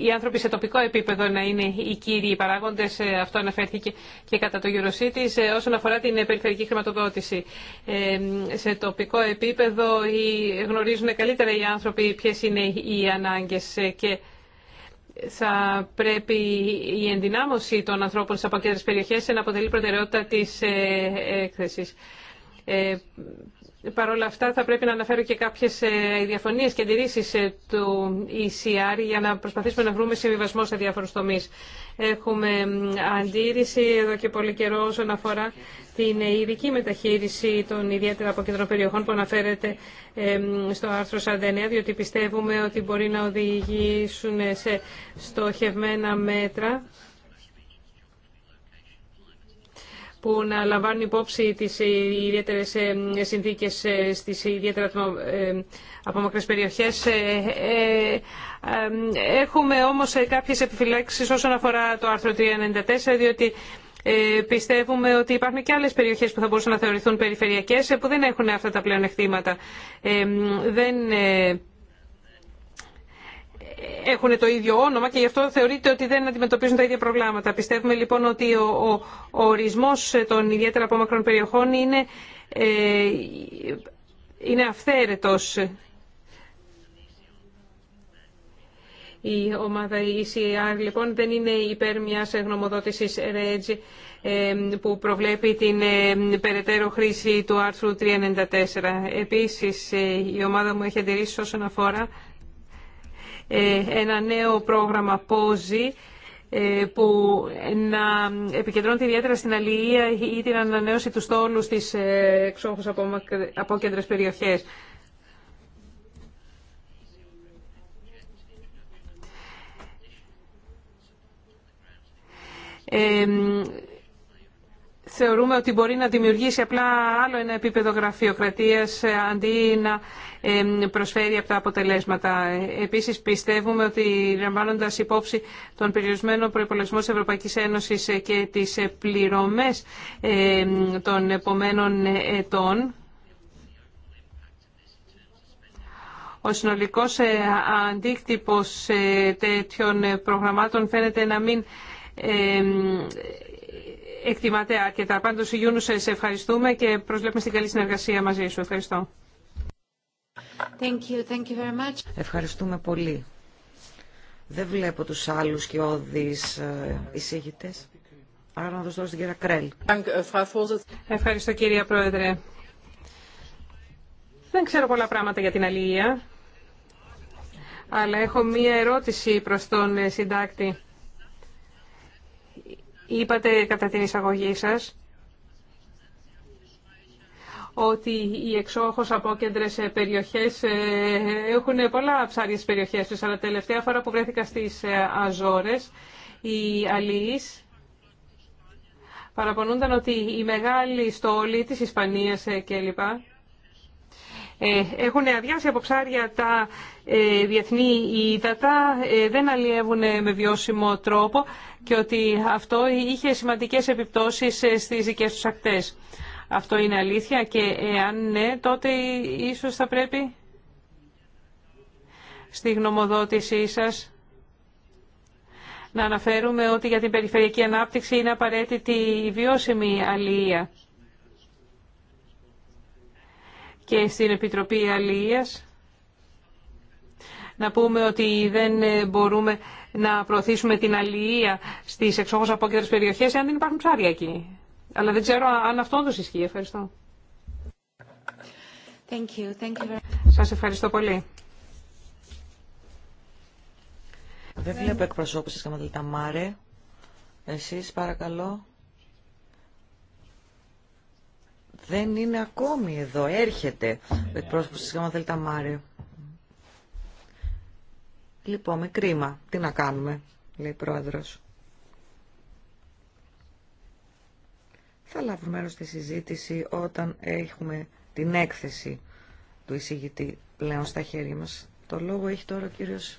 οι άνθρωποι σε τοπικό επίπεδο να είναι οι κύριοι παράγοντε. Ε, αυτό αναφέρθηκε και κατά το EuroCities. Ε, όσον αφορά την περιφερειακή χρηματοδότηση, σε τοπικό επίπεδο γνωρίζουν καλύτερα οι άνθρωποι ποιε είναι οι ανάγκε και θα πρέπει η ενδυνάμωση των ανθρώπων σε αποκέντρες περιοχέ να αποτελεί προτεραιότητα της ε, ε, έκθεσης. Ε, Παρ' όλα αυτά θα πρέπει να αναφέρω και κάποιες ε, διαφωνίε και αντιρρήσεις ε, του ECR για να προσπαθήσουμε να βρούμε συμβιβασμό σε διάφορους τομείς. Έχουμε αντίρρηση εδώ και πολύ καιρό όσον αφορά την ε, ειδική μεταχείριση των ιδιαίτερα αποκεντρών περιοχών που αναφέρεται στο άρθρο 49, διότι πιστεύουμε ότι μπορεί να οδηγήσουν σε στοχευμένα μέτρα που να λαμβάνουν υπόψη τις ε, ιδιαίτερες ε, συνθήκες ε, στις ιδιαίτερα απομακρυσμένες περιοχές. Έχουμε όμως κάποιες επιφυλάξεις όσον αφορά το άρθρο 394, διότι πιστεύουμε ότι υπάρχουν και άλλες περιοχές που θα μπορούσαν να θεωρηθούν περιφερειακές που δεν έχουν αυτά τα πλεονεκτήματα. Δεν έχουν το ίδιο όνομα και γι' αυτό θεωρείται ότι δεν αντιμετωπίζουν τα ίδια προβλήματα. Πιστεύουμε λοιπόν ότι ο, ο, ο ορισμός των ιδιαίτερα απόμακρων περιοχών είναι, ε, είναι αυθαίρετος. Η ομάδα ECR λοιπόν δεν είναι υπέρ μιας γνωμοδότησης REG ε, που προβλέπει την ε, περαιτέρω χρήση του άρθρου 394. Επίσης ε, η ομάδα μου έχει αντιρρήσει όσον αφορά ε, ένα νέο πρόγραμμα POSI ε, που να επικεντρώνεται ιδιαίτερα στην αλληλεία ή την ανανέωση του στόλου στις ε, εξόχους από κέντρες περιοχές θεωρούμε ότι μπορεί να δημιουργήσει απλά άλλο ένα επίπεδο γραφειοκρατίας ε, αντί να προσφέρει από τα αποτελέσματα. Επίσης πιστεύουμε ότι λαμβάνοντα υπόψη τον περιορισμένο προπολογισμό της Ευρωπαϊκής Ένωσης ε, και τις ε, πληρωμές των επομένων ετών, ο συνολικός αντίκτυπος τέτοιων προγραμμάτων φαίνεται να μην εκτιμάται αρκετά. Πάντω, Γιούνου, σε ευχαριστούμε και προσβλέπουμε στην καλή συνεργασία μαζί σου. Ευχαριστώ. Ευχαριστούμε πολύ. Δεν βλέπω τους άλλους και όδης ε, εισήγητες. Άρα να δώσω τώρα στην κυρία Κρέλ. Ε, Ευχαριστώ κυρία Πρόεδρε. Δεν ξέρω πολλά πράγματα για την αλληλεία, αλλά έχω μία ερώτηση προς τον ε, συντάκτη. Είπατε κατά την εισαγωγή σας ότι οι εξόχως απόκεντρες ε, περιοχές ε, έχουν πολλά ψάριες περιοχές τους, αλλά τελευταία φορά που βρέθηκα στις ε, Αζόρες, οι Αλίες παραπονούνταν ότι η μεγάλη στόλη της Ισπανίας κλπ. Ε, έχουν αδειάσει από ψάρια τα ε, διεθνή ύδατα, ε, δεν αλλιεύουν με βιώσιμο τρόπο και ότι αυτό είχε σημαντικές επιπτώσεις στις δικές τους ακτές. Αυτό είναι αλήθεια και εάν ναι, τότε ίσως θα πρέπει στη γνωμοδότησή σας να αναφέρουμε ότι για την περιφερειακή ανάπτυξη είναι απαραίτητη η βιώσιμη αλληλεία και στην Επιτροπή Αλληλείας να πούμε ότι δεν μπορούμε να προωθήσουμε την αλληλεία στις εξόχως απόκεντρες περιοχές αν δεν υπάρχουν ψάρια εκεί. Αλλά δεν ξέρω αν αυτό όντως ισχύει. Ευχαριστώ. Thank Σας ευχαριστώ πολύ. Δεν βλέπω εκπροσώπηση της ταμάρε. Εσείς παρακαλώ. δεν είναι ακόμη εδώ. Έρχεται ο εκπρόσωπος της Γαμαδέλτα Μάρε. Λοιπόν, με κρίμα. Τι να κάνουμε, λέει ο πρόεδρος. Θα λάβουμε μέρος στη συζήτηση όταν έχουμε την έκθεση του εισηγητή πλέον στα χέρια μας. Το λόγο έχει τώρα ο κύριος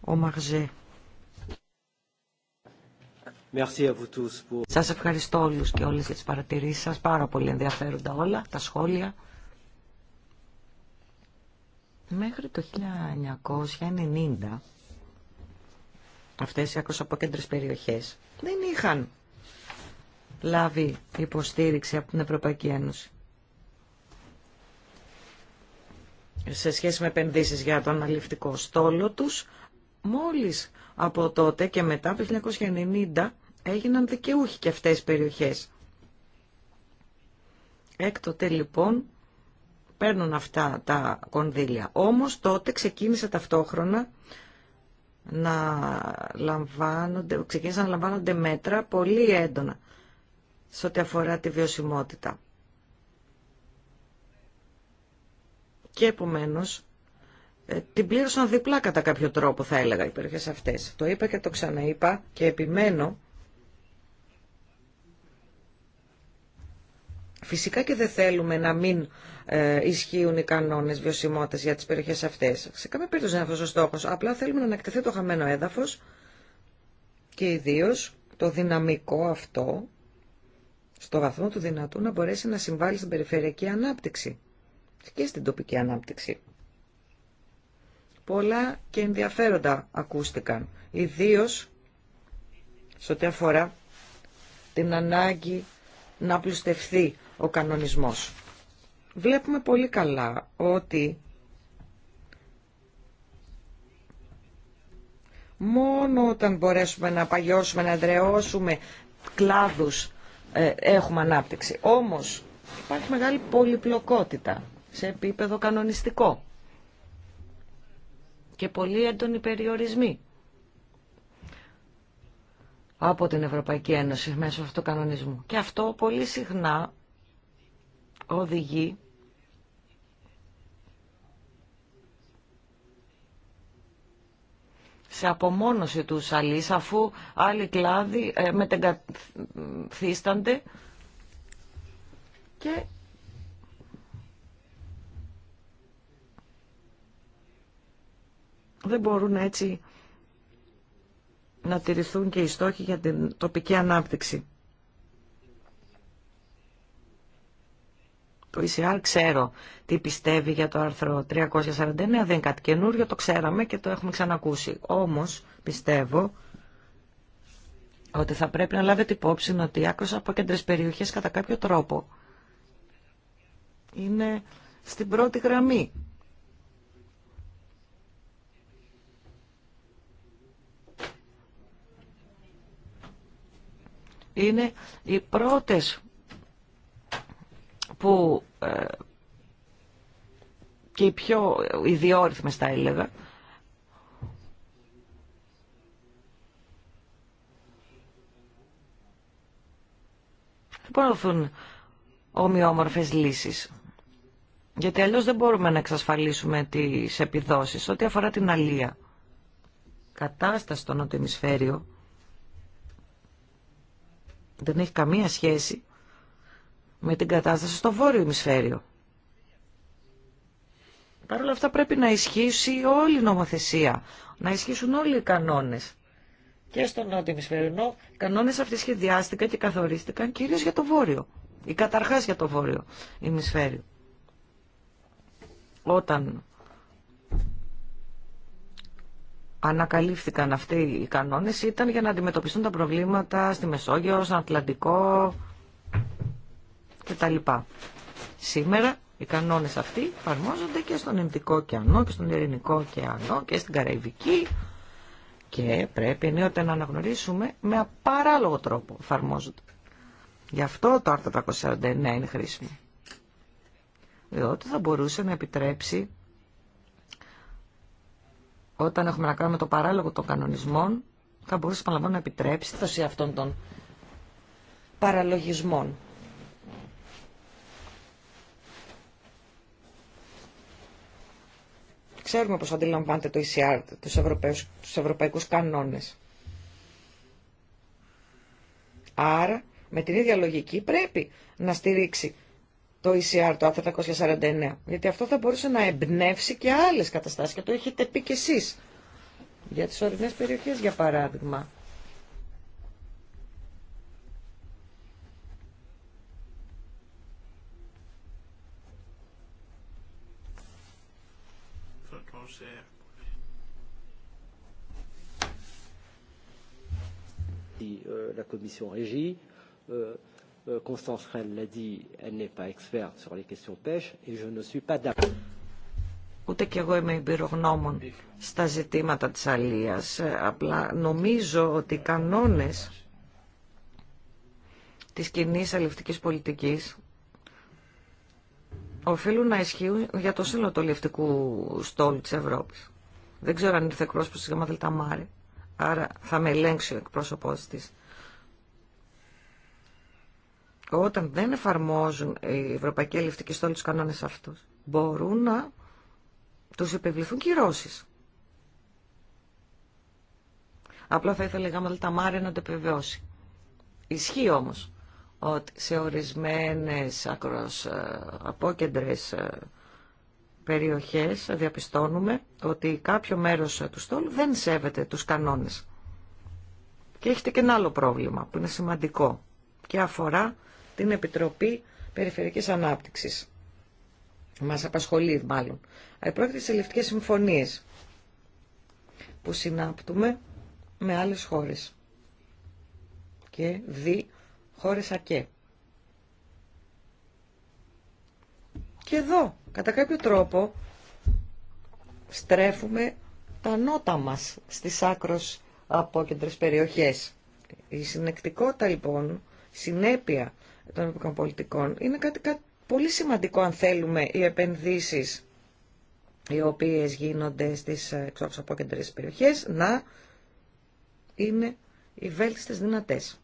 Ομαγζέ. Σας ευχαριστώ όλους και όλες για τις παρατηρήσεις σας. Πάρα πολύ ενδιαφέροντα όλα τα σχόλια. Μέχρι το 1990 αυτές οι ακροσαποκέντρες περιοχές δεν είχαν λάβει υποστήριξη από την Ευρωπαϊκή Ένωση. Σε σχέση με επενδύσεις για τον αναλυτικό στόλο τους, μόλις από τότε και μετά, το 1990, έγιναν δικαιούχοι και αυτές οι περιοχές. Έκτοτε λοιπόν παίρνουν αυτά τα κονδύλια. Όμως τότε ξεκίνησε ταυτόχρονα να λαμβάνονται, ξεκίνησαν να λαμβάνονται μέτρα πολύ έντονα σε ό,τι αφορά τη βιωσιμότητα. Και επομένως ε, την πλήρωσαν διπλά κατά κάποιο τρόπο θα έλεγα οι περιοχές αυτές. Το είπα και το ξαναείπα και επιμένω Φυσικά και δεν θέλουμε να μην ε, ισχύουν οι κανόνες βιωσιμότητας για τις περιοχές αυτές. Σε καμία περίπτωση είναι αυτός ο στόχος. Απλά θέλουμε να ανακτηθεί το χαμένο έδαφος και ιδίω το δυναμικό αυτό, στο βαθμό του δυνατού, να μπορέσει να συμβάλλει στην περιφερειακή ανάπτυξη και στην τοπική ανάπτυξη. Πολλά και ενδιαφέροντα ακούστηκαν, Ιδίως σε ό,τι αφορά την ανάγκη να πλουστευθεί ο κανονισμός. Βλέπουμε πολύ καλά ότι μόνο όταν μπορέσουμε να παγιώσουμε, να δρεώσουμε κλάδους ε, έχουμε ανάπτυξη. Όμως υπάρχει μεγάλη πολυπλοκότητα σε επίπεδο κανονιστικό και πολύ έντονοι περιορισμοί από την Ευρωπαϊκή Ένωση μέσω αυτού του κανονισμού. Και αυτό πολύ συχνά οδηγεί σε απομόνωση του αλής, αφού άλλοι κλάδοι ε, μετεγκαθίστανται και δεν μπορούν έτσι να τηρηθούν και οι στόχοι για την τοπική ανάπτυξη. Το ECR ξέρω τι πιστεύει για το άρθρο 349, δεν είναι κάτι καινούριο, το ξέραμε και το έχουμε ξανακούσει. Όμως πιστεύω ότι θα πρέπει να λάβετε υπόψη ότι άκρως από κέντρες περιοχές κατά κάποιο τρόπο είναι στην πρώτη γραμμή. Είναι οι πρώτες που ε, και οι πιο ιδιόρυθμες τα έλεγα, δεν μπορούν να δοθούν ομοιόμορφες λύσεις. Γιατί αλλιώς δεν μπορούμε να εξασφαλίσουμε τις επιδόσεις. Ό,τι αφορά την αλία, κατάσταση στο Νοτιμισφαίριο δεν έχει καμία σχέση με την κατάσταση στο βόρειο ημισφαίριο. Παρ' όλα αυτά πρέπει να ισχύσει όλη η νομοθεσία, να ισχύσουν όλοι οι κανόνες. Και στο νότιο ημισφαιρινό, οι κανόνες αυτοί σχεδιάστηκαν και καθορίστηκαν κυρίως για το βόρειο ή καταρχάς για το βόρειο ημισφαίριο. Όταν ανακαλύφθηκαν αυτοί οι κανόνες ήταν για να αντιμετωπιστούν τα προβλήματα στη Μεσόγειο, στον Ατλαντικό, κτλ. Σήμερα οι κανόνες αυτοί εφαρμόζονται και στον Ινδικό ωκεανό και στον Ειρηνικό ωκεανό και στην Καραϊβική και πρέπει ενίοτε να αναγνωρίσουμε με απαράλογο τρόπο εφαρμόζονται. Γι' αυτό το άρθρο 349 είναι χρήσιμο. Διότι θα μπορούσε να επιτρέψει όταν έχουμε να κάνουμε το παράλογο των κανονισμών, θα μπορούσε να επιτρέψει σε αυτών των παραλογισμών. Ξέρουμε πώς αντιλαμβάνεται το ECR, τους, Ευρωπαίους, τους ευρωπαϊκούς κανόνες. Άρα, με την ίδια λογική πρέπει να στηρίξει το ECR, το άρθρο 349, γιατί αυτό θα μπορούσε να εμπνεύσει και άλλες καταστάσεις και το έχετε πει κι εσείς για τις ορεινές περιοχές, για παράδειγμα. Euh, la commission régie. Euh, euh, Constance Rennes l'a dit, elle n'est pas experte sur les questions pêche et je ne suis pas d'accord. Ούτε κι εγώ είμαι εμπειρογνώμων στα ζητήματα της αλίας. Ε, απλά νομίζω ότι οι κανόνες της κοινή αλληλευτικής πολιτικής οφείλουν να ισχύουν για το σύνολο του αλληλευτικού στόλου της Ευρώπης. Δεν ξέρω αν ήρθε εκπρόσωπος της ΓΔ Μάρη, άρα θα με ελέγξει ο εκπρόσωπός της όταν δεν εφαρμόζουν οι Ευρωπαϊκοί Αλληλευτικοί Στόλοι τους κανόνες αυτούς, μπορούν να τους επιβληθούν κυρώσεις. Απλά θα ήθελα γάμα τα Μάρια να το επιβεβαιώσει. Ισχύει όμως ότι σε ορισμένες ακρος ε, απόκεντρες ε, περιοχές διαπιστώνουμε ότι κάποιο μέρος ε, του στόλου δεν σέβεται τους κανόνες. Και έχετε και ένα άλλο πρόβλημα που είναι σημαντικό και αφορά την Επιτροπή Περιφερειακής Ανάπτυξης. Μας απασχολεί μάλλον. Πρόκειται σε ελευτικές συμφωνίες που συνάπτουμε με άλλες χώρες και δι χώρες ΑΚΕ. Και εδώ, κατά κάποιο τρόπο, στρέφουμε τα νότα μας στις άκρος απόκεντρε περιοχές. Η συνεκτικότητα λοιπόν, συνέπεια των πολιτικών. Είναι κάτι, πολύ σημαντικό αν θέλουμε οι επενδύσεις οι οποίες γίνονται στις ε, εξόχως απόκεντρες περιοχές να είναι οι βέλτιστες δυνατές.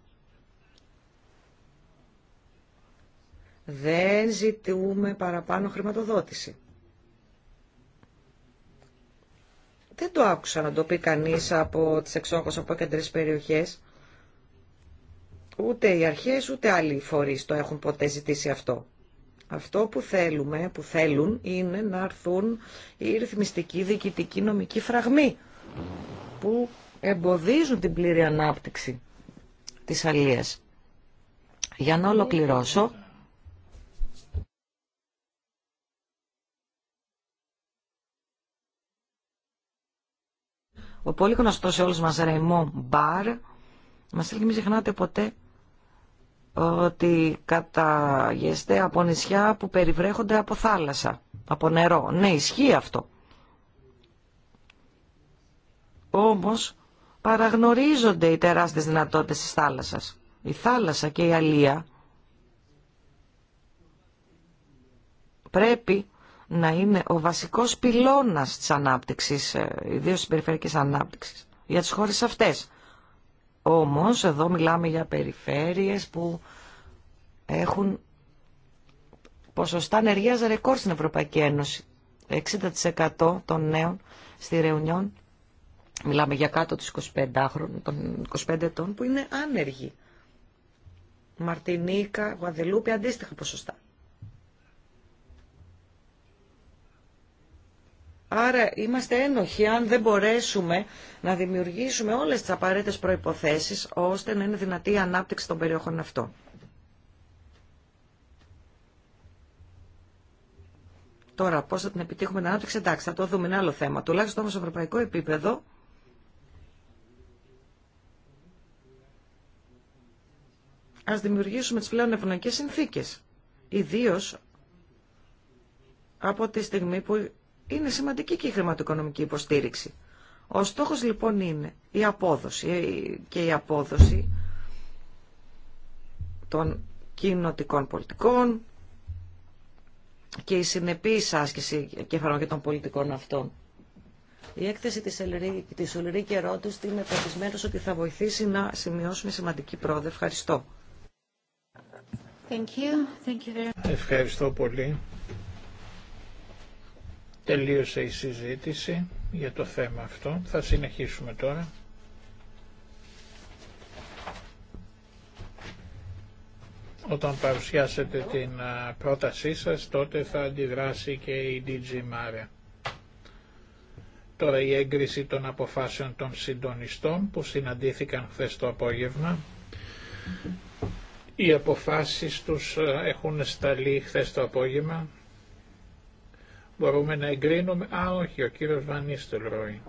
Δεν ζητούμε παραπάνω χρηματοδότηση. Δεν το άκουσα να το πει κανείς από τις εξόχως κεντρικές περιοχές Ούτε οι αρχές ούτε άλλοι φορείς το έχουν ποτέ ζητήσει αυτό. Αυτό που θέλουμε, που θέλουν, είναι να έρθουν οι ρυθμιστικοί, διοικητικοί, νομικοί φραγμοί που εμποδίζουν την πλήρη ανάπτυξη της αλίας. Για να ολοκληρώσω, ο πολύ γνωστός σε όλους μας Ραϊμό Μπαρ μας έλεγε μην ξεχνάτε ποτέ ότι καταγεστε από νησιά που περιβρέχονται από θάλασσα, από νερό. Ναι, ισχύει αυτό. Όμως παραγνωρίζονται οι τεράστιες δυνατότητες της θάλασσας. Η θάλασσα και η αλία πρέπει να είναι ο βασικός πυλώνας της ανάπτυξης, ε, ιδίως της περιφερειακής ανάπτυξης, για τις χώρες αυτές. Όμως εδώ μιλάμε για περιφέρειες που έχουν ποσοστά ανεργίας ρεκόρ στην Ευρωπαϊκή Ένωση. 60% των νέων στη Ρεουνιόν, μιλάμε για κάτω τους 25, χρόνων, των 25 ετών, που είναι άνεργοι. Μαρτινίκα, Γουαδελούπη, αντίστοιχα ποσοστά. Άρα είμαστε ένοχοι αν δεν μπορέσουμε να δημιουργήσουμε όλες τις απαραίτητες προϋποθέσεις ώστε να είναι δυνατή η ανάπτυξη των περιοχών αυτών. Τώρα, πώς θα την επιτύχουμε την ανάπτυξη, εντάξει, θα το δούμε, είναι άλλο θέμα. Τουλάχιστον όμω σε ευρωπαϊκό επίπεδο. ας δημιουργήσουμε τις πλέον συνθήκες. συνθήκε. από τη στιγμή που είναι σημαντική και η χρηματοοικονομική υποστήριξη. Ο στόχος λοιπόν είναι η απόδοση ε, και η απόδοση των κοινοτικών πολιτικών και η συνεπής άσκηση και εφαρμογή των πολιτικών αυτών. Η έκθεση της, της Ολυρή και είναι πεπισμένος ότι θα βοηθήσει να σημειώσουμε σημαντική πρόοδο. Ευχαριστώ. Thank you. Thank you very Ευχαριστώ πολύ. Τελείωσε η συζήτηση για το θέμα αυτό. Θα συνεχίσουμε τώρα. Όταν παρουσιάσετε την πρότασή σας, τότε θα αντιδράσει και η DG Μάρια. Τώρα η έγκριση των αποφάσεων των συντονιστών που συναντήθηκαν χθε το απόγευμα. Οι αποφάσεις τους έχουν σταλεί χθε το απόγευμα Μπορούμε να εγκρίνουμε... Α, όχι, ο κύριος ρόι.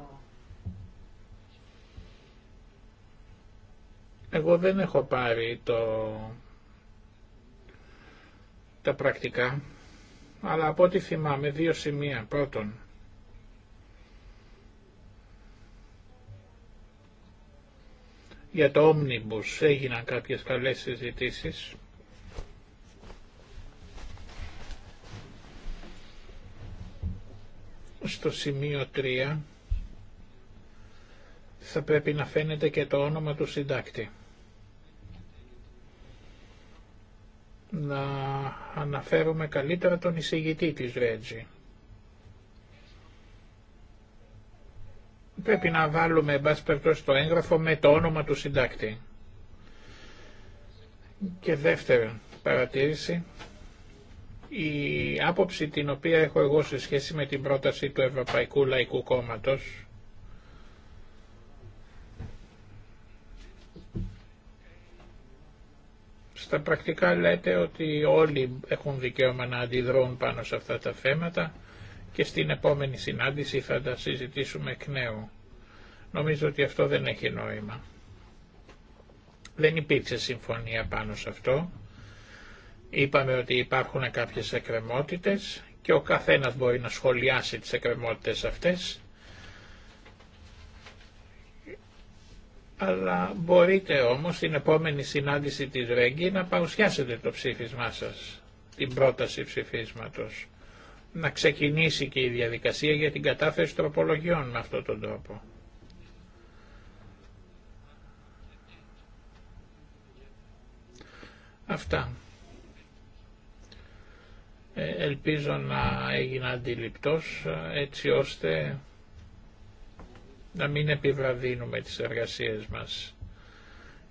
Εγώ δεν έχω πάρει το... τα πρακτικά, αλλά από ό,τι θυμάμαι δύο σημεία. Πρώτον, για το Omnibus έγιναν κάποιες καλές συζητήσεις. στο σημείο 3 θα πρέπει να φαίνεται και το όνομα του συντάκτη. Να αναφέρουμε καλύτερα τον εισηγητή της Ρέτζη. Πρέπει να βάλουμε, εν πάση το έγγραφο με το όνομα του συντάκτη. Και δεύτερη παρατήρηση, η άποψη την οποία έχω εγώ σε σχέση με την πρόταση του Ευρωπαϊκού Λαϊκού Κόμματος στα πρακτικά λέτε ότι όλοι έχουν δικαίωμα να αντιδρούν πάνω σε αυτά τα θέματα και στην επόμενη συνάντηση θα τα συζητήσουμε εκ νέου. Νομίζω ότι αυτό δεν έχει νόημα. Δεν υπήρξε συμφωνία πάνω σε αυτό. Είπαμε ότι υπάρχουν κάποιες εκκρεμότητες και ο καθένας μπορεί να σχολιάσει τις εκκρεμότητες αυτές. Αλλά μπορείτε όμως στην επόμενη συνάντηση της Ρέγκι να παρουσιάσετε το ψήφισμά σας, την πρόταση ψηφίσματος. Να ξεκινήσει και η διαδικασία για την κατάθεση τροπολογιών με αυτόν τον τρόπο. Αυτά. Ε, ελπίζω να έγινα αντιληπτός ε, έτσι ώστε να μην επιβραδύνουμε τις εργασίες μας.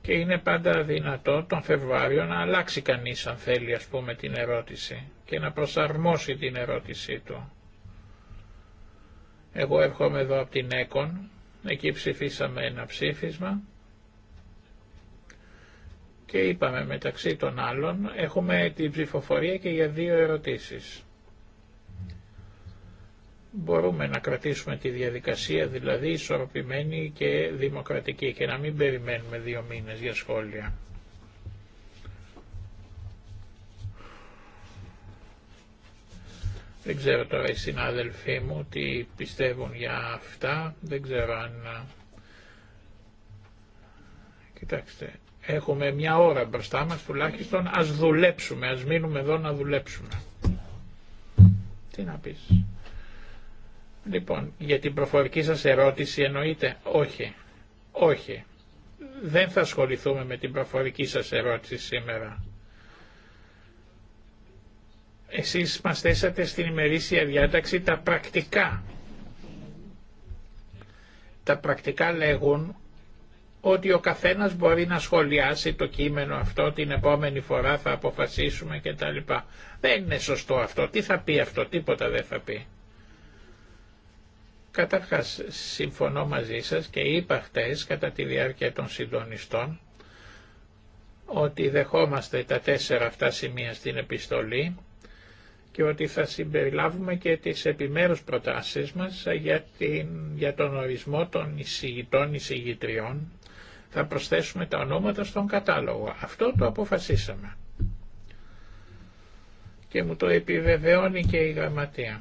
Και είναι πάντα δυνατό τον Φεβρουάριο να αλλάξει κανείς αν θέλει ας πούμε την ερώτηση και να προσαρμόσει την ερώτησή του. Εγώ έρχομαι εδώ από την ΕΚΟΝ, εκεί ψηφίσαμε ένα ψήφισμα και είπαμε μεταξύ των άλλων έχουμε την ψηφοφορία και για δύο ερωτήσεις. Μπορούμε να κρατήσουμε τη διαδικασία δηλαδή ισορροπημένη και δημοκρατική και να μην περιμένουμε δύο μήνες για σχόλια. Δεν ξέρω τώρα οι συνάδελφοί μου τι πιστεύουν για αυτά. Δεν ξέρω αν... Κοιτάξτε, Έχουμε μια ώρα μπροστά μας τουλάχιστον. Ας δουλέψουμε, ας μείνουμε εδώ να δουλέψουμε. Τι να πεις. Λοιπόν, για την προφορική σας ερώτηση εννοείται όχι. Όχι. Δεν θα ασχοληθούμε με την προφορική σας ερώτηση σήμερα. Εσείς μας θέσατε στην ημερήσια διάταξη τα πρακτικά. Τα πρακτικά λέγουν ότι ο καθένας μπορεί να σχολιάσει το κείμενο αυτό, την επόμενη φορά θα αποφασίσουμε κτλ. Δεν είναι σωστό αυτό. Τι θα πει αυτό, τίποτα δεν θα πει. Καταρχάς, συμφωνώ μαζί σας και είπα χτες κατά τη διάρκεια των συντονιστών ότι δεχόμαστε τα τέσσερα αυτά σημεία στην επιστολή και ότι θα συμπεριλάβουμε και τις επιμέρους προτάσεις μας για, για τον ορισμό των εισηγητών εισηγητριών θα προσθέσουμε τα ονόματα στον κατάλογο. Αυτό το αποφασίσαμε. Και μου το επιβεβαιώνει και η γραμματεία.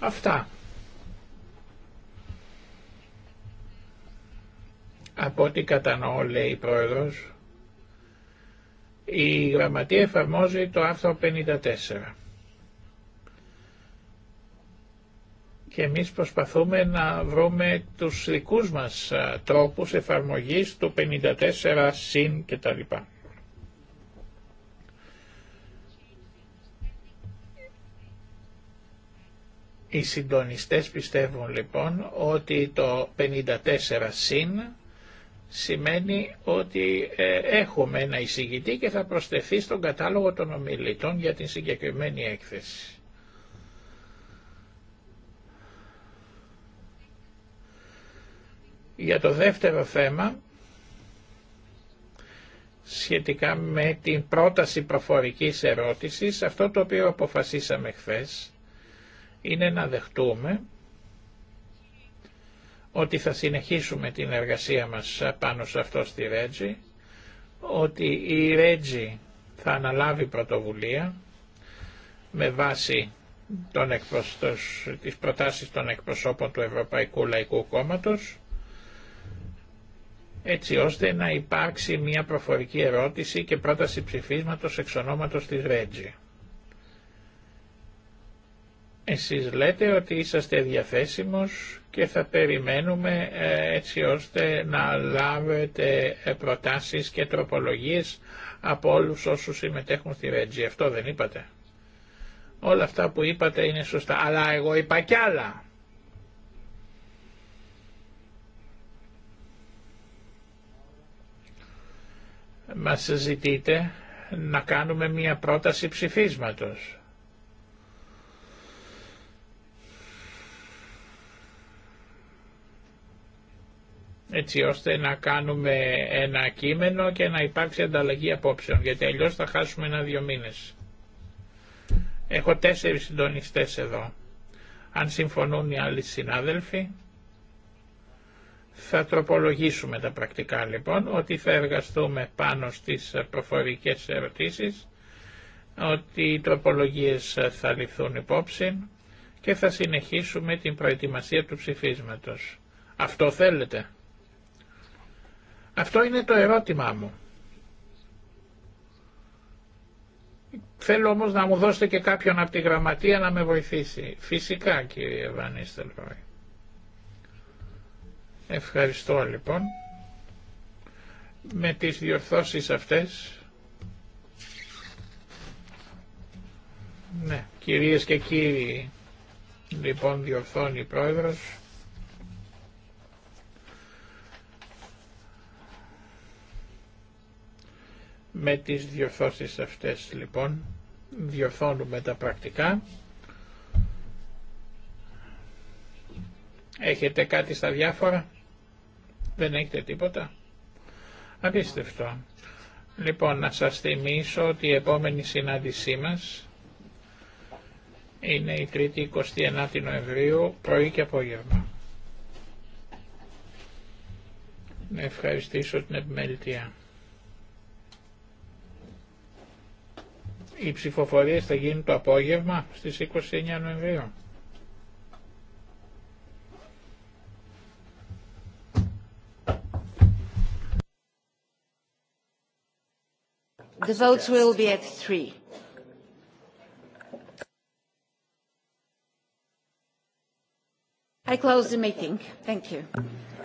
Αυτά. Από ό,τι κατανοώ, λέει η Πρόεδρος, η Γραμματεία εφαρμόζει το άρθρο 54. και εμείς προσπαθούμε να βρούμε τους δικούς μας τρόπους εφαρμογής του 54 συν και τα λοιπά. Οι συντονιστές πιστεύουν λοιπόν ότι το 54 συν σημαίνει ότι ε, έχουμε ένα εισηγητή και θα προσθεθεί στον κατάλογο των ομιλητών για την συγκεκριμένη έκθεση. Για το δεύτερο θέμα, σχετικά με την πρόταση προφορικής ερώτησης, αυτό το οποίο αποφασίσαμε χθες είναι να δεχτούμε ότι θα συνεχίσουμε την εργασία μας πάνω σε αυτό στη Ρέτζη, ότι η Ρέτζη θα αναλάβει πρωτοβουλία με βάση τον εκπροσ... τις προτάσεις των εκπροσώπων του Ευρωπαϊκού Λαϊκού Κόμματος έτσι ώστε να υπάρξει μια προφορική ερώτηση και πρόταση ψηφίσματος εξ ονόματος της Ρέτζη. Εσείς λέτε ότι είσαστε διαθέσιμος και θα περιμένουμε ε, έτσι ώστε να λάβετε ε, προτάσεις και τροπολογίες από όλους όσους συμμετέχουν στη Ρέτζη. Αυτό δεν είπατε. Όλα αυτά που είπατε είναι σωστά. Αλλά εγώ είπα κι άλλα. Μας ζητείτε να κάνουμε μία πρόταση ψηφίσματος. έτσι ώστε να κάνουμε ένα κείμενο και να υπάρξει ανταλλαγή απόψεων, γιατί αλλιώς θα χάσουμε ένα-δύο μήνες. Έχω τέσσερις συντονιστές εδώ. Αν συμφωνούν οι άλλοι συνάδελφοι, θα τροπολογήσουμε τα πρακτικά λοιπόν, ότι θα εργαστούμε πάνω στις προφορικές ερωτήσεις, ότι οι τροπολογίες θα ληφθούν υπόψη και θα συνεχίσουμε την προετοιμασία του ψηφίσματος. Αυτό θέλετε. Αυτό είναι το ερώτημά μου. Θέλω όμως να μου δώσετε και κάποιον από τη γραμματεία να με βοηθήσει. Φυσικά κύριε Βανίστελρόι. Ευχαριστώ λοιπόν. Με τις διορθώσεις αυτές... Ναι, κυρίες και κύριοι, λοιπόν διορθώνει η πρόεδρος. Με τις διορθώσεις αυτές λοιπόν διορθώνουμε τα πρακτικά. Έχετε κάτι στα διάφορα. Δεν έχετε τίποτα. Απίστευτο. Λοιπόν, να σας θυμίσω ότι η επόμενη συνάντησή μας είναι η 3η 29η Νοεμβρίου, πρωί και απόγευμα. Να ευχαριστήσω την επιμελητία. Οι ψηφοφορίες θα γίνουν το απόγευμα στις 29 Νοεμβρίου. The votes will be at 3. I close the meeting. Thank you.